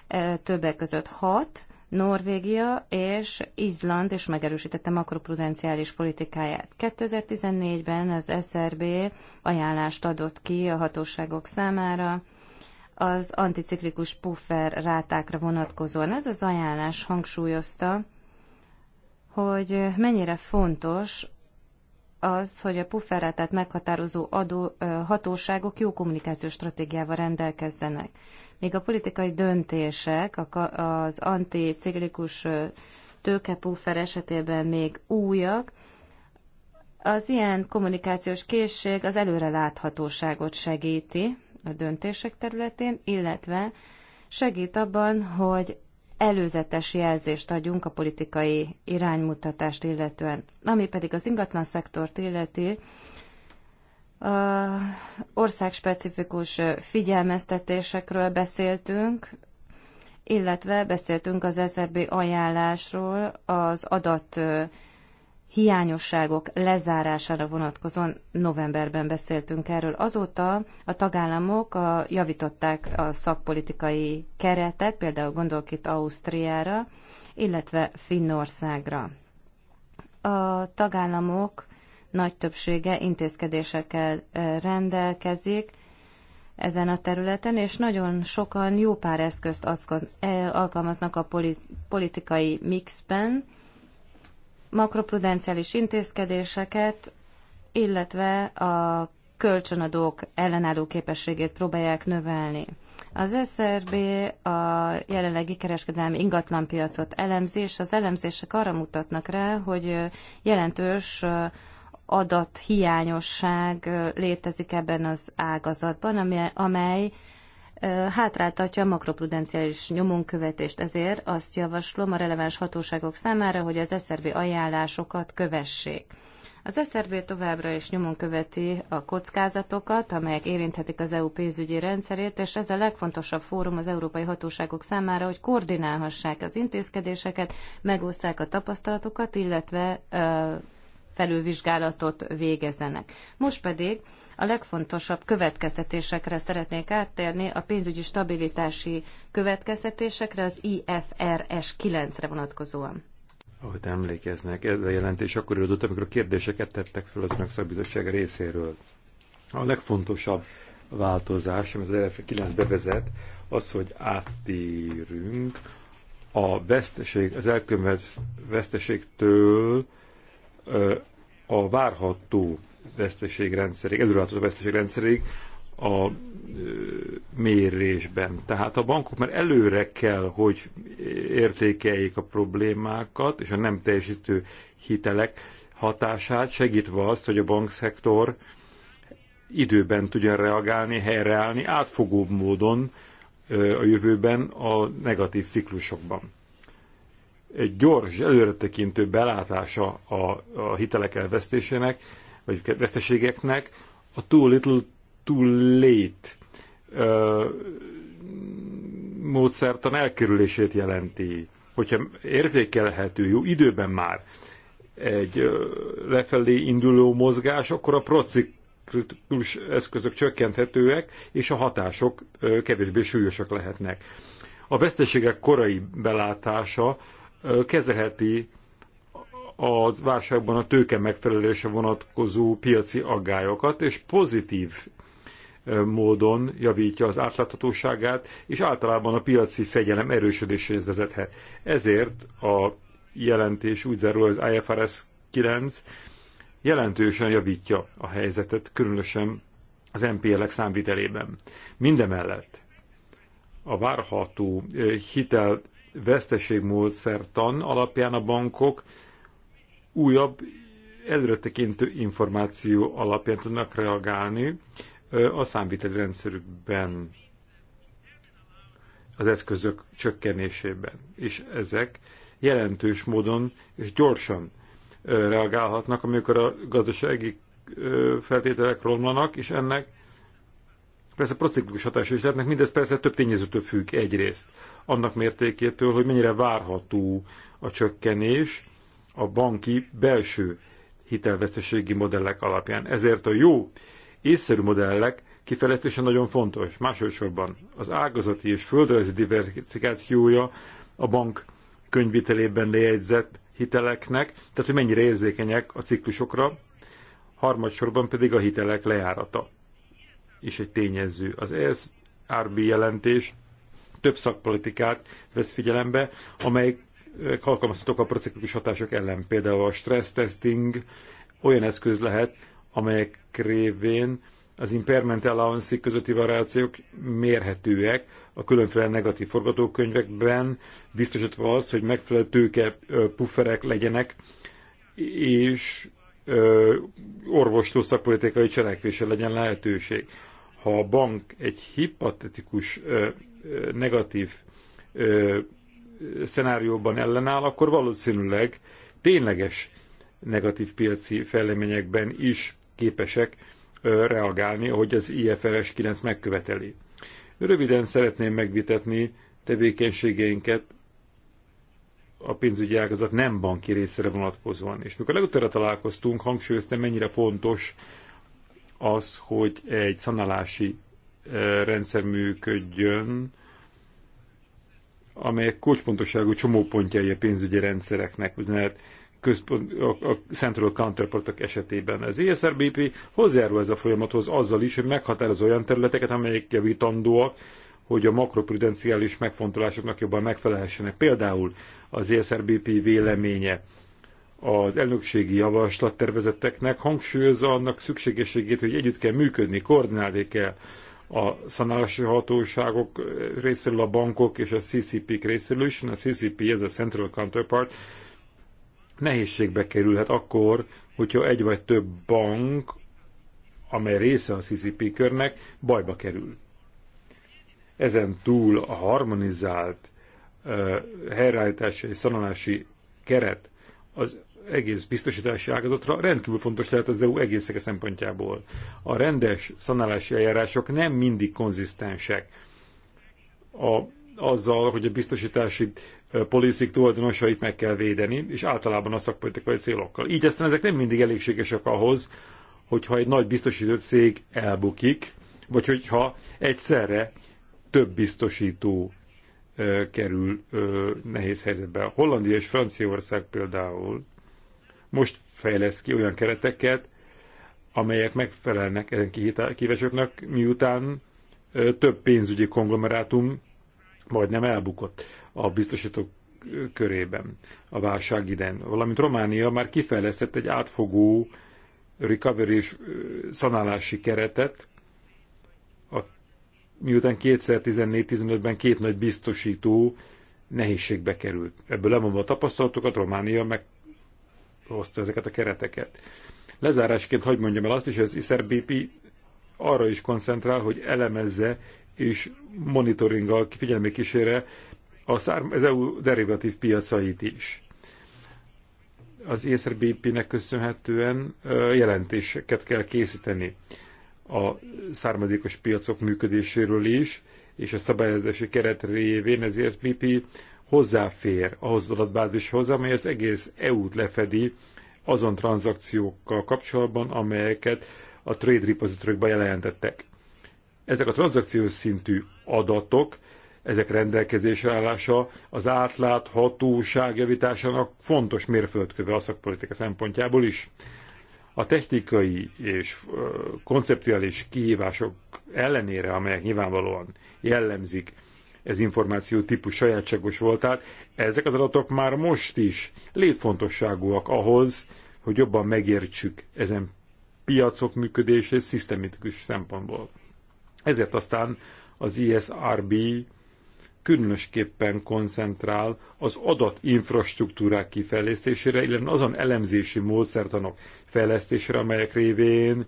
e, többek között hat, Norvégia és Izland is megerősítette makroprudenciális politikáját. 2014-ben az SRB ajánlást adott ki a hatóságok számára az anticiklikus puffer rátákra vonatkozóan. Ez az ajánlás hangsúlyozta, hogy mennyire fontos az, hogy a pufferrátát meghatározó adó, hatóságok jó kommunikációs stratégiával rendelkezzenek. Még a politikai döntések az anticiklikus tőkepuffer esetében még újak, az ilyen kommunikációs készség az előreláthatóságot segíti a döntések területén, illetve segít abban, hogy előzetes jelzést adjunk a politikai iránymutatást illetően. Ami pedig az ingatlan szektort illeti, a országspecifikus figyelmeztetésekről beszéltünk, illetve beszéltünk az SZRB ajánlásról az adat hiányosságok lezárására vonatkozóan novemberben beszéltünk erről. Azóta a tagállamok a, javították a szakpolitikai keretet, például gondolk itt Ausztriára, illetve Finnországra. A tagállamok nagy többsége intézkedésekkel e, rendelkezik ezen a területen, és nagyon sokan jó pár eszközt e, alkalmaznak a politikai mixben, makroprudenciális intézkedéseket, illetve a kölcsönadók ellenálló képességét próbálják növelni. Az SRB a jelenlegi kereskedelmi ingatlanpiacot elemzi, és az elemzések arra mutatnak rá, hogy jelentős adathiányosság létezik ebben az ágazatban, amely hátráltatja a makroprudenciális nyomonkövetést. Ezért azt javaslom a releváns hatóságok számára, hogy az SZRB ajánlásokat kövessék. Az SZRB továbbra is nyomon követi a kockázatokat, amelyek érinthetik az EU pénzügyi rendszerét, és ez a legfontosabb fórum az európai hatóságok számára, hogy koordinálhassák az intézkedéseket, megosszák a tapasztalatokat, illetve ö, felülvizsgálatot végezenek. Most pedig a legfontosabb következtetésekre szeretnék áttérni, a pénzügyi stabilitási következtetésekre, az IFRS 9-re vonatkozóan. Ahogy emlékeznek, ez a jelentés akkor irodott, amikor a kérdéseket tettek fel az önök szakbizottság részéről. A legfontosabb változás, amit az RF 9 bevezet, az, hogy áttérünk a veszteség, az elkövet veszteségtől a várható veszteségrendszerig, előreható veszteségrendszerig a mérésben. Tehát a bankok már előre kell, hogy értékeljék a problémákat és a nem teljesítő hitelek hatását, segítve azt, hogy a bankszektor időben tudjon reagálni, helyreállni, átfogóbb módon a jövőben a negatív ciklusokban. Egy gyors, előretekintő belátása a, a hitelek elvesztésének vagy veszteségeknek a too little, too late ö, módszertan elkerülését jelenti. Hogyha érzékelhető, jó időben már egy ö, lefelé induló mozgás, akkor a prociklikus eszközök csökkenthetőek, és a hatások ö, kevésbé súlyosak lehetnek. A veszteségek korai belátása ö, kezelheti a válságban a tőke megfelelése vonatkozó piaci aggályokat, és pozitív módon javítja az átláthatóságát, és általában a piaci fegyelem erősödéséhez vezethet. Ezért a jelentés úgy zárul az IFRS 9 jelentősen javítja a helyzetet, különösen az NPL-ek számvitelében. Mindemellett a várható hitel veszteségmódszertan alapján a bankok újabb, előretekintő információ alapján tudnak reagálni a számvitel rendszerükben az eszközök csökkenésében. És ezek jelentős módon és gyorsan reagálhatnak, amikor a gazdasági feltételek romlanak, és ennek persze prociklikus hatása is lehetnek, mindez persze több tényezőtől függ egyrészt. Annak mértékétől, hogy mennyire várható a csökkenés, a banki belső hitelveszteségi modellek alapján. Ezért a jó, észszerű modellek kifejlesztése nagyon fontos. Másodszorban az ágazati és földrajzi diversifikációja a bank könyvvitelében lejegyzett hiteleknek, tehát hogy mennyire érzékenyek a ciklusokra, harmadsorban pedig a hitelek lejárata is egy tényező. Az ESRB jelentés több szakpolitikát vesz figyelembe, amelyik alkalmazhatók a prociklikus hatások ellen. Például a stress testing olyan eszköz lehet, amelyek révén az impairment allowance közötti variációk mérhetőek a különféle negatív forgatókönyvekben, biztosítva azt, hogy megfelelő tőke pufferek legyenek, és orvostó szakpolitikai cselekvése legyen lehetőség. Ha a bank egy hipotetikus negatív szenárióban ellenáll, akkor valószínűleg tényleges negatív piaci fejleményekben is képesek reagálni, ahogy az IFRS 9 megköveteli. Röviden szeretném megvitetni tevékenységeinket a pénzügyi ágazat nem banki részére vonatkozóan. És mikor legutóbb találkoztunk, hangsúlyoztam, mennyire fontos az, hogy egy szanálási rendszer működjön, amelyek kulcspontosságú csomópontjai a pénzügyi rendszereknek, úgynevezett központ, a, a central counterpartok esetében. Az ESRBP hozzájárul ez a folyamathoz azzal is, hogy meghatároz olyan területeket, amelyek javítandóak, hogy a makroprudenciális megfontolásoknak jobban megfelelhessenek. Például az ESRBP véleménye az elnökségi javaslattervezeteknek hangsúlyozza annak szükségességét, hogy együtt kell működni, koordinálni kell a szanálási hatóságok részéről a bankok és a CCP-k részéről is, a CCP, ez a Central Counterpart, nehézségbe kerülhet akkor, hogyha egy vagy több bank, amely része a CCP körnek, bajba kerül. Ezen túl a harmonizált uh, helyreállítási és szanalási keret az egész biztosítási ágazatra rendkívül fontos lehet az EU egészek szempontjából. A rendes szanálási eljárások nem mindig konzisztensek a, azzal, hogy a biztosítási poliszik tulajdonosait meg kell védeni, és általában a szakpolitikai célokkal. Így aztán ezek nem mindig elégségesek ahhoz, hogyha egy nagy biztosító cég elbukik, vagy hogyha egyszerre több biztosító kerül nehéz helyzetbe. Hollandia és Franciaország például most fejleszt ki olyan kereteket, amelyek megfelelnek ezen kihívásoknak, miután több pénzügyi konglomerátum majdnem elbukott a biztosítók körében a válság idején. Valamint Románia már kifejlesztett egy átfogó recovery és szanálási keretet, a, miután 2014-15-ben két nagy biztosító nehézségbe került. Ebből lemondva a tapasztalatokat, Románia meg hozta ezeket a kereteket. Lezárásként hagyd mondjam el azt is, hogy az ISRBP arra is koncentrál, hogy elemezze és monitoringgal figyelmi kísére az EU derivatív piacait is. Az ISRBP-nek köszönhetően jelentéseket kell készíteni a származékos piacok működéséről is, és a szabályozási keret révén az ISBP hozzáfér ahhoz az adatbázishoz, amely az egész EU-t lefedi azon tranzakciókkal kapcsolatban, amelyeket a trade repository jelentettek. Ezek a tranzakciós szintű adatok, ezek rendelkezésre állása az átláthatóság javításának fontos mérföldköve a szakpolitika szempontjából is. A technikai és konceptuális kihívások ellenére, amelyek nyilvánvalóan jellemzik ez információ típus sajátságos volt, tehát ezek az adatok már most is létfontosságúak ahhoz, hogy jobban megértsük ezen piacok működését szisztematikus szempontból. Ezért aztán az ISRB különösképpen koncentrál az adatinfrastruktúrák kifejlesztésére, illetve azon elemzési módszertanok fejlesztésére, amelyek révén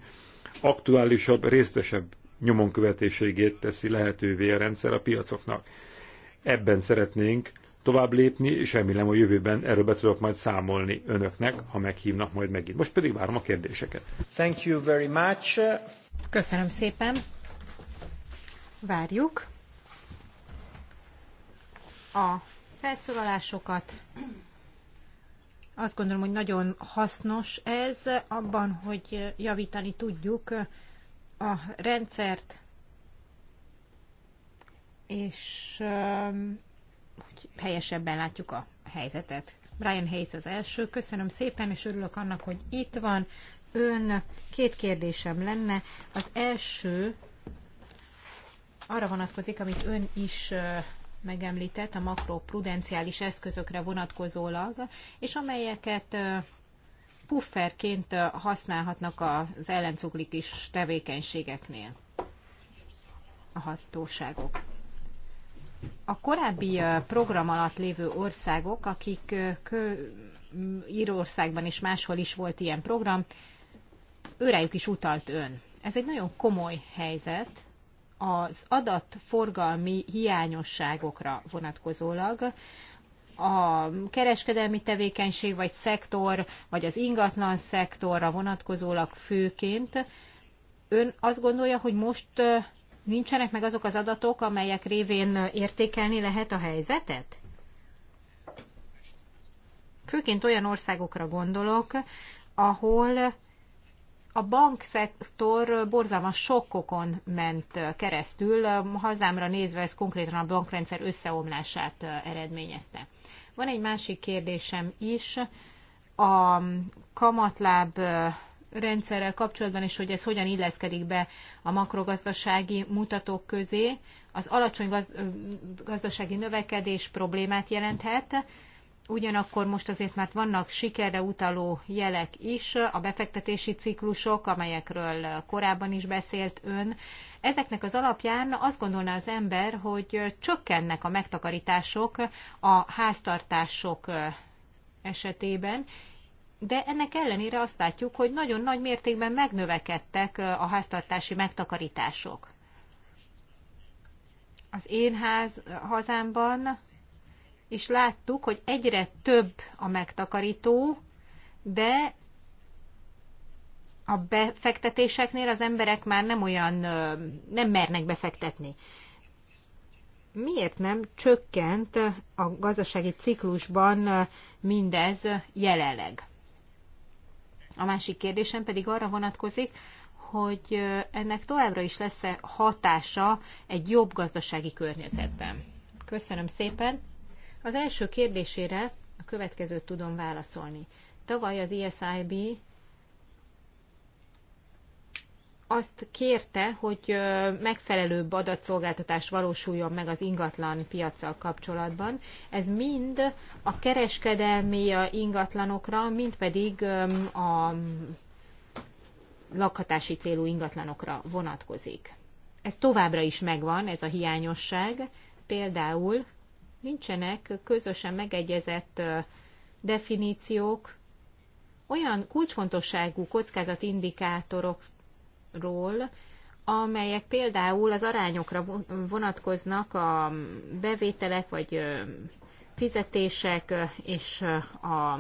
aktuálisabb, résztesebb nyomon követéségét teszi lehetővé a rendszer a piacoknak. Ebben szeretnénk tovább lépni, és remélem a jövőben erről be tudok majd számolni önöknek, ha meghívnak majd megint. Most pedig várom a kérdéseket. Thank you very much. Köszönöm szépen. Várjuk a felszólalásokat. Azt gondolom, hogy nagyon hasznos ez abban, hogy javítani tudjuk a rendszert, és hogy helyesebben látjuk a helyzetet. Brian Hayes az első. Köszönöm szépen, és örülök annak, hogy itt van. Ön, két kérdésem lenne. Az első arra vonatkozik, amit ön is megemlített, a makroprudenciális eszközökre vonatkozólag, és amelyeket pufferként használhatnak az is tevékenységeknél a hatóságok. A korábbi program alatt lévő országok, akik Írországban és máshol is volt ilyen program, őrejük is utalt ön. Ez egy nagyon komoly helyzet az adatforgalmi hiányosságokra vonatkozólag, a kereskedelmi tevékenység vagy szektor, vagy az ingatlan szektorra vonatkozólag főként. Ön azt gondolja, hogy most nincsenek meg azok az adatok, amelyek révén értékelni lehet a helyzetet? Főként olyan országokra gondolok, ahol a bankszektor borzalmas sokkokon ment keresztül, hazámra nézve ez konkrétan a bankrendszer összeomlását eredményezte. Van egy másik kérdésem is, a kamatláb rendszerrel kapcsolatban, és hogy ez hogyan illeszkedik be a makrogazdasági mutatók közé. Az alacsony gaz- gazdasági növekedés problémát jelenthet, ugyanakkor most azért már vannak sikerre utaló jelek is, a befektetési ciklusok, amelyekről korábban is beszélt ön, Ezeknek az alapján azt gondolná az ember, hogy csökkennek a megtakarítások a háztartások esetében, de ennek ellenére azt látjuk, hogy nagyon nagy mértékben megnövekedtek a háztartási megtakarítások. Az én ház, hazámban is láttuk, hogy egyre több a megtakarító, de a befektetéseknél az emberek már nem olyan, nem mernek befektetni. Miért nem csökkent a gazdasági ciklusban mindez jelenleg? A másik kérdésem pedig arra vonatkozik, hogy ennek továbbra is lesz -e hatása egy jobb gazdasági környezetben. Köszönöm szépen. Az első kérdésére a következőt tudom válaszolni. Tavaly az e ISIB azt kérte, hogy megfelelőbb adatszolgáltatás valósuljon meg az ingatlan piacsal kapcsolatban. Ez mind a kereskedelmi ingatlanokra, mind pedig a lakhatási célú ingatlanokra vonatkozik. Ez továbbra is megvan, ez a hiányosság. Például nincsenek közösen megegyezett definíciók, olyan kulcsfontosságú kockázatindikátorok ról, amelyek például az arányokra vonatkoznak a bevételek vagy fizetések és a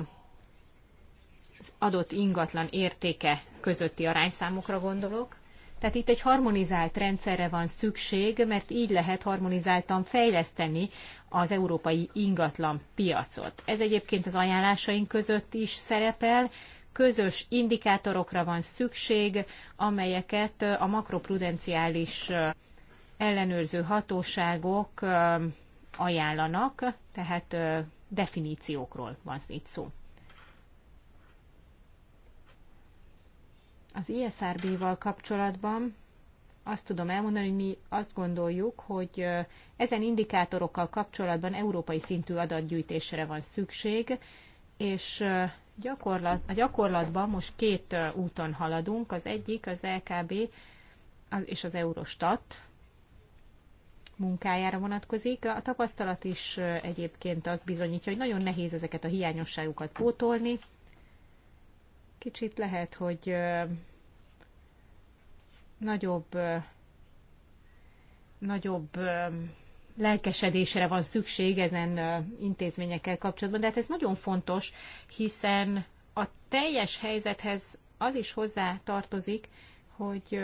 az adott ingatlan értéke közötti arányszámokra gondolok. Tehát itt egy harmonizált rendszerre van szükség, mert így lehet harmonizáltan fejleszteni az európai ingatlan piacot. Ez egyébként az ajánlásaink között is szerepel, közös indikátorokra van szükség, amelyeket a makroprudenciális ellenőrző hatóságok ajánlanak, tehát definíciókról van itt szó. Az ISRB-val kapcsolatban azt tudom elmondani, hogy mi azt gondoljuk, hogy ezen indikátorokkal kapcsolatban európai szintű adatgyűjtésre van szükség, és Gyakorlat, a gyakorlatban most két úton haladunk. Az egyik az LKB és az Eurostat munkájára vonatkozik. A tapasztalat is egyébként azt bizonyítja, hogy nagyon nehéz ezeket a hiányosságokat pótolni. Kicsit lehet, hogy nagyobb, nagyobb lelkesedésre van szükség ezen intézményekkel kapcsolatban, de hát ez nagyon fontos, hiszen a teljes helyzethez az is hozzá tartozik, hogy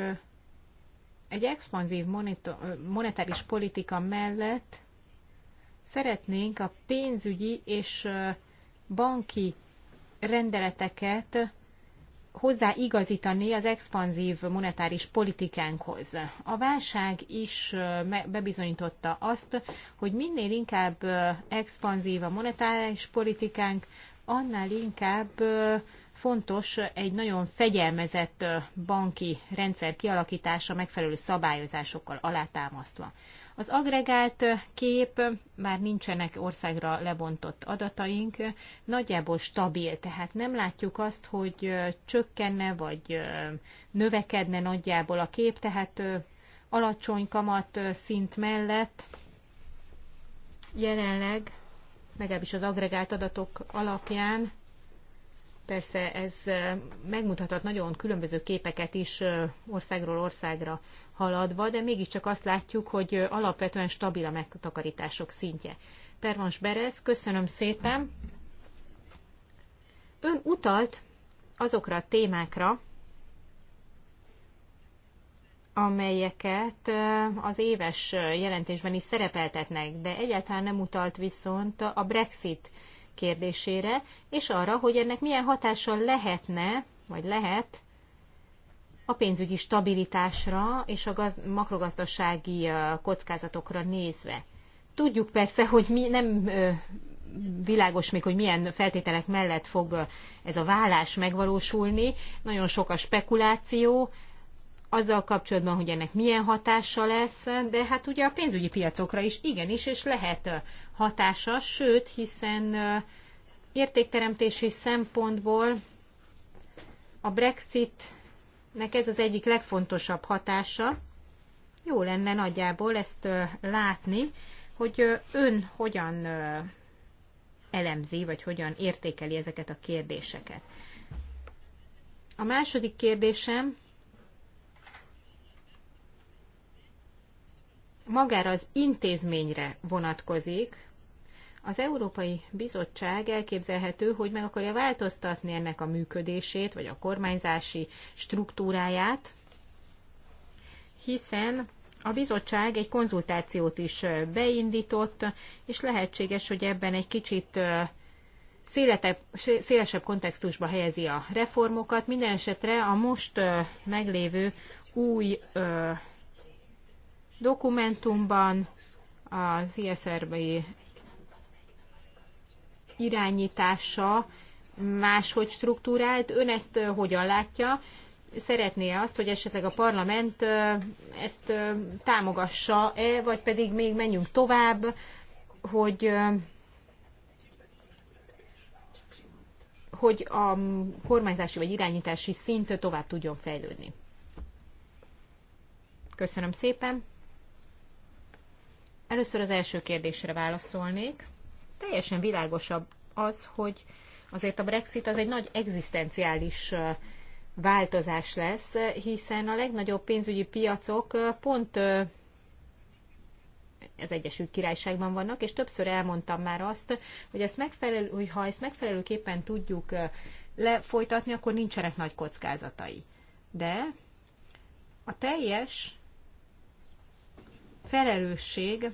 egy expanzív monetáris politika mellett szeretnénk a pénzügyi és banki rendeleteket hozzáigazítani az expanzív monetáris politikánkhoz. A válság is bebizonyította azt, hogy minél inkább expanzív a monetáris politikánk, annál inkább fontos egy nagyon fegyelmezett banki rendszer kialakítása megfelelő szabályozásokkal alátámasztva. Az agregált kép, már nincsenek országra lebontott adataink, nagyjából stabil, tehát nem látjuk azt, hogy csökkenne vagy növekedne nagyjából a kép, tehát alacsony kamat szint mellett jelenleg, legalábbis az agregált adatok alapján, persze ez megmutathat nagyon különböző képeket is országról országra haladva, de mégiscsak azt látjuk, hogy alapvetően stabil a megtakarítások szintje. Pervans Berez, köszönöm szépen. Ön utalt azokra a témákra, amelyeket az éves jelentésben is szerepeltetnek, de egyáltalán nem utalt viszont a Brexit kérdésére, és arra, hogy ennek milyen hatással lehetne, vagy lehet a pénzügyi stabilitásra és a gaz- makrogazdasági kockázatokra nézve. Tudjuk persze, hogy mi nem világos még, hogy milyen feltételek mellett fog ez a vállás megvalósulni. Nagyon sok a spekuláció azzal kapcsolatban, hogy ennek milyen hatása lesz, de hát ugye a pénzügyi piacokra is igenis, és lehet hatása, sőt, hiszen értékteremtési szempontból a Brexit nek ez az egyik legfontosabb hatása. Jó lenne nagyjából ezt látni, hogy ön hogyan elemzi, vagy hogyan értékeli ezeket a kérdéseket. A második kérdésem magára az intézményre vonatkozik, az Európai Bizottság elképzelhető, hogy meg akarja változtatni ennek a működését, vagy a kormányzási struktúráját, hiszen a bizottság egy konzultációt is beindított, és lehetséges, hogy ebben egy kicsit szélesebb kontextusba helyezi a reformokat. Minden esetre a most meglévő új dokumentumban az ISRB irányítása máshogy struktúrált. Ön ezt hogyan látja? Szeretné azt, hogy esetleg a parlament ezt támogassa-e, vagy pedig még menjünk tovább, hogy hogy a kormányzási vagy irányítási szint tovább tudjon fejlődni. Köszönöm szépen. Először az első kérdésre válaszolnék teljesen világosabb az, hogy azért a Brexit az egy nagy egzisztenciális változás lesz, hiszen a legnagyobb pénzügyi piacok pont az Egyesült Királyságban vannak, és többször elmondtam már azt, hogy, ezt megfelelő, hogy ha ezt megfelelőképpen tudjuk lefolytatni, akkor nincsenek nagy kockázatai. De a teljes felelősség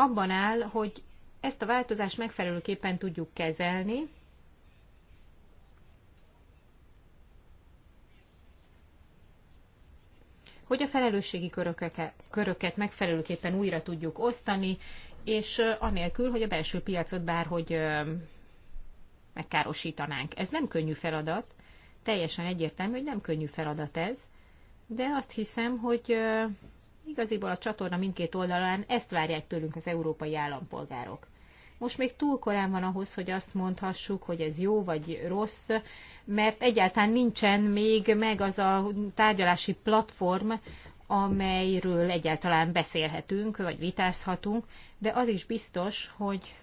abban áll, hogy ezt a változást megfelelőképpen tudjuk kezelni, hogy a felelősségi köröket, köröket megfelelőképpen újra tudjuk osztani, és anélkül, hogy a belső piacot bárhogy megkárosítanánk. Ez nem könnyű feladat, teljesen egyértelmű, hogy nem könnyű feladat ez, de azt hiszem, hogy Igaziból a csatorna mindkét oldalán ezt várják tőlünk az európai állampolgárok. Most még túl korán van ahhoz, hogy azt mondhassuk, hogy ez jó vagy rossz, mert egyáltalán nincsen még meg az a tárgyalási platform, amelyről egyáltalán beszélhetünk, vagy vitázhatunk, de az is biztos, hogy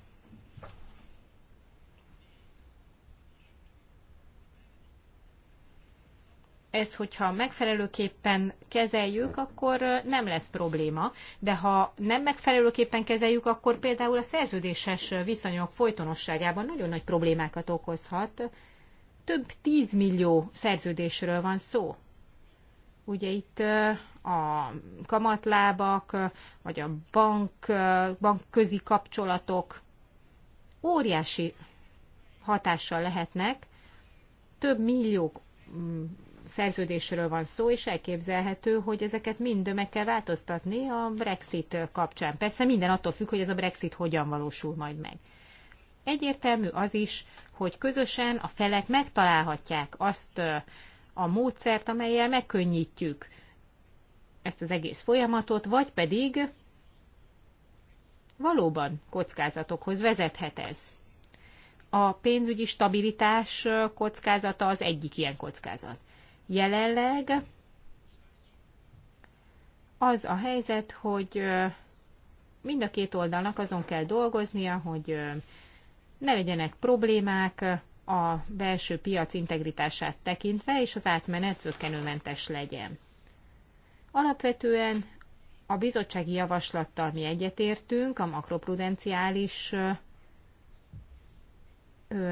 ez, hogyha megfelelőképpen kezeljük, akkor nem lesz probléma, de ha nem megfelelőképpen kezeljük, akkor például a szerződéses viszonyok folytonosságában nagyon nagy problémákat okozhat. Több tízmillió szerződésről van szó. Ugye itt a kamatlábak, vagy a bank, bank közi kapcsolatok óriási hatással lehetnek, több millió mm, szerződésről van szó, és elképzelhető, hogy ezeket mind meg kell változtatni a Brexit kapcsán. Persze minden attól függ, hogy ez a Brexit hogyan valósul majd meg. Egyértelmű az is, hogy közösen a felek megtalálhatják azt a módszert, amelyel megkönnyítjük ezt az egész folyamatot, vagy pedig valóban kockázatokhoz vezethet ez. A pénzügyi stabilitás kockázata az egyik ilyen kockázat. Jelenleg az a helyzet, hogy mind a két oldalnak azon kell dolgoznia, hogy ne legyenek problémák a belső piac integritását tekintve, és az átmenet zökkenőmentes legyen. Alapvetően a bizottsági javaslattal mi egyetértünk, a makroprudenciális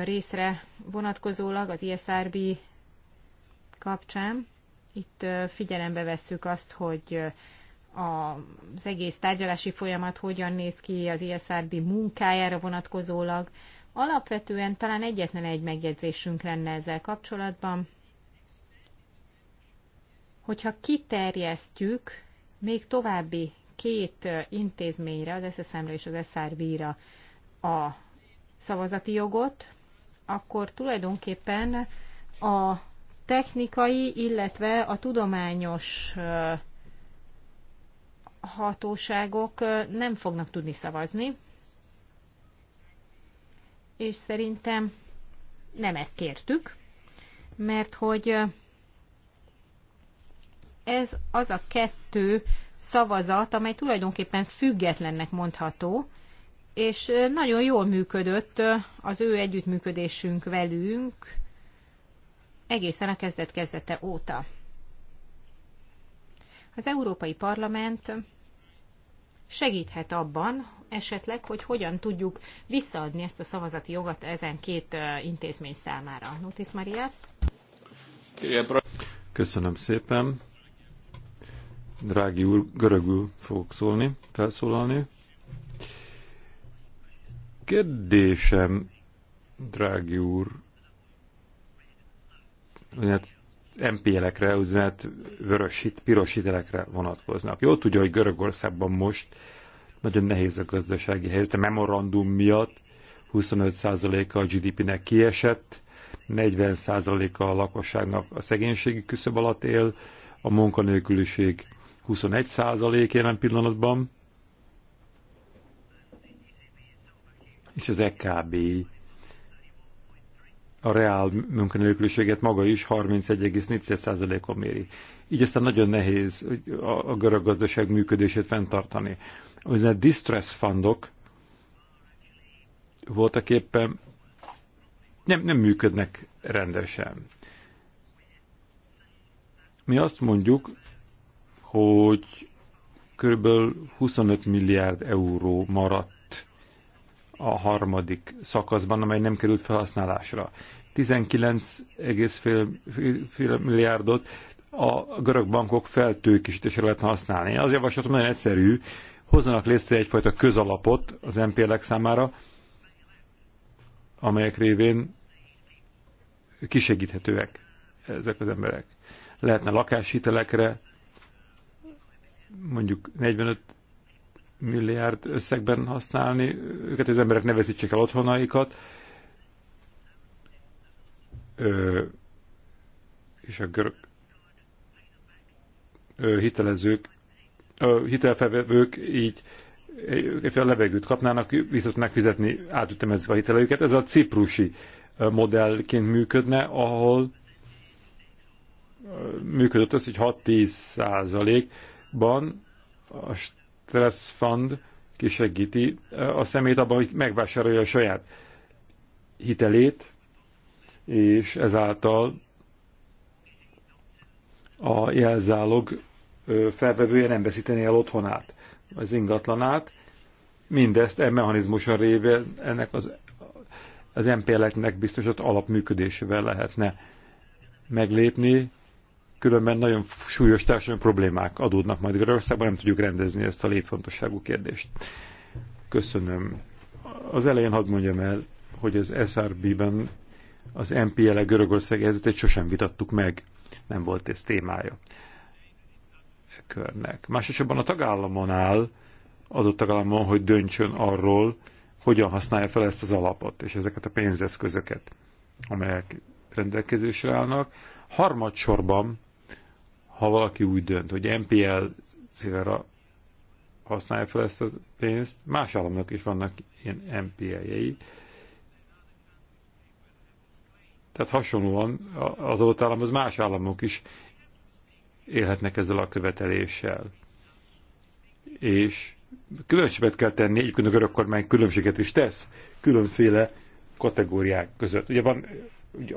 részre vonatkozólag az ISRB kapcsán. Itt figyelembe vesszük azt, hogy az egész tárgyalási folyamat hogyan néz ki az ISRB munkájára vonatkozólag. Alapvetően talán egyetlen egy megjegyzésünk lenne ezzel kapcsolatban. Hogyha kiterjesztjük még további két intézményre, az SSM-re és az SRB-ra a szavazati jogot, akkor tulajdonképpen a technikai, illetve a tudományos hatóságok nem fognak tudni szavazni, és szerintem nem ezt kértük, mert hogy ez az a kettő szavazat, amely tulajdonképpen függetlennek mondható, és nagyon jól működött az ő együttműködésünk velünk, egészen a kezdet kezdete óta. Az Európai Parlament segíthet abban esetleg, hogy hogyan tudjuk visszaadni ezt a szavazati jogot ezen két intézmény számára. Notis Marias. Köszönöm szépen. Drági úr, görögül fogok szólni, felszólalni. Kérdésem, drági úr, úgynevezett MPL-ekre, úgynevezett vörös hit, piros hitelekre vonatkoznak. Jól tudja, hogy Görögországban most nagyon nehéz a gazdasági helyzet. A memorandum miatt 25%-a a GDP-nek kiesett, 40%-a a lakosságnak a szegénységi küszöb alatt él, a munkanélküliség 21% jelen pillanatban, és az EKB a reál munkanélküliséget maga is 31,4%-on méri. Így aztán nagyon nehéz a görög gazdaság működését fenntartani. Az a distress fundok voltak éppen nem, nem működnek rendesen. Mi azt mondjuk, hogy kb. 25 milliárd euró maradt a harmadik szakaszban, amely nem került felhasználásra. 19,5 milliárdot a görög bankok feltőkisítésre lehet használni. Az javaslatom nagyon egyszerű, hozzanak létre egyfajta közalapot az MPL-ek számára, amelyek révén kisegíthetőek ezek az emberek. Lehetne lakáshitelekre, mondjuk 45 milliárd összegben használni őket, az emberek nevezítsék el otthonaikat. Ö, és a görög ö, hitelezők, ö, hitelfelvevők így egyféle levegőt kapnának, viszont megfizetni átütemezve a hitelejüket. Ez a ciprusi modellként működne, ahol működött az, hogy 6-10 százalékban a Trust Fund kisegíti eh, a szemét abban, hogy megvásárolja a saját hitelét, és ezáltal a jelzálog eh, felvevője nem veszíteni el otthonát, az ingatlanát. Mindezt e mechanizmuson révén ennek az, az MPL-eknek biztosított alapműködésével lehetne meglépni, különben nagyon súlyos társadalmi problémák adódnak majd Görögországban, nem tudjuk rendezni ezt a létfontosságú kérdést. Köszönöm. Az elején hadd mondjam el, hogy az SRB-ben az MPL-e Görögország helyzetét sosem vitattuk meg. Nem volt ez témája e körnek. Másosabban a tagállamon áll, adott tagállamon, hogy döntsön arról, hogyan használja fel ezt az alapot, és ezeket a pénzeszközöket, amelyek rendelkezésre állnak Harmadsorban, ha valaki úgy dönt, hogy MPL célra használja fel ezt a pénzt, más államnak is vannak ilyen MPL-jei, tehát hasonlóan az adott államhoz más államok is élhetnek ezzel a követeléssel. És különbséget kell tenni, egyébként a görög kormány különbséget is tesz különféle kategóriák között. Ugye van ugye,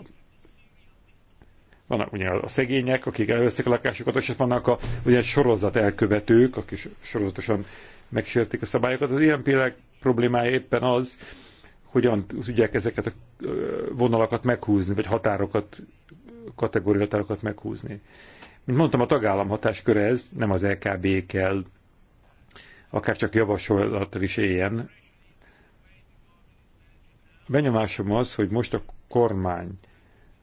vannak ugye a szegények, akik elveszik a lakásukat, és vannak a, ugye sorozat elkövetők, akik sorozatosan megsértik a szabályokat. Az ilyen például problémája éppen az, hogyan tudják ezeket a vonalakat meghúzni, vagy határokat, kategóriatárokat meghúzni. Mint mondtam, a tagállam hatásköre ez, nem az LKB kell akár csak javasolattal is éljen. benyomásom az, hogy most a kormány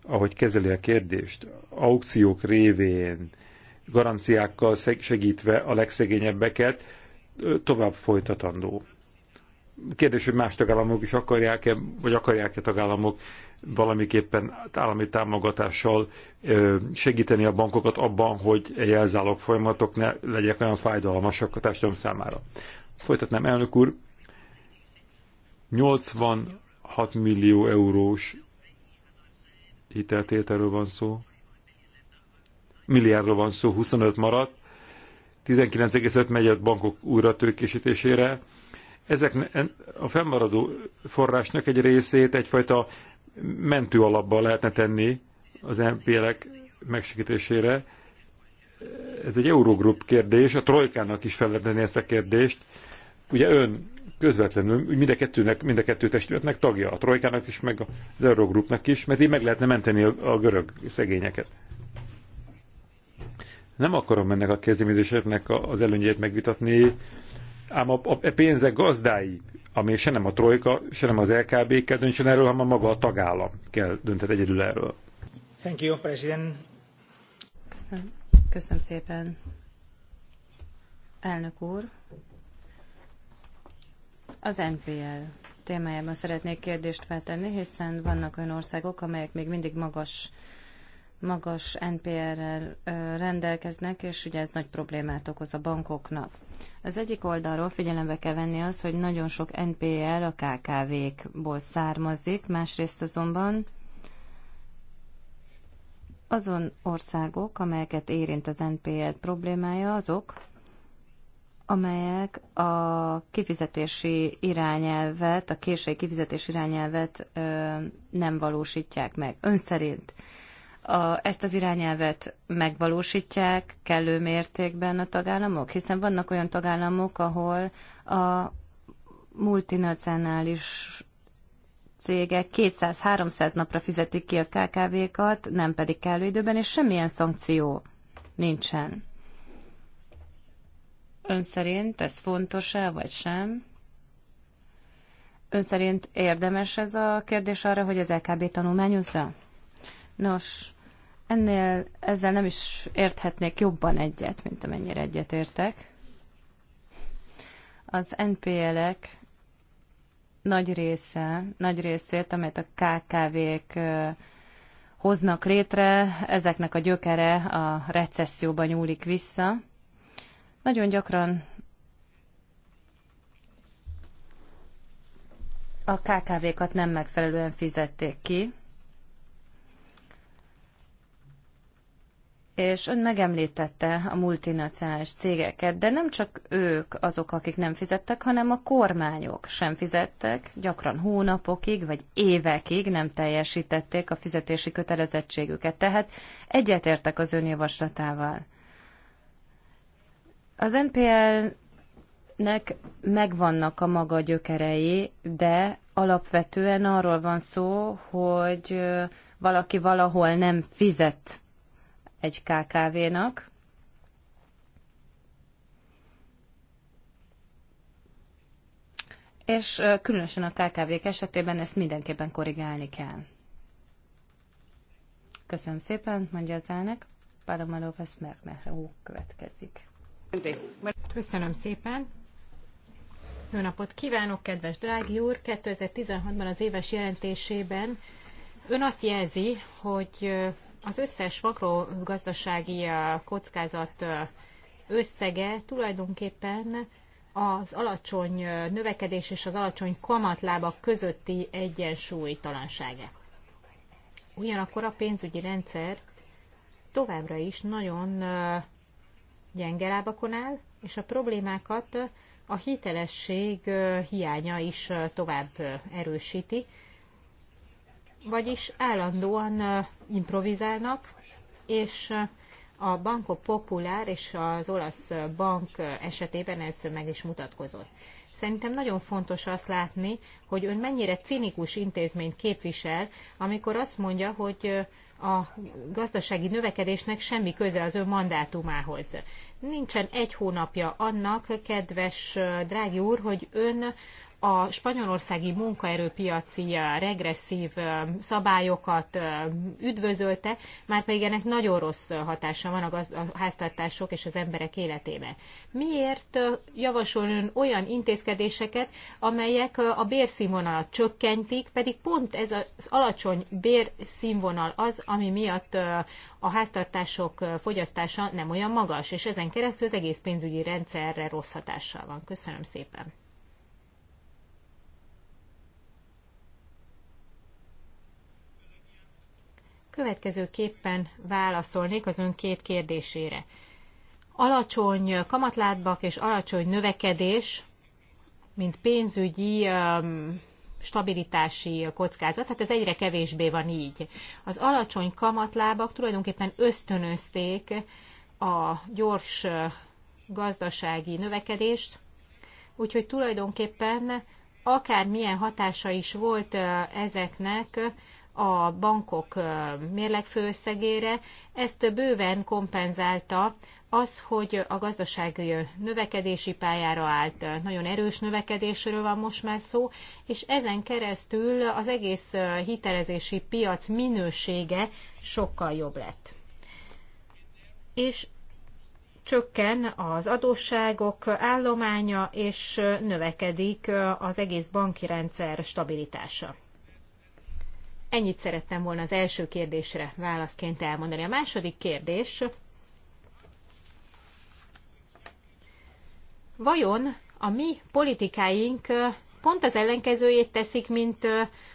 ahogy kezeli a kérdést, aukciók révén, garanciákkal segítve a legszegényebbeket, tovább folytatandó. Kérdés, hogy más tagállamok is akarják-e, vagy akarják-e tagállamok valamiképpen állami támogatással segíteni a bankokat abban, hogy jelzálog folyamatok ne legyenek olyan fájdalmasak a társadalom számára. Folytatnám, elnök úr, 86 millió eurós hiteltételről van szó, milliárdról van szó, 25 maradt, 19,5 megy a bankok tőkésítésére. Ezek a fennmaradó forrásnak egy részét egyfajta mentő alapba lehetne tenni az NPL-ek megsegítésére. Ez egy Eurogroup kérdés, a Trojkának is fel lehetne ezt a kérdést. Ugye ön közvetlenül mind a, kettőnek, mind a kettő testületnek tagja, a Trojkának is, meg az Eurogroupnak is, mert így meg lehetne menteni a, a görög szegényeket. Nem akarom ennek a kezdeményezéseknek az előnyét megvitatni, ám a, a, a e pénzek gazdái, ami se nem a Trojka, se nem az LKB kell döntsön erről, hanem maga a tagállam kell döntet egyedül erről. Thank you, President. Köszönöm, Köszönöm szépen, elnök úr. Az NPL témájában szeretnék kérdést feltenni, hiszen vannak olyan országok, amelyek még mindig magas magas NPR-rel rendelkeznek, és ugye ez nagy problémát okoz a bankoknak. Az egyik oldalról figyelembe kell venni az, hogy nagyon sok NPR a KKV-kból származik, másrészt azonban azon országok, amelyeket érint az NPR problémája, azok, amelyek a kifizetési irányelvet, a késői kifizetési irányelvet ö, nem valósítják meg. Ön szerint a, ezt az irányelvet megvalósítják kellő mértékben a tagállamok? Hiszen vannak olyan tagállamok, ahol a multinacionális cégek 200-300 napra fizetik ki a KKV-kat, nem pedig kellő időben, és semmilyen szankció nincsen. Ön szerint ez fontos-e, vagy sem? Ön szerint érdemes ez a kérdés arra, hogy az LKB tanulmányozza? Nos, ennél ezzel nem is érthetnék jobban egyet, mint amennyire egyet értek. Az NPL-ek nagy része, nagy részét, amelyet a KKV-k hoznak létre, ezeknek a gyökere a recesszióban nyúlik vissza, nagyon gyakran a KKV-kat nem megfelelően fizették ki, és ön megemlítette a multinacionális cégeket, de nem csak ők azok, akik nem fizettek, hanem a kormányok sem fizettek, gyakran hónapokig vagy évekig nem teljesítették a fizetési kötelezettségüket. Tehát egyetértek az ön javaslatával. Az NPL-nek megvannak a maga gyökerei, de alapvetően arról van szó, hogy valaki valahol nem fizet egy KKV-nak, és különösen a KKV-k esetében ezt mindenképpen korrigálni kell. Köszönöm szépen, mondja az elnök. Paramalov mert következik. Köszönöm szépen. Jó napot kívánok, kedves Drági úr! 2016-ban az éves jelentésében ön azt jelzi, hogy az összes makrogazdasági kockázat összege tulajdonképpen az alacsony növekedés és az alacsony kamatlábak közötti egyensúlytalansága. Ugyanakkor a pénzügyi rendszer továbbra is nagyon gyenge lábakon áll, és a problémákat a hitelesség hiánya is tovább erősíti, vagyis állandóan improvizálnak, és a Banco Popular és az olasz bank esetében ez meg is mutatkozott. Szerintem nagyon fontos azt látni, hogy ön mennyire cinikus intézményt képvisel, amikor azt mondja, hogy a gazdasági növekedésnek semmi köze az ő mandátumához. Nincsen egy hónapja annak, kedves drági úr, hogy ön a spanyolországi munkaerőpiaci regresszív szabályokat üdvözölte, már pedig ennek nagyon rossz hatása van a, a háztartások és az emberek életében. Miért javasol ön olyan intézkedéseket, amelyek a bérszínvonalat csökkentik, pedig pont ez az alacsony bérszínvonal az, ami miatt a háztartások fogyasztása nem olyan magas, és ezen keresztül az egész pénzügyi rendszerre rossz hatással van. Köszönöm szépen! Következőképpen válaszolnék az ön két kérdésére. Alacsony kamatlábak és alacsony növekedés, mint pénzügyi um, stabilitási kockázat, tehát ez egyre kevésbé van így. Az alacsony kamatlábak tulajdonképpen ösztönözték a gyors uh, gazdasági növekedést, úgyhogy tulajdonképpen akár milyen hatása is volt uh, ezeknek a bankok mérlegfőszegére, ezt bőven kompenzálta az, hogy a gazdaság növekedési pályára állt, nagyon erős növekedésről van most már szó, és ezen keresztül az egész hitelezési piac minősége sokkal jobb lett. És csökken az adósságok állománya, és növekedik az egész banki rendszer stabilitása. Ennyit szerettem volna az első kérdésre válaszként elmondani. A második kérdés, vajon a mi politikáink pont az ellenkezőjét teszik, mint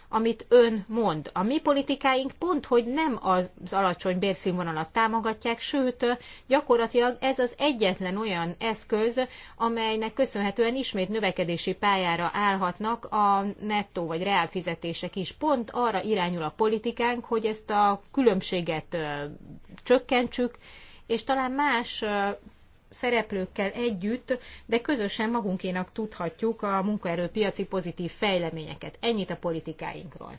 amit ön mond. A mi politikáink pont, hogy nem az alacsony bérszínvonalat támogatják, sőt, gyakorlatilag ez az egyetlen olyan eszköz, amelynek köszönhetően ismét növekedési pályára állhatnak a nettó vagy reál fizetések is. Pont arra irányul a politikánk, hogy ezt a különbséget csökkentsük, és talán más szereplőkkel együtt, de közösen magunkénak tudhatjuk a munkaerőpiaci pozitív fejleményeket. Ennyit a politikáinkról.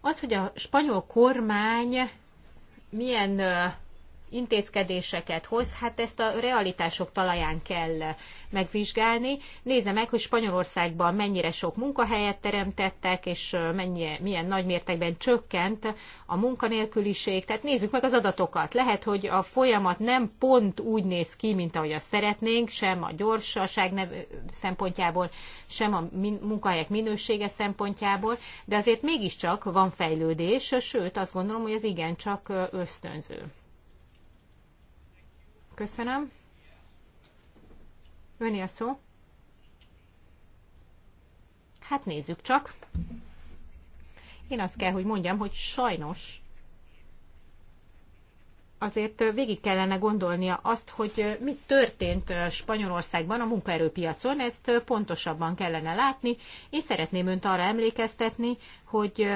Az, hogy a spanyol kormány milyen intézkedéseket hoz, hát ezt a realitások talaján kell megvizsgálni. Nézze meg, hogy Spanyolországban mennyire sok munkahelyet teremtettek, és mennyi, milyen nagy mértékben csökkent a munkanélküliség. Tehát nézzük meg az adatokat. Lehet, hogy a folyamat nem pont úgy néz ki, mint ahogy azt szeretnénk, sem a gyorsaság szempontjából, sem a munkahelyek minősége szempontjából, de azért mégiscsak van fejlődés, sőt azt gondolom, hogy ez igencsak ösztönző. Köszönöm. Öné a szó. Hát nézzük csak. Én azt kell, hogy mondjam, hogy sajnos azért végig kellene gondolnia azt, hogy mi történt Spanyolországban a munkaerőpiacon, ezt pontosabban kellene látni. Én szeretném önt arra emlékeztetni, hogy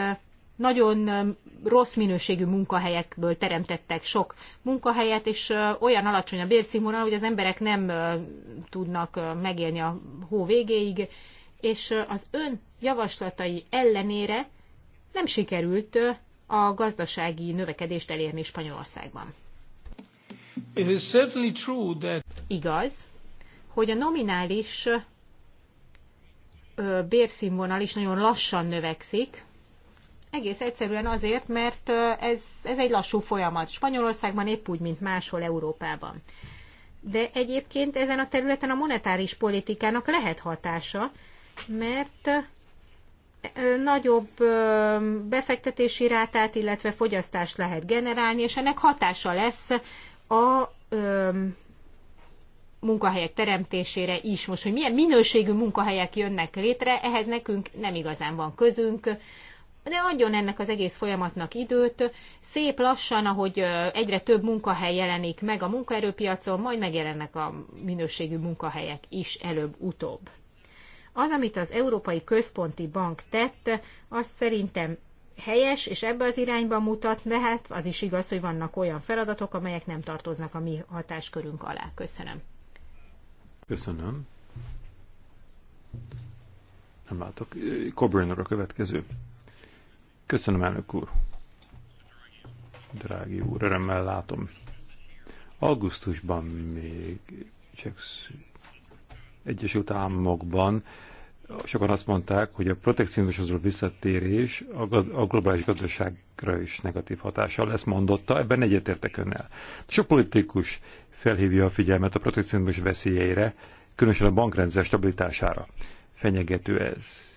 nagyon rossz minőségű munkahelyekből teremtettek sok munkahelyet, és olyan alacsony a bérszínvonal, hogy az emberek nem tudnak megélni a hó végéig, és az ön javaslatai ellenére nem sikerült a gazdasági növekedést elérni Spanyolországban. It is certainly true that... Igaz, hogy a nominális bérszínvonal is nagyon lassan növekszik, egész egyszerűen azért, mert ez, ez egy lassú folyamat Spanyolországban, épp úgy, mint máshol Európában. De egyébként ezen a területen a monetáris politikának lehet hatása, mert nagyobb befektetési rátát, illetve fogyasztást lehet generálni, és ennek hatása lesz a munkahelyek teremtésére is. Most, hogy milyen minőségű munkahelyek jönnek létre, ehhez nekünk nem igazán van közünk, de adjon ennek az egész folyamatnak időt, szép lassan, ahogy egyre több munkahely jelenik meg a munkaerőpiacon, majd megjelennek a minőségű munkahelyek is előbb-utóbb. Az, amit az Európai Központi Bank tett, az szerintem helyes, és ebbe az irányba mutat, de hát az is igaz, hogy vannak olyan feladatok, amelyek nem tartoznak a mi hatáskörünk alá. Köszönöm. Köszönöm. Nem látok. Coburn a következő. Köszönöm, elnök úr. Drági úr, örömmel látom. Augusztusban még csak Egyesült Államokban sokan azt mondták, hogy a protekcionizmushoz visszatérés a globális gazdaságra is negatív hatással lesz, mondotta, ebben egyetértek önnel. Sok politikus felhívja a figyelmet a protekcionizmus veszélyeire, különösen a bankrendszer stabilitására. Fenyegető ez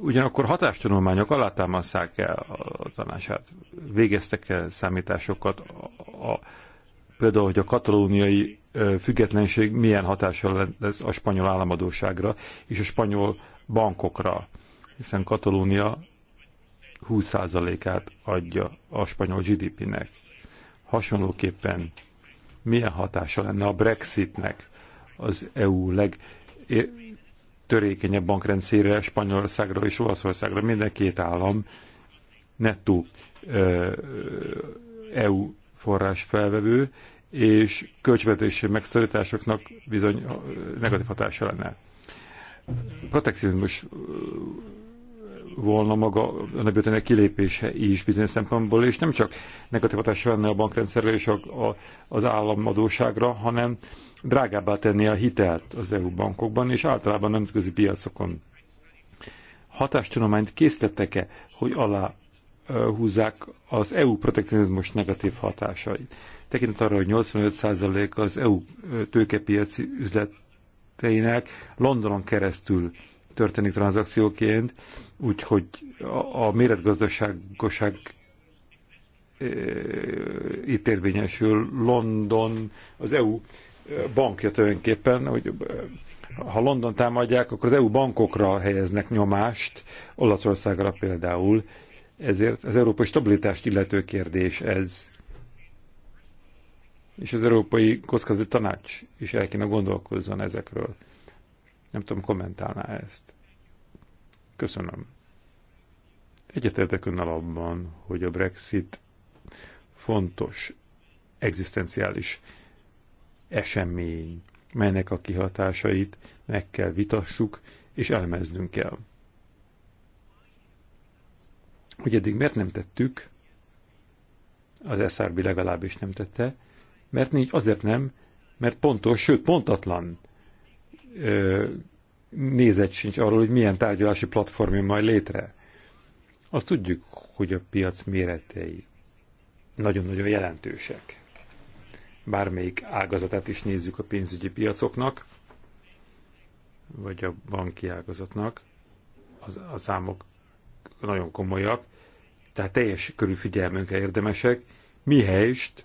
ugyanakkor hatástanulmányok alátámaszták el a tanácsát. Végeztek el számításokat, a, a, például, hogy a katalóniai függetlenség milyen hatással lesz a spanyol államadóságra és a spanyol bankokra, hiszen Katalónia 20%-át adja a spanyol GDP-nek. Hasonlóképpen milyen hatása lenne a Brexitnek az EU leg törékenyebb bankrendszerre, Spanyolországra és Olaszországra, minden két állam nettó EU forrás felvevő, és költségvetési megszorításoknak bizony negatív hatása lenne. Protekcionizmus volna maga a nagybőtenek kilépése is bizonyos szempontból, és nem csak negatív hatása lenne a bankrendszerre és a, a, az államadóságra, hanem drágábbá tenni a hitelt az EU bankokban és általában nemzetközi piacokon. Hatástudományt készítettek-e, hogy alá húzzák az EU protekcionizmus negatív hatásait. Tekintet arra, hogy 85% az EU tőkepiaci üzleteinek Londonon keresztül történik tranzakcióként, úgyhogy a, a méretgazdaságoság itt érvényesül London, az EU bankja tulajdonképpen, hogy ha London támadják, akkor az EU bankokra helyeznek nyomást, Olaszországra például, ezért az európai stabilitást illető kérdés ez. És az Európai Kockázati Tanács is el kéne gondolkozzon ezekről. Nem tudom, kommentálná ezt. Köszönöm. Egyetértek önnel abban, hogy a Brexit fontos, egzisztenciális esemény, melynek a kihatásait meg kell vitassuk és elemeznünk kell. Hogy eddig miért nem tettük, az SRB legalábbis nem tette, mert nincs, azért nem, mert pontos, sőt pontatlan ö, nézet sincs arról, hogy milyen tárgyalási platform jön majd létre. Azt tudjuk, hogy a piac méretei nagyon-nagyon jelentősek bármelyik ágazatát is nézzük a pénzügyi piacoknak, vagy a banki ágazatnak, az, a számok nagyon komolyak, tehát teljes körű figyelmünkre érdemesek, Mi helyest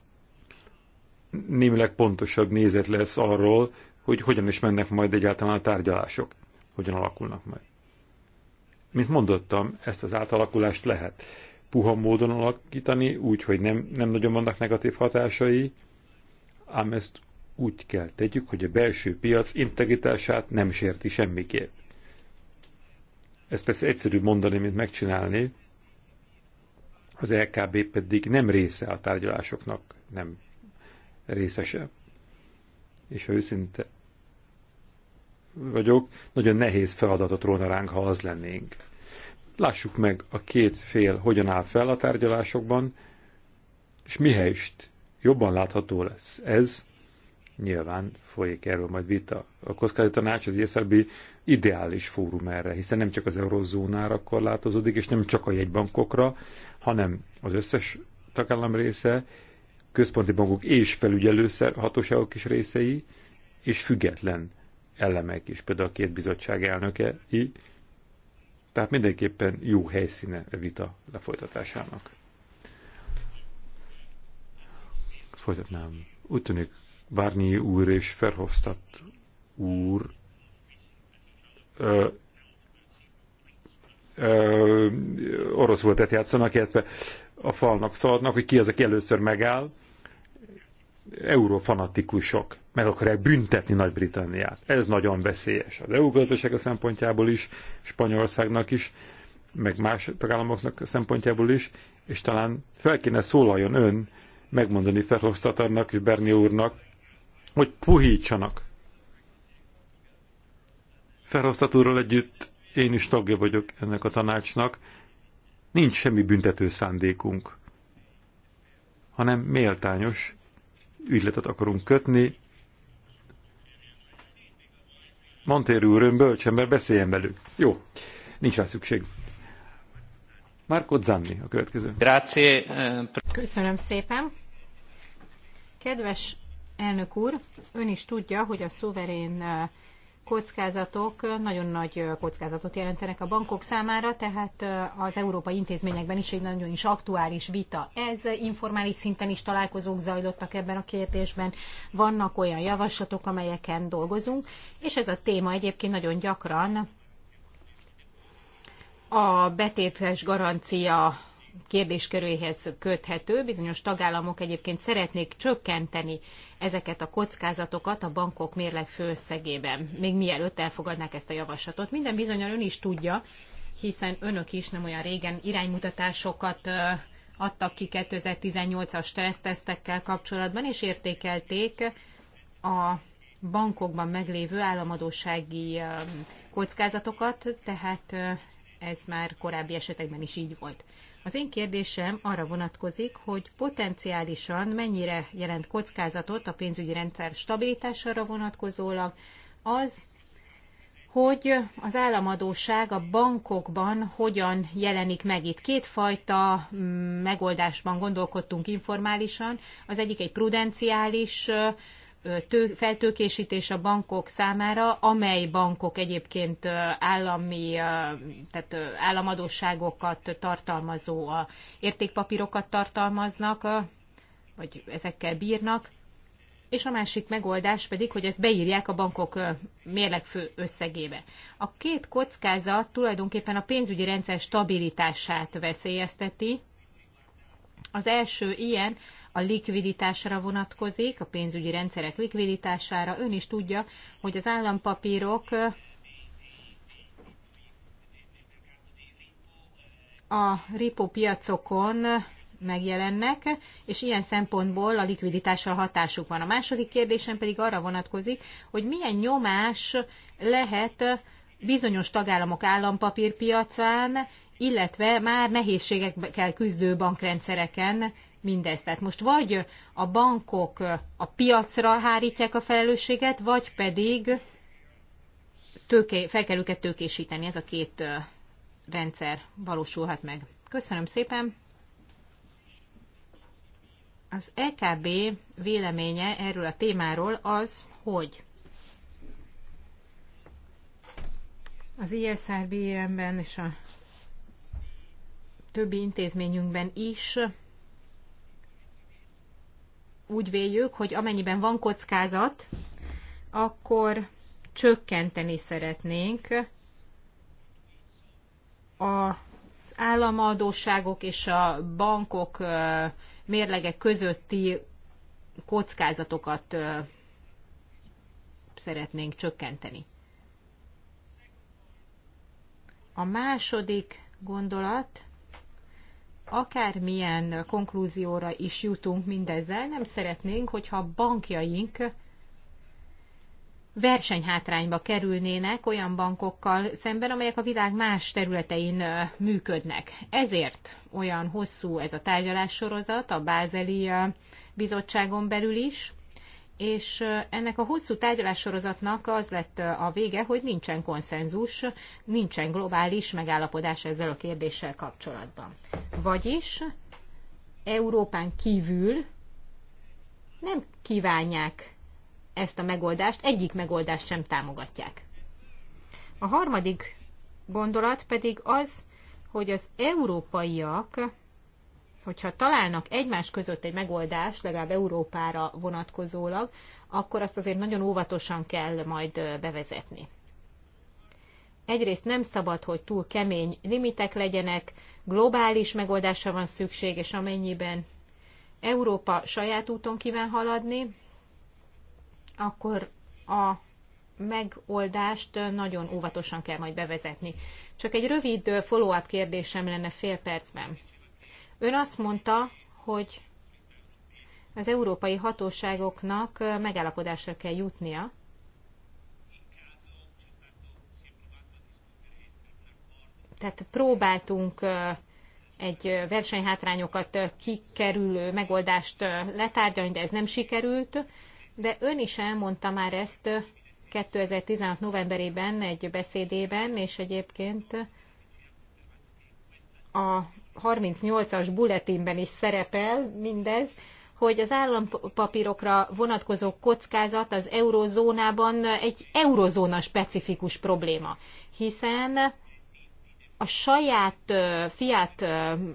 némileg pontosabb nézet lesz arról, hogy hogyan is mennek majd egyáltalán a tárgyalások, hogyan alakulnak majd. Mint mondottam, ezt az átalakulást lehet puha módon alakítani, úgy, hogy nem, nem nagyon vannak negatív hatásai, ám ezt úgy kell tegyük, hogy a belső piac integritását nem sérti semmiképp. Ezt persze egyszerűbb mondani, mint megcsinálni, az LKB pedig nem része a tárgyalásoknak, nem részese. És ha őszinte vagyok, nagyon nehéz feladatot róna ránk, ha az lennénk. Lássuk meg a két fél hogyan áll fel a tárgyalásokban, és mihelyst jobban látható lesz. Ez nyilván folyik erről majd vita. A kockázati tanács az ESRB er ideális fórum erre, hiszen nem csak az eurozónára korlátozódik, és nem csak a jegybankokra, hanem az összes tagállam része, központi bankok és felügyelő hatóságok is részei, és független elemek is, például a két bizottság elnöke, tehát mindenképpen jó helyszíne a vita lefolytatásának. Folytatnám. Úgy tűnik, Várnyi úr és Ferhofstadt úr ö, ö, orosz volt játszanak, illetve a falnak szaladnak, hogy ki az, aki először megáll. Eurofanatikusok meg akarják büntetni Nagy-Britanniát. Ez nagyon veszélyes. Az EU gazdasága szempontjából is, Spanyolországnak is, meg más tagállamoknak szempontjából is, és talán fel kéne szólaljon ön, megmondani Ferhofstadternak és Berni úrnak, hogy puhítsanak. Ferhofstadt úrral együtt én is tagja vagyok ennek a tanácsnak. Nincs semmi büntető szándékunk, hanem méltányos ügyletet akarunk kötni. Montér úr, ön bölcsember, beszéljen velük. Jó, nincs rá szükség. Marco Zanni a következő. Eh, Köszönöm szépen. Kedves elnök úr, ön is tudja, hogy a szuverén eh, kockázatok eh, nagyon nagy kockázatot jelentenek a bankok számára, tehát az európai intézményekben is egy nagyon is aktuális vita. Ez informális szinten is találkozók zajlottak ebben a kérdésben, vannak olyan javaslatok, amelyeken dolgozunk, és ez a téma egyébként nagyon gyakran a betétes garancia kérdésköréhez köthető. Bizonyos tagállamok egyébként szeretnék csökkenteni ezeket a kockázatokat a bankok mérleg főszegében, még mielőtt elfogadnák ezt a javaslatot. Minden bizonyal ön is tudja, hiszen önök is nem olyan régen iránymutatásokat adtak ki 2018-as stressztesztekkel kapcsolatban, és értékelték a bankokban meglévő államadósági kockázatokat, tehát ez már korábbi esetekben is így volt. Az én kérdésem arra vonatkozik, hogy potenciálisan mennyire jelent kockázatot a pénzügyi rendszer stabilitására vonatkozólag az, hogy az államadóság a bankokban hogyan jelenik meg itt. Kétfajta mm, megoldásban gondolkodtunk informálisan. Az egyik egy prudenciális feltőkésítés a bankok számára, amely bankok egyébként állami, tehát államadóságokat tartalmazó értékpapírokat tartalmaznak, vagy ezekkel bírnak, és a másik megoldás pedig, hogy ezt beírják a bankok mérlegfő összegébe. A két kockázat tulajdonképpen a pénzügyi rendszer stabilitását veszélyezteti. Az első ilyen a likviditásra vonatkozik, a pénzügyi rendszerek likviditására. Ön is tudja, hogy az állampapírok a ripó piacokon megjelennek, és ilyen szempontból a likviditással hatásuk van. A második kérdésem pedig arra vonatkozik, hogy milyen nyomás lehet bizonyos tagállamok állampapírpiacán, illetve már nehézségekkel küzdő bankrendszereken mindezt. Tehát most vagy a bankok a piacra hárítják a felelősséget, vagy pedig tőké, fel kell őket tőkésíteni. Ez a két rendszer valósulhat meg. Köszönöm szépen! Az EKB véleménye erről a témáról az, hogy az ISRBM-ben és a többi intézményünkben is úgy véljük, hogy amennyiben van kockázat, akkor csökkenteni szeretnénk az államadóságok és a bankok mérlege közötti kockázatokat szeretnénk csökkenteni. A második gondolat akármilyen konklúzióra is jutunk mindezzel, nem szeretnénk, hogyha a bankjaink versenyhátrányba kerülnének olyan bankokkal szemben, amelyek a világ más területein működnek. Ezért olyan hosszú ez a tárgyalássorozat a Bázeli Bizottságon belül is, és ennek a hosszú tárgyalássorozatnak az lett a vége, hogy nincsen konszenzus, nincsen globális megállapodás ezzel a kérdéssel kapcsolatban. Vagyis Európán kívül nem kívánják ezt a megoldást, egyik megoldást sem támogatják. A harmadik gondolat pedig az, hogy az európaiak hogyha találnak egymás között egy megoldást, legalább Európára vonatkozólag, akkor azt azért nagyon óvatosan kell majd bevezetni. Egyrészt nem szabad, hogy túl kemény limitek legyenek, globális megoldásra van szükség, és amennyiben Európa saját úton kíván haladni, akkor a megoldást nagyon óvatosan kell majd bevezetni. Csak egy rövid follow-up kérdésem lenne fél percben. Ön azt mondta, hogy az európai hatóságoknak megállapodásra kell jutnia. Tehát próbáltunk egy versenyhátrányokat kikerülő megoldást letárgyalni, de ez nem sikerült. De ön is elmondta már ezt 2016. novemberében egy beszédében, és egyébként a 38-as bulletinben is szerepel mindez, hogy az állampapírokra vonatkozó kockázat az eurozónában egy eurozóna specifikus probléma, hiszen a saját fiát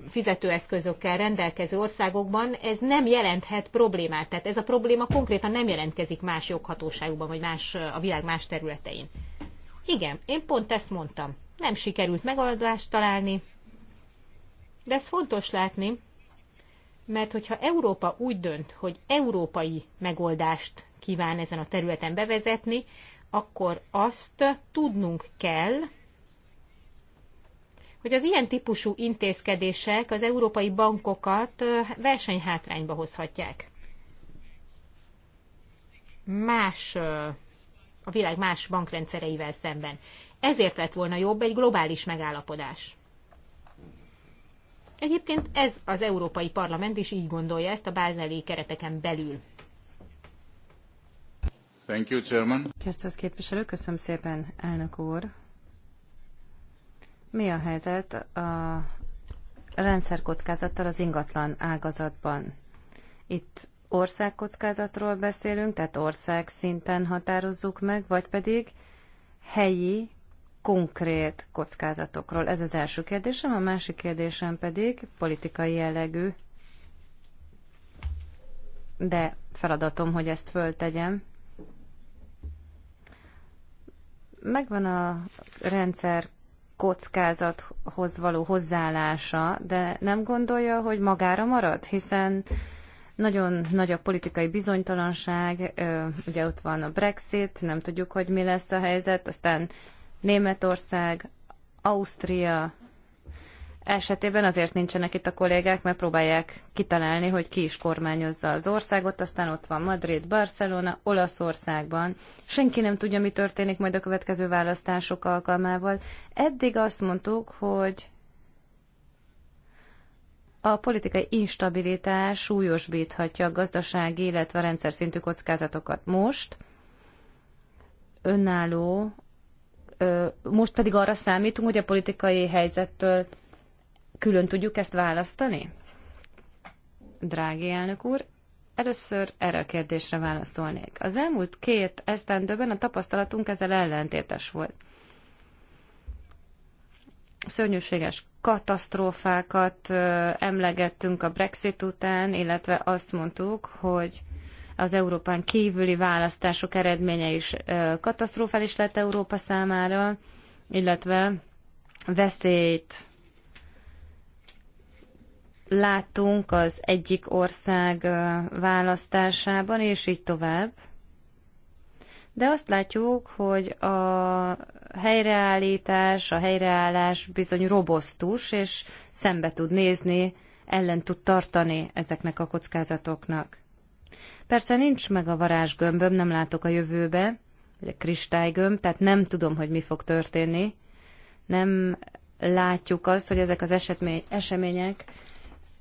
fizetőeszközökkel rendelkező országokban ez nem jelenthet problémát. Tehát ez a probléma konkrétan nem jelentkezik más joghatóságokban, vagy más, a világ más területein. Igen, én pont ezt mondtam. Nem sikerült megoldást találni, de ez fontos látni, mert hogyha Európa úgy dönt, hogy európai megoldást kíván ezen a területen bevezetni, akkor azt tudnunk kell, hogy az ilyen típusú intézkedések az európai bankokat versenyhátrányba hozhatják. Más, a világ más bankrendszereivel szemben. Ezért lett volna jobb egy globális megállapodás. Egyébként ez az Európai Parlament is így gondolja ezt a bázeli kereteken belül. Thank you, Chairman. Köszönöm, képviselő, köszönöm szépen, elnök úr. Mi a helyzet a rendszerkockázattal az ingatlan ágazatban? Itt országkockázatról beszélünk, tehát ország szinten határozzuk meg, vagy pedig helyi konkrét kockázatokról. Ez az első kérdésem, a másik kérdésem pedig politikai jellegű, de feladatom, hogy ezt föltegyem. Megvan a rendszer kockázathoz való hozzáállása, de nem gondolja, hogy magára marad, hiszen nagyon nagy a politikai bizonytalanság, ugye ott van a Brexit, nem tudjuk, hogy mi lesz a helyzet, aztán Németország, Ausztria esetében azért nincsenek itt a kollégák, mert próbálják kitalálni, hogy ki is kormányozza az országot, aztán ott van Madrid, Barcelona, Olaszországban. Senki nem tudja, mi történik majd a következő választások alkalmával. Eddig azt mondtuk, hogy a politikai instabilitás súlyosbíthatja a gazdasági, illetve a rendszer szintű kockázatokat most. Önálló most pedig arra számítunk, hogy a politikai helyzettől külön tudjuk ezt választani? Drági elnök úr, először erre a kérdésre válaszolnék. Az elmúlt két esztendőben a tapasztalatunk ezzel ellentétes volt. Szörnyűséges katasztrófákat emlegettünk a Brexit után, illetve azt mondtuk, hogy az Európán kívüli választások eredménye is katasztrofális lett Európa számára, illetve veszélyt láttunk az egyik ország választásában, és így tovább. De azt látjuk, hogy a helyreállítás, a helyreállás bizony robosztus, és szembe tud nézni, ellen tud tartani ezeknek a kockázatoknak. Persze nincs meg a varázsgömböm, nem látok a jövőbe, vagy a kristálygömb, tehát nem tudom, hogy mi fog történni. Nem látjuk azt, hogy ezek az esetmény, események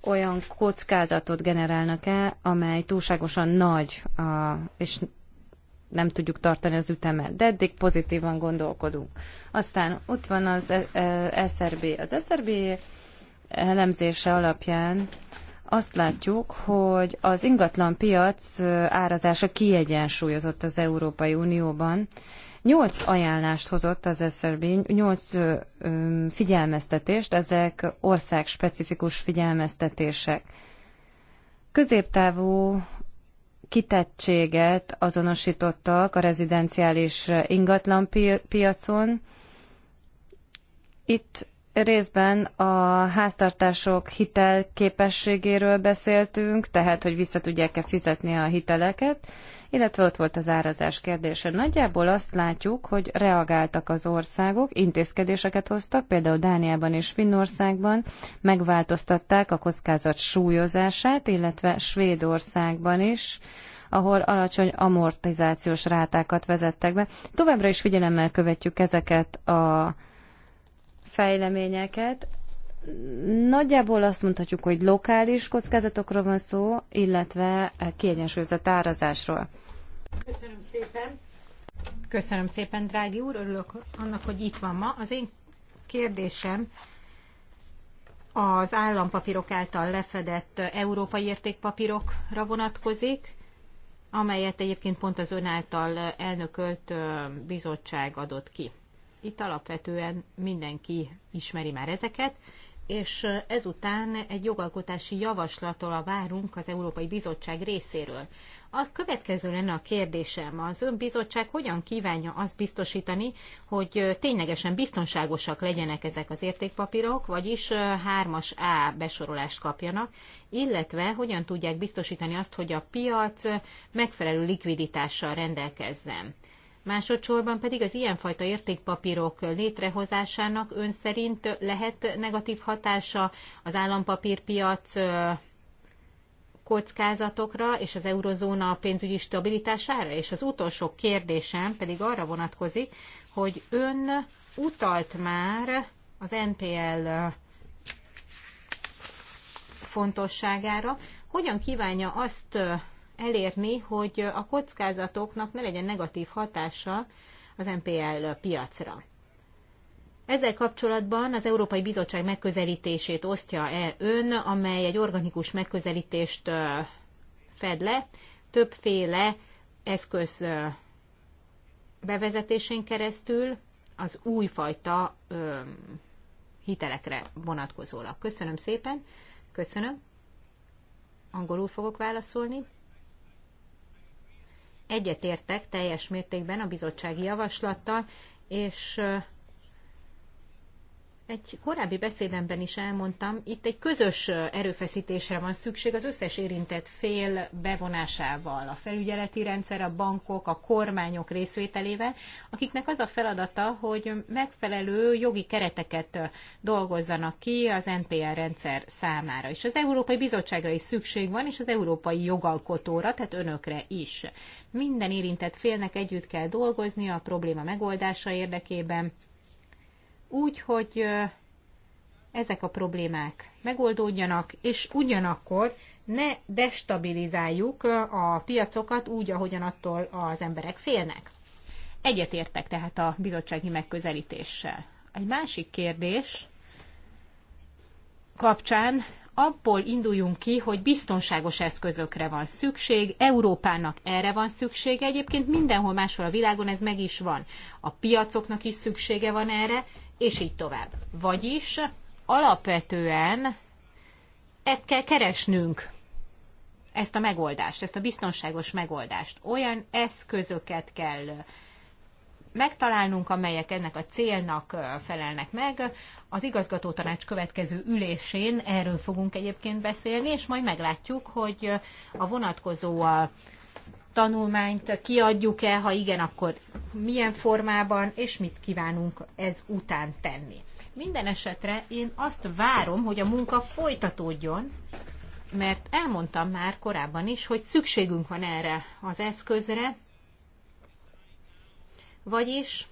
olyan kockázatot generálnak-e, amely túlságosan nagy, a, és nem tudjuk tartani az ütemet, de eddig pozitívan gondolkodunk. Aztán ott van az e, e, SRB. Az SRB elemzése alapján azt látjuk, hogy az ingatlan piac árazása kiegyensúlyozott az Európai Unióban. Nyolc ajánlást hozott az SRB, nyolc figyelmeztetést, ezek országspecifikus figyelmeztetések. Középtávú kitettséget azonosítottak a rezidenciális ingatlan piacon. Itt részben a háztartások hitelképességéről beszéltünk, tehát hogy vissza tudják-e fizetni a hiteleket, illetve ott volt az árazás kérdése. Nagyjából azt látjuk, hogy reagáltak az országok, intézkedéseket hoztak, például Dániában és Finnországban megváltoztatták a kockázat súlyozását, illetve Svédországban is ahol alacsony amortizációs rátákat vezettek be. Továbbra is figyelemmel követjük ezeket a fejleményeket. Nagyjából azt mondhatjuk, hogy lokális kockázatokról van szó, illetve kiegyensúlyozott árazásról. Köszönöm szépen! Köszönöm szépen, drági úr, örülök annak, hogy itt van ma. Az én kérdésem az állampapírok által lefedett európai értékpapírokra vonatkozik, amelyet egyébként pont az ön által elnökölt bizottság adott ki itt alapvetően mindenki ismeri már ezeket, és ezután egy jogalkotási javaslatra várunk az Európai Bizottság részéről. A következő lenne a kérdésem. Az önbizottság hogyan kívánja azt biztosítani, hogy ténylegesen biztonságosak legyenek ezek az értékpapírok, vagyis 3-as A besorolást kapjanak, illetve hogyan tudják biztosítani azt, hogy a piac megfelelő likviditással rendelkezzen. Másodszorban pedig az ilyenfajta értékpapírok létrehozásának ön szerint lehet negatív hatása az állampapírpiac kockázatokra és az eurozóna pénzügyi stabilitására? És az utolsó kérdésem pedig arra vonatkozik, hogy ön utalt már az NPL fontosságára, hogyan kívánja azt elérni, hogy a kockázatoknak ne legyen negatív hatása az MPL piacra. Ezzel kapcsolatban az Európai Bizottság megközelítését osztja-e ön, amely egy organikus megközelítést fed le, többféle eszköz bevezetésén keresztül az újfajta hitelekre vonatkozólag. Köszönöm szépen, köszönöm. Angolul fogok válaszolni egyetértek teljes mértékben a bizottsági javaslattal, és egy korábbi beszédemben is elmondtam, itt egy közös erőfeszítésre van szükség az összes érintett fél bevonásával, a felügyeleti rendszer, a bankok, a kormányok részvételével, akiknek az a feladata, hogy megfelelő jogi kereteket dolgozzanak ki az NPL rendszer számára. És az Európai Bizottságra is szükség van, és az európai jogalkotóra, tehát önökre is. Minden érintett félnek együtt kell dolgozni a probléma megoldása érdekében, úgy, hogy ezek a problémák megoldódjanak, és ugyanakkor ne destabilizáljuk a piacokat úgy, ahogyan attól az emberek félnek. Egyetértek tehát a bizottsági megközelítéssel. Egy másik kérdés kapcsán abból induljunk ki, hogy biztonságos eszközökre van szükség, Európának erre van szüksége, egyébként mindenhol máshol a világon ez meg is van. A piacoknak is szüksége van erre, és így tovább. Vagyis alapvetően ezt kell keresnünk, ezt a megoldást, ezt a biztonságos megoldást. Olyan eszközöket kell megtalálnunk, amelyek ennek a célnak felelnek meg. Az igazgató tanács következő ülésén erről fogunk egyébként beszélni, és majd meglátjuk, hogy a vonatkozó tanulmányt kiadjuk-e, ha igen, akkor milyen formában, és mit kívánunk ez után tenni. Minden esetre én azt várom, hogy a munka folytatódjon, mert elmondtam már korábban is, hogy szükségünk van erre az eszközre, vagyis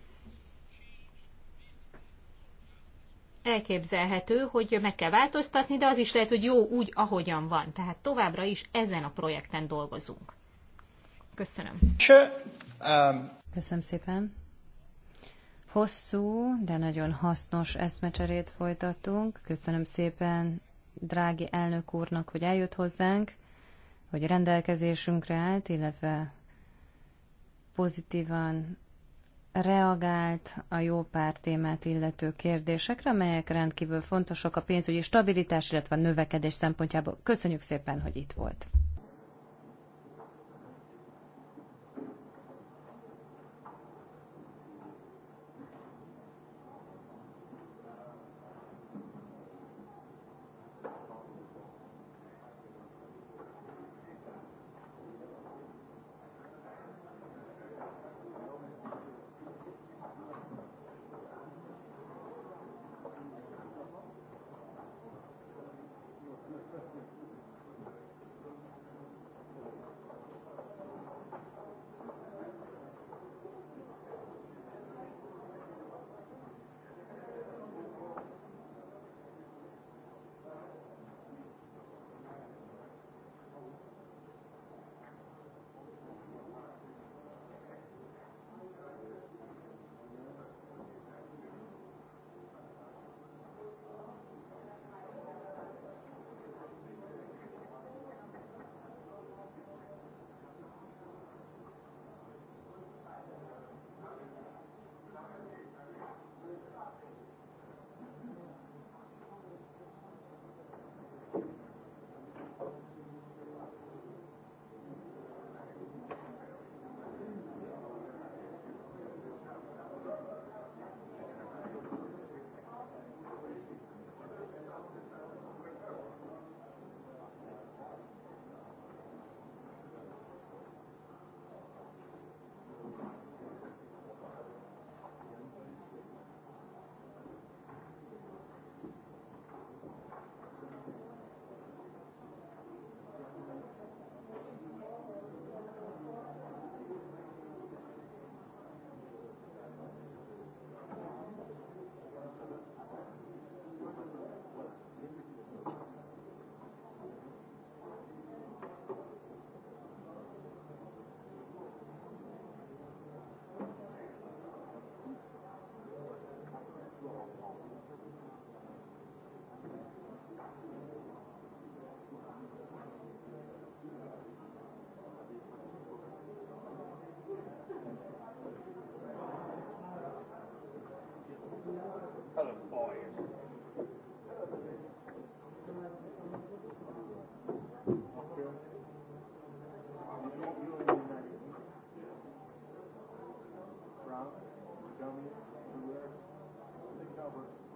elképzelhető, hogy meg kell változtatni, de az is lehet, hogy jó úgy, ahogyan van. Tehát továbbra is ezen a projekten dolgozunk. Köszönöm. Köszönöm szépen. Hosszú, de nagyon hasznos eszmecserét folytatunk. Köszönöm szépen drági elnök úrnak, hogy eljött hozzánk, hogy rendelkezésünkre állt, illetve pozitívan reagált a jó pár témát illető kérdésekre, amelyek rendkívül fontosak a pénzügyi stabilitás, illetve a növekedés szempontjából. Köszönjük szépen, hogy itt volt. Albert.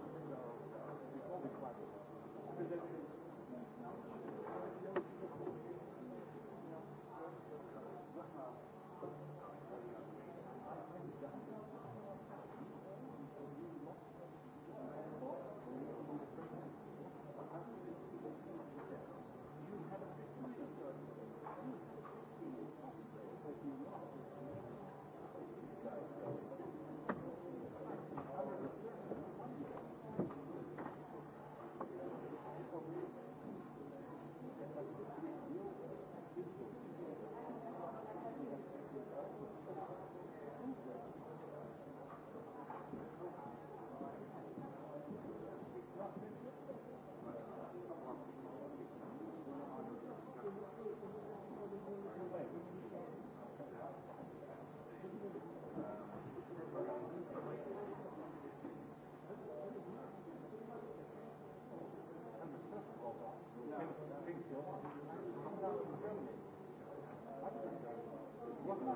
Thank you.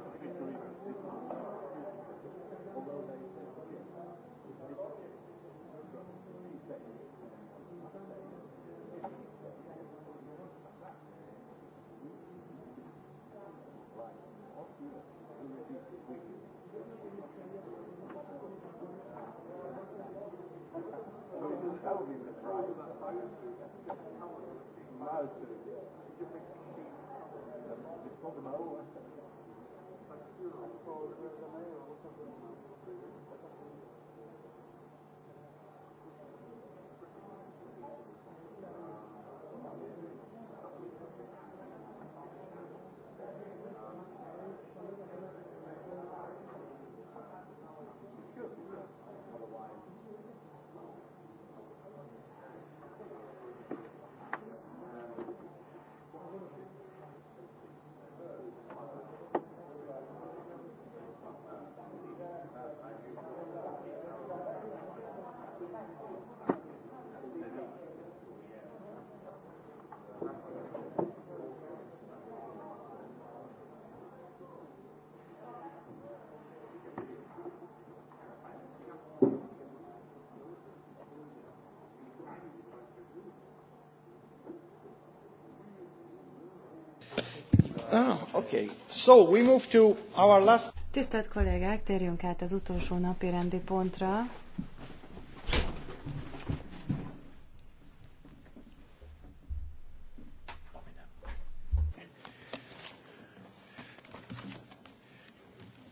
Ah, okay. So we move to our last... Tisztelt kollégák, térjünk át az utolsó napi rendi pontra.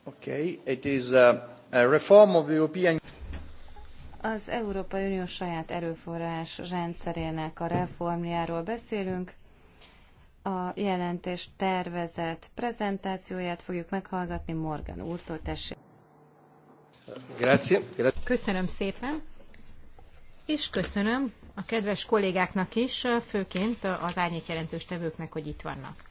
Okay, it is a, a reform of the European az Európai Unió saját erőforrás rendszerének a reformjáról beszélünk a jelentés tervezett prezentációját fogjuk meghallgatni Morgan úrtól. Tessék! Köszönöm szépen, és köszönöm a kedves kollégáknak is, főként az árnyék jelentős tevőknek, hogy itt vannak.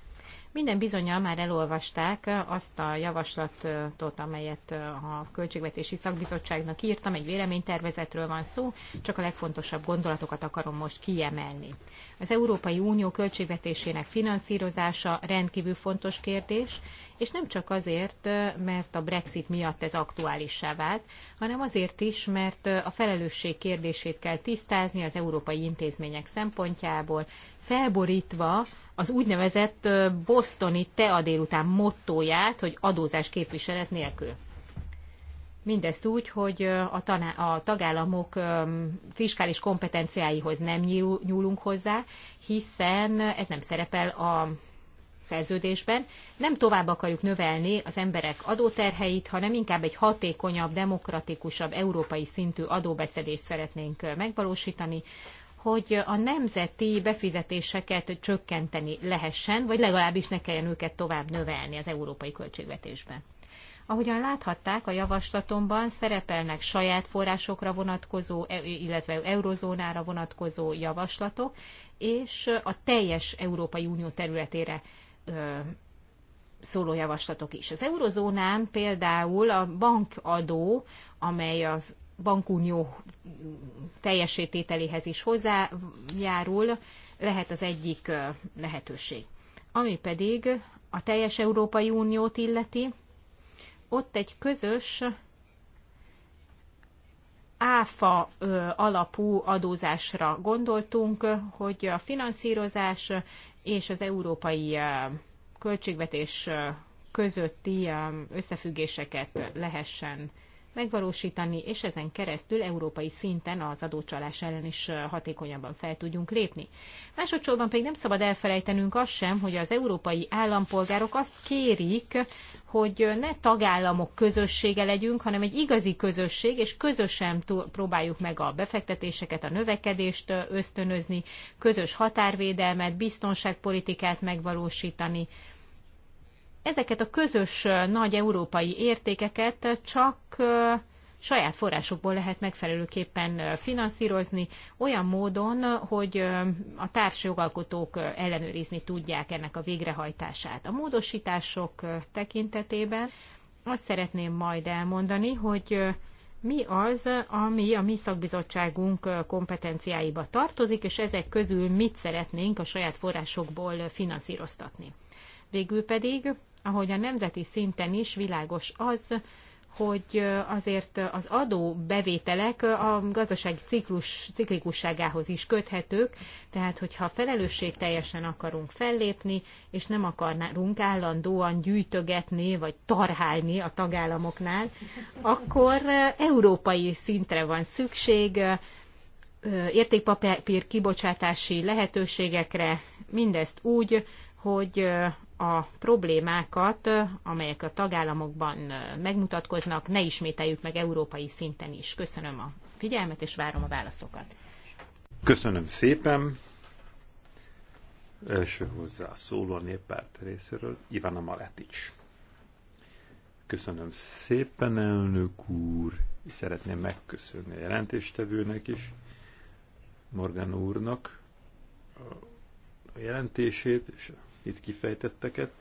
Minden bizonyal már elolvasták azt a javaslatot, amelyet a Költségvetési Szakbizottságnak írtam, egy véleménytervezetről van szó, csak a legfontosabb gondolatokat akarom most kiemelni. Az Európai Unió költségvetésének finanszírozása rendkívül fontos kérdés, és nem csak azért, mert a Brexit miatt ez aktuálissá vált, hanem azért is, mert a felelősség kérdését kell tisztázni az európai intézmények szempontjából, felborítva az úgynevezett bosztoni tea délután mottóját, hogy adózás képviselet nélkül. Mindezt úgy, hogy a, taná- a tagállamok fiskális kompetenciáihoz nem nyúlunk hozzá, hiszen ez nem szerepel a szerződésben. Nem tovább akarjuk növelni az emberek adóterheit, hanem inkább egy hatékonyabb, demokratikusabb, európai szintű adóbeszedést szeretnénk megvalósítani, hogy a nemzeti befizetéseket csökkenteni lehessen, vagy legalábbis ne kelljen őket tovább növelni az európai költségvetésben. Ahogyan láthatták, a javaslatomban szerepelnek saját forrásokra vonatkozó, e, illetve eurozónára vonatkozó javaslatok, és a teljes Európai Unió területére szóló javaslatok is. Az eurozónán például a bankadó, amely az bankunió teljesítételéhez is hozzájárul, lehet az egyik lehetőség. Ami pedig a teljes Európai Uniót illeti, ott egy közös áfa alapú adózásra gondoltunk, hogy a finanszírozás és az európai költségvetés közötti összefüggéseket lehessen megvalósítani, és ezen keresztül európai szinten az adócsalás ellen is hatékonyabban fel tudjunk lépni. Másodszorban pedig nem szabad elfelejtenünk azt sem, hogy az európai állampolgárok azt kérik, hogy ne tagállamok közössége legyünk, hanem egy igazi közösség, és közösen próbáljuk meg a befektetéseket, a növekedést ösztönözni, közös határvédelmet, biztonságpolitikát megvalósítani, ezeket a közös nagy európai értékeket csak saját forrásokból lehet megfelelőképpen finanszírozni, olyan módon, hogy a társjogalkotók ellenőrizni tudják ennek a végrehajtását. A módosítások tekintetében azt szeretném majd elmondani, hogy mi az, ami a mi szakbizottságunk kompetenciáiba tartozik, és ezek közül mit szeretnénk a saját forrásokból finanszíroztatni. Végül pedig ahogy a nemzeti szinten is világos az, hogy azért az adó bevételek a gazdasági ciklus, ciklikusságához is köthetők, tehát hogyha felelősség teljesen akarunk fellépni, és nem akarunk állandóan gyűjtögetni vagy tarhálni a tagállamoknál, akkor európai szintre van szükség értékpapír kibocsátási lehetőségekre, mindezt úgy, hogy a problémákat, amelyek a tagállamokban megmutatkoznak, ne ismételjük meg európai szinten is. Köszönöm a figyelmet, és várom a válaszokat. Köszönöm szépen. Első hozzászóló a néppárt részéről, Ivana Maletics. Köszönöm szépen, elnök úr, és szeretném megköszönni a jelentéstevőnek is, Morgan úrnak a jelentését, és a itt kifejtetteket.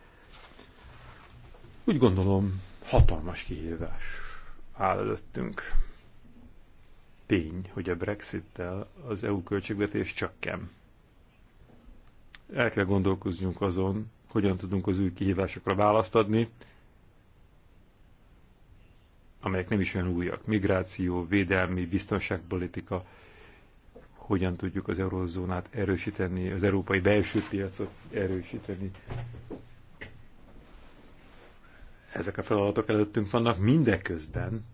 Úgy gondolom, hatalmas kihívás áll előttünk. Tény, hogy a Brexittel az EU költségvetés csökken. El kell gondolkoznunk azon, hogyan tudunk az új kihívásokra választ adni, amelyek nem is olyan újak. Migráció, védelmi, biztonságpolitika, hogyan tudjuk az eurozónát erősíteni, az európai belső piacot erősíteni. Ezek a feladatok előttünk vannak, mindeközben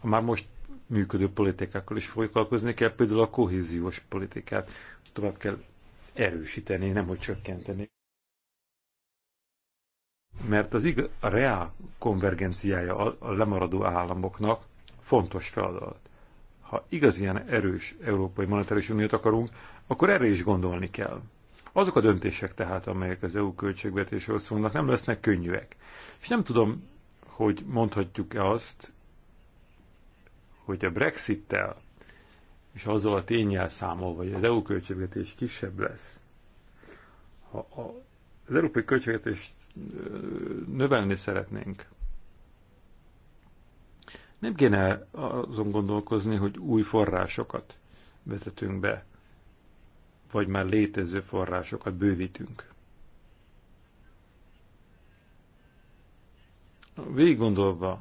a már most működő politikákkal is foglalkozni kell, például a kohéziós politikát tovább kell erősíteni, nem hogy csökkenteni. Mert az igaz, a reál konvergenciája a lemaradó államoknak fontos feladat. Ha igazán erős Európai Monetáris Uniót akarunk, akkor erre is gondolni kell. Azok a döntések tehát, amelyek az EU költségvetésről szólnak, nem lesznek könnyűek. És nem tudom, hogy mondhatjuk-e azt, hogy a Brexit-tel és azzal a tényjel számolva, hogy az EU költségvetés kisebb lesz, ha az európai költségvetést növelni szeretnénk, nem kéne azon gondolkozni, hogy új forrásokat vezetünk be, vagy már létező forrásokat bővítünk. Végig gondolva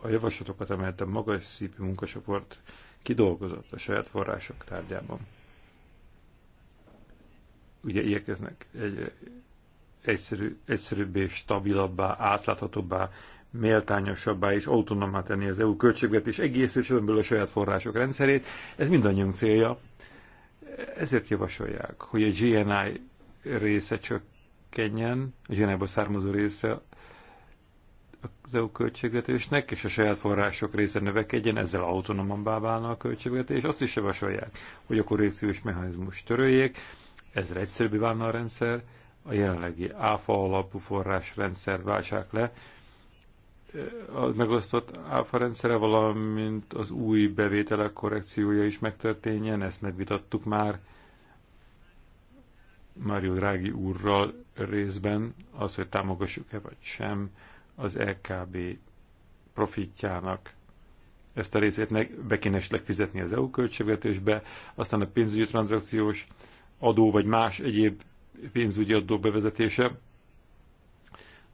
a javaslatokat, amelyet a magas szípű munkasoport kidolgozott a saját források tárgyában. Ugye igyekeznek egy egyszerű, egyszerűbbé, stabilabbá, átláthatóbbá, méltányosabbá és autonómá tenni az EU költségvetés egész és a saját források rendszerét. Ez mindannyiunk célja. Ezért javasolják, hogy a GNI része csökkenjen, a gni származó része az EU költségvetésnek, és a saját források része növekedjen, ezzel autonomabbá válna a költségvetés. Azt is javasolják, hogy a korrekciós mechanizmus töröljék, ezzel egyszerűbb válna a rendszer, a jelenlegi áfa alapú forrásrendszert váltsák le, a megosztott áfa rendszere, valamint az új bevételek korrekciója is megtörténjen, ezt megvitattuk már Mário Drági úrral részben, az, hogy támogassuk-e vagy sem az LKB profitjának ezt a részét be kéne esetleg fizetni az EU költségvetésbe, aztán a pénzügyi tranzakciós adó vagy más egyéb pénzügyi adó bevezetése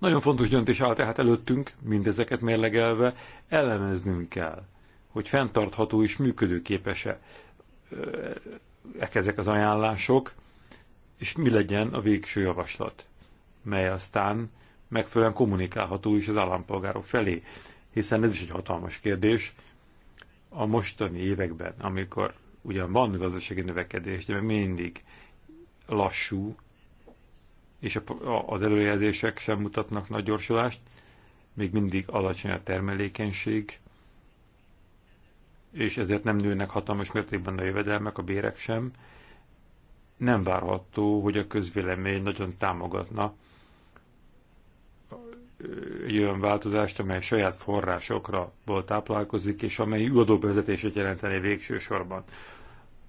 nagyon fontos döntés áll tehát előttünk, mindezeket mérlegelve, elemeznünk kell, hogy fenntartható és működőképes-e e-, ezek az ajánlások, és mi legyen a végső javaslat, mely aztán megfelelően kommunikálható is az állampolgárok felé, hiszen ez is egy hatalmas kérdés a mostani években, amikor ugyan van gazdasági növekedés, de mindig lassú, és az előjelzések sem mutatnak nagy gyorsulást, még mindig alacsony a termelékenység, és ezért nem nőnek hatalmas mértékben a jövedelmek, a bérek sem. Nem várható, hogy a közvélemény nagyon támogatna egy olyan változást, amely saját forrásokra táplálkozik, és amely adóbevezetését jelenteni végső sorban,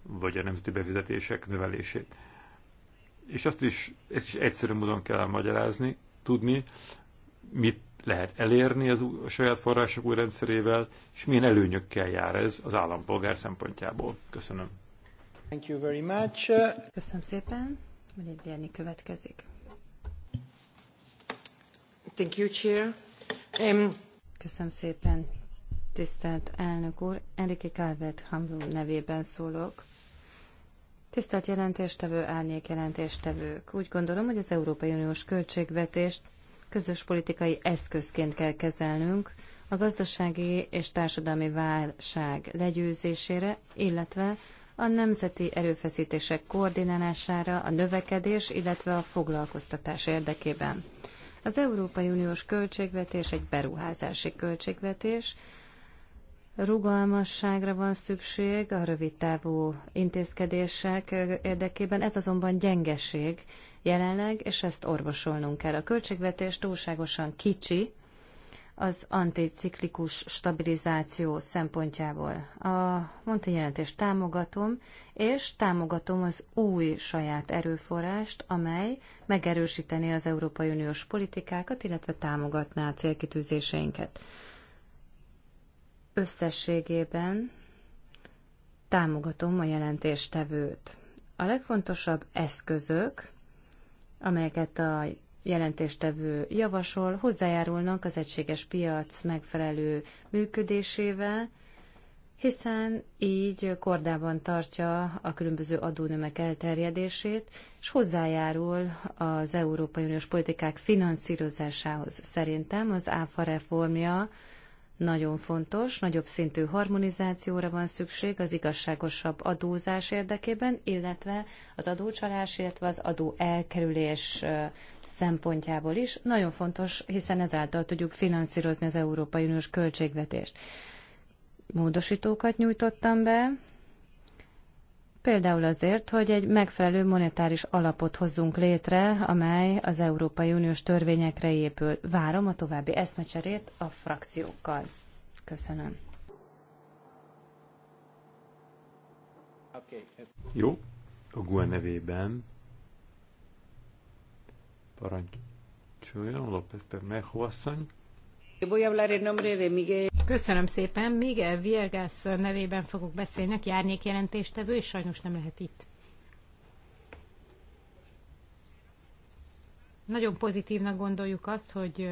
vagy a nemzeti befizetések növelését és azt is, ezt is egyszerű módon kell magyarázni, tudni, mit lehet elérni az, a saját források új rendszerével, és milyen előnyökkel jár ez az állampolgár szempontjából. Köszönöm. Thank you very much. Köszönöm szépen. Magyar Bérni következik. Thank you, Chair. Um, Köszönöm szépen, tisztelt elnök úr. Enrique Calvert Hamlin nevében szólok Tisztelt jelentéstevő, árnyék jelentéstevők! Úgy gondolom, hogy az Európai Uniós költségvetést közös politikai eszközként kell kezelnünk a gazdasági és társadalmi válság legyőzésére, illetve a nemzeti erőfeszítések koordinálására, a növekedés, illetve a foglalkoztatás érdekében. Az Európai Uniós költségvetés egy beruházási költségvetés, Rugalmasságra van szükség a rövidtávú intézkedések érdekében, ez azonban gyengeség jelenleg, és ezt orvosolnunk kell. A költségvetés túlságosan kicsi az anticiklikus stabilizáció szempontjából. A mondta jelentést támogatom, és támogatom az új saját erőforrást, amely megerősíteni az Európai Uniós politikákat, illetve támogatná a célkitűzéseinket. Összességében támogatom a jelentéstevőt. A legfontosabb eszközök, amelyeket a jelentéstevő javasol, hozzájárulnak az egységes piac megfelelő működésével, hiszen így kordában tartja a különböző adónömek elterjedését, és hozzájárul az Európai Uniós politikák finanszírozásához. Szerintem az ÁFA reformja nagyon fontos, nagyobb szintű harmonizációra van szükség az igazságosabb adózás érdekében, illetve az adócsalás, illetve az adó elkerülés szempontjából is. Nagyon fontos, hiszen ezáltal tudjuk finanszírozni az Európai Uniós költségvetést. Módosítókat nyújtottam be Például azért, hogy egy megfelelő monetáris alapot hozzunk létre, amely az Európai Uniós törvényekre épül. Várom a további eszmecserét a frakciókkal. Köszönöm. Jó, a GUE nevében parancsoljon López Bermejo asszony. Köszönöm szépen. Miguel Viegas nevében fogok beszélni, aki árnyékjelentéstevő, és sajnos nem lehet itt. Nagyon pozitívnak gondoljuk azt, hogy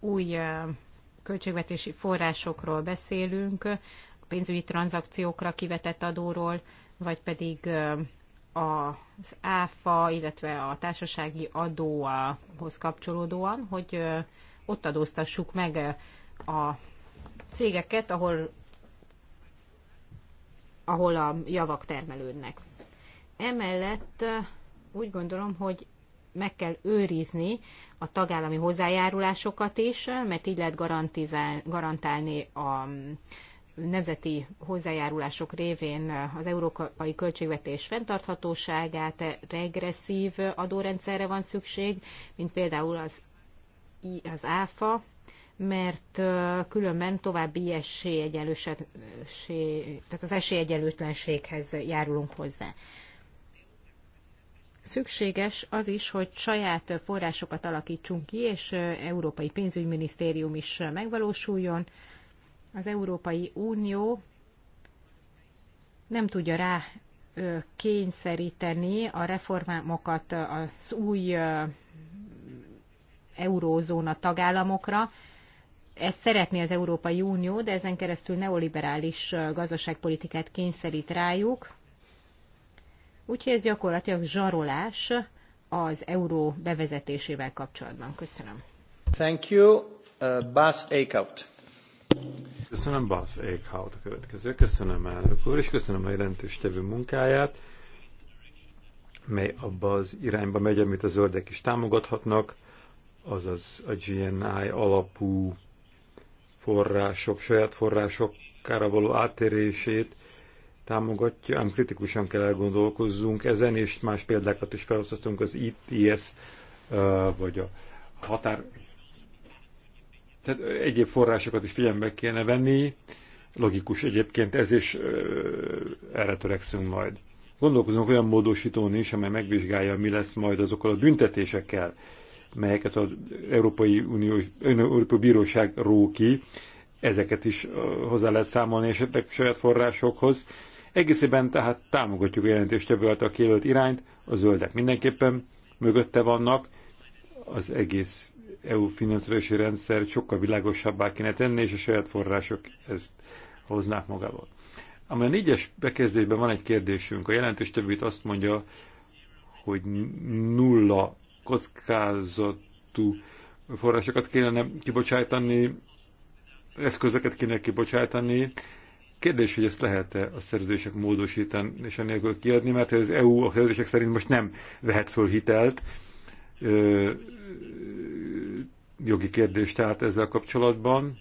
új költségvetési forrásokról beszélünk, pénzügyi tranzakciókra kivetett adóról, vagy pedig az ÁFA, illetve a társasági adóhoz kapcsolódóan, hogy ott adóztassuk meg eh, a cégeket, ahol, ahol a javak termelődnek. Emellett eh, úgy gondolom, hogy meg kell őrizni a tagállami hozzájárulásokat is, eh, mert így lehet garantálni a mm, nemzeti hozzájárulások révén az európai költségvetés fenntarthatóságát, regresszív adórendszerre van szükség, mint például az az áfa, mert különben további tehát az esélyegyenlőtlenséghez járulunk hozzá. Szükséges az is, hogy saját forrásokat alakítsunk ki, és Európai Pénzügyminisztérium is megvalósuljon. Az Európai Unió nem tudja rá kényszeríteni a reformámokat az új eurózóna tagállamokra. Ezt szeretné az Európai Unió, de ezen keresztül neoliberális gazdaságpolitikát kényszerít rájuk. Úgyhogy ez gyakorlatilag zsarolás az euró bevezetésével kapcsolatban. Köszönöm. Thank you, uh, Bas Eichhout. Köszönöm Bas Eichhout a következő. Köszönöm elnök úr, és köszönöm a jelentéstevő munkáját mely abba az irányba megy, amit a zöldek is támogathatnak, azaz a GNI alapú források, saját forrásokára való áttérését támogatja, ám kritikusan kell elgondolkozzunk ezen, és más példákat is felhozhatunk az ITS, vagy a határ, tehát egyéb forrásokat is figyelembe kéne venni, logikus egyébként ez, és erre törekszünk majd. Gondolkozunk olyan módosítón is, amely megvizsgálja, mi lesz majd azokkal a büntetésekkel, melyeket az Európai Unió, Európai Bíróság ró ki, ezeket is hozzá lehet számolni esetleg saját forrásokhoz. Egészében tehát támogatjuk a jövőt a kijelölt irányt, a zöldek mindenképpen mögötte vannak, az egész EU finanszírozási rendszer sokkal világosabbá kéne tenni, és a saját források ezt hoznák magával. Ami a négyes bekezdésben van egy kérdésünk. A jelentős többit azt mondja, hogy nulla kockázatú forrásokat kellene kibocsátani, eszközöket kéne kibocsátani. Kérdés, hogy ezt lehet-e a szerződések módosítani és anélkül kiadni, mert az EU a szerződések szerint most nem vehet föl hitelt, ö, jogi kérdés tehát ezzel kapcsolatban.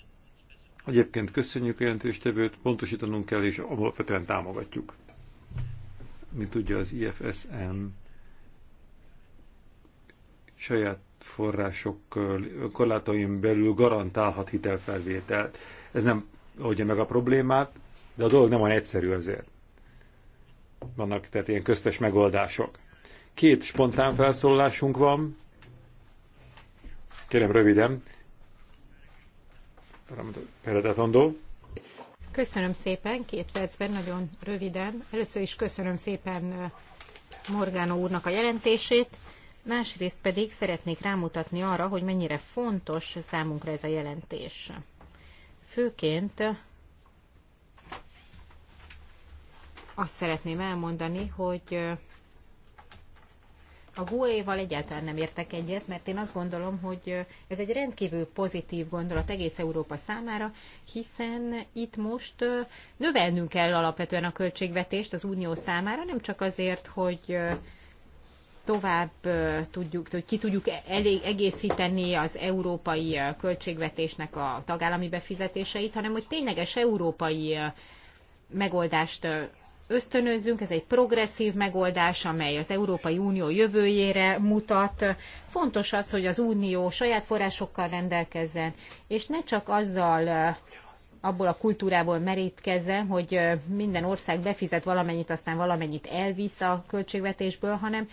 Egyébként köszönjük a jelentéstevőt, pontosítanunk kell, és alapvetően támogatjuk. Mint tudja, az IFSM saját források korlátaim belül garantálhat hitelfelvételt. Ez nem oldja meg a problémát, de a dolog nem olyan egyszerű azért. Vannak tehát ilyen köztes megoldások. Két spontán felszólásunk van. Kérem röviden. Peredet Andó. Köszönöm szépen, két percben, nagyon röviden. Először is köszönöm szépen Morgánó úrnak a jelentését másrészt pedig szeretnék rámutatni arra, hogy mennyire fontos számunkra ez a jelentés. Főként azt szeretném elmondani, hogy a GUE-val egyáltalán nem értek egyet, mert én azt gondolom, hogy ez egy rendkívül pozitív gondolat egész Európa számára, hiszen itt most növelnünk kell alapvetően a költségvetést az unió számára, nem csak azért, hogy tovább tudjuk, hogy ki tudjuk e-, elég egészíteni az európai költségvetésnek a tagállami befizetéseit, hanem hogy tényleges európai megoldást ösztönözzünk, ez egy progresszív megoldás, amely az Európai Unió jövőjére mutat. Fontos az, hogy az Unió saját forrásokkal rendelkezzen, és ne csak azzal abból a kultúrából merítkezzen, hogy minden ország befizet valamennyit, aztán valamennyit elvisz a költségvetésből, hanem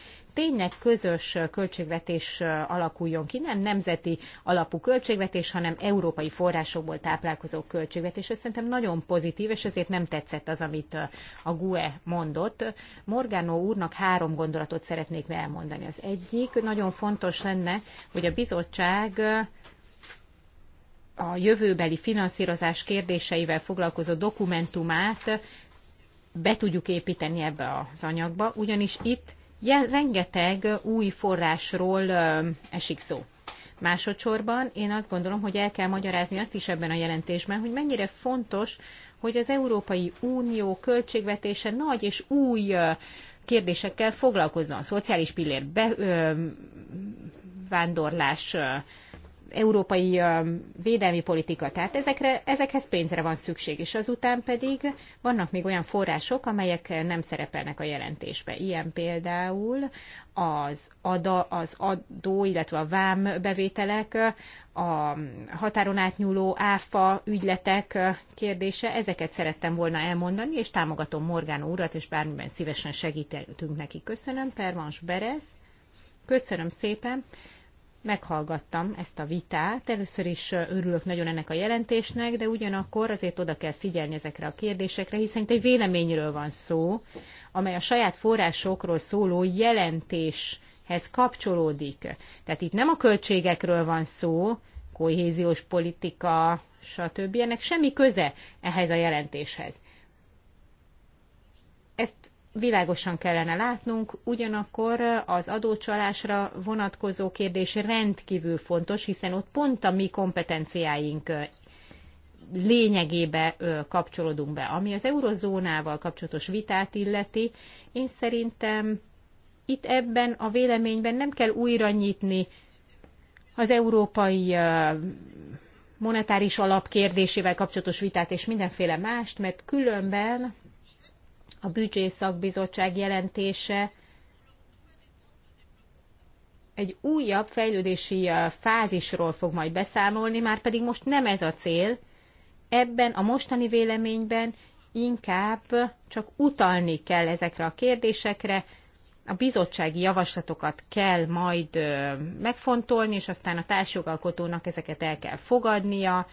tényleg közös költségvetés alakuljon ki, nem nemzeti alapú költségvetés, hanem európai forrásokból táplálkozó költségvetés. Ez szerintem nagyon pozitív, és ezért nem tetszett az, amit uh, a GUE mondott. Morgánó úrnak három gondolatot szeretnék elmondani. Az egyik, nagyon fontos lenne, hogy a bizottság uh, a jövőbeli finanszírozás kérdéseivel foglalkozó dokumentumát be tudjuk építeni ebbe az anyagba, ugyanis itt jel, rengeteg új forrásról esik szó. Másodszorban én azt gondolom, hogy el kell magyarázni azt is ebben a jelentésben, hogy mennyire fontos, hogy az Európai Unió költségvetése nagy és új kérdésekkel foglalkozzon. A szociális pillér, bevándorlás, európai védelmi politika. Tehát ezekre, ezekhez pénzre van szükség, és azután pedig vannak még olyan források, amelyek nem szerepelnek a jelentésbe. Ilyen például az, ada, az adó, illetve a vám bevételek, a határon átnyúló áfa ügyletek kérdése, ezeket szerettem volna elmondani, és támogatom Morgán úrat, és bármiben szívesen segítünk neki. Köszönöm, Pervans Berez. Köszönöm szépen meghallgattam ezt a vitát. Először is örülök nagyon ennek a jelentésnek, de ugyanakkor azért oda kell figyelni ezekre a kérdésekre, hiszen itt egy véleményről van szó, amely a saját forrásokról szóló jelentéshez kapcsolódik. Tehát itt nem a költségekről van szó, kohéziós politika, stb. Ennek semmi köze ehhez a jelentéshez. Ezt világosan kellene látnunk, ugyanakkor az adócsalásra vonatkozó kérdés rendkívül fontos, hiszen ott pont a mi kompetenciáink lényegébe kapcsolódunk be. Ami az eurozónával kapcsolatos vitát illeti, én szerintem itt ebben a véleményben nem kell újra nyitni az európai monetáris alap kérdésével kapcsolatos vitát és mindenféle mást, mert különben a büdzsészakbizottság jelentése egy újabb fejlődési fázisról fog majd beszámolni, már pedig most nem ez a cél. Ebben a mostani véleményben inkább csak utalni kell ezekre a kérdésekre, a bizottsági javaslatokat kell majd megfontolni, és aztán a társjogalkotónak ezeket el kell fogadnia,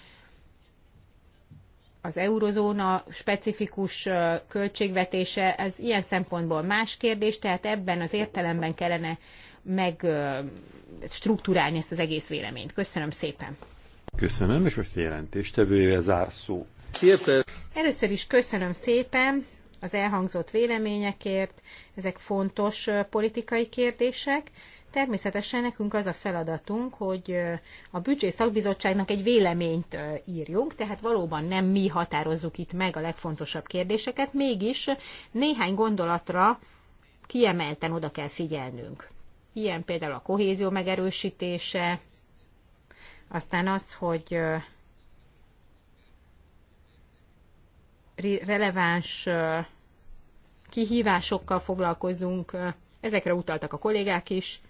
az eurozóna specifikus költségvetése, ez ilyen szempontból más kérdés, tehát ebben az értelemben kellene meg struktúrálni ezt az egész véleményt. Köszönöm szépen! Köszönöm, és most a jelentéstevője zárszó. Szépen. Először is köszönöm szépen az elhangzott véleményekért, ezek fontos politikai kérdések, Természetesen nekünk az a feladatunk, hogy a büdzsé szakbizottságnak egy véleményt írjunk, tehát valóban nem mi határozzuk itt meg a legfontosabb kérdéseket, mégis néhány gondolatra kiemelten oda kell figyelnünk. Ilyen például a kohézió megerősítése, aztán az, hogy releváns kihívásokkal foglalkozunk, ezekre utaltak a kollégák is,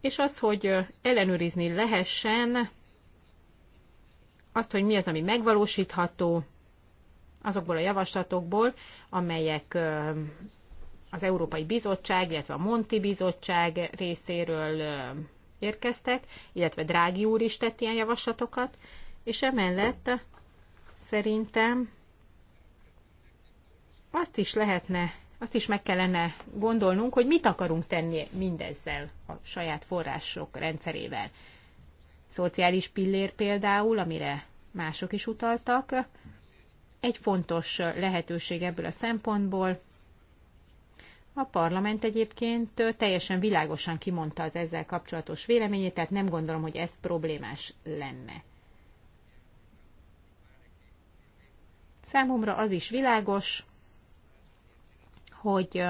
és az, hogy ellenőrizni lehessen azt, hogy mi az, ami megvalósítható azokból a javaslatokból, amelyek az Európai Bizottság, illetve a Monti Bizottság részéről érkeztek, illetve Drági úr is tett ilyen javaslatokat, és emellett szerintem azt is lehetne azt is meg kellene gondolnunk, hogy mit akarunk tenni mindezzel a saját források rendszerével. Szociális pillér például, amire mások is utaltak, egy fontos lehetőség ebből a szempontból. A parlament egyébként teljesen világosan kimondta az ezzel kapcsolatos véleményét, tehát nem gondolom, hogy ez problémás lenne. Számomra az is világos, hogy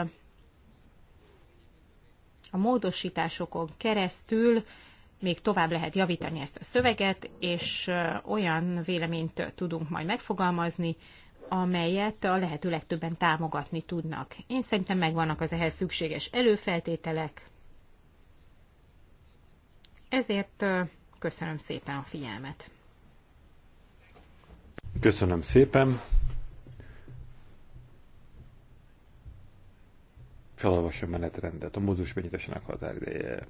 a módosításokon keresztül még tovább lehet javítani ezt a szöveget, és olyan véleményt tudunk majd megfogalmazni, amelyet a lehető legtöbben támogatni tudnak. Én szerintem megvannak az ehhez szükséges előfeltételek, ezért köszönöm szépen a figyelmet. Köszönöm szépen. felolvassa a menetrendet, a módus benyitásának határideje.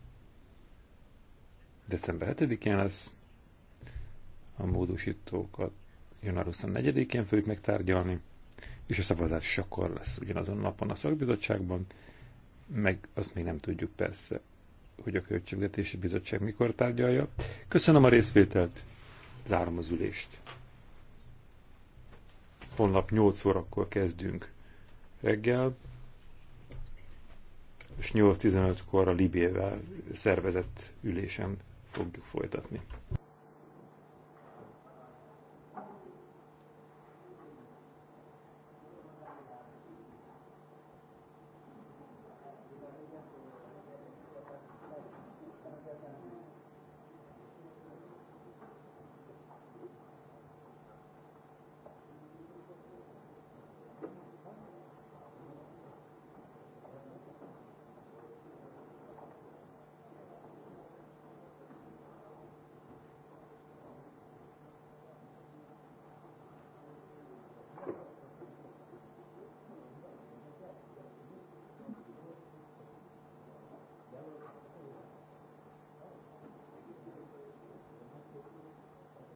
December 7-én lesz, a módosítókat január 24-én fogjuk megtárgyalni, és a szavazás is akkor lesz ugyanazon napon a szakbizottságban, meg azt még nem tudjuk persze, hogy a Költségvetési Bizottság mikor tárgyalja. Köszönöm a részvételt, zárom az ülést. Holnap 8 órakor kezdünk reggel és 815 kor a Libével szervezett ülésen fogjuk folytatni.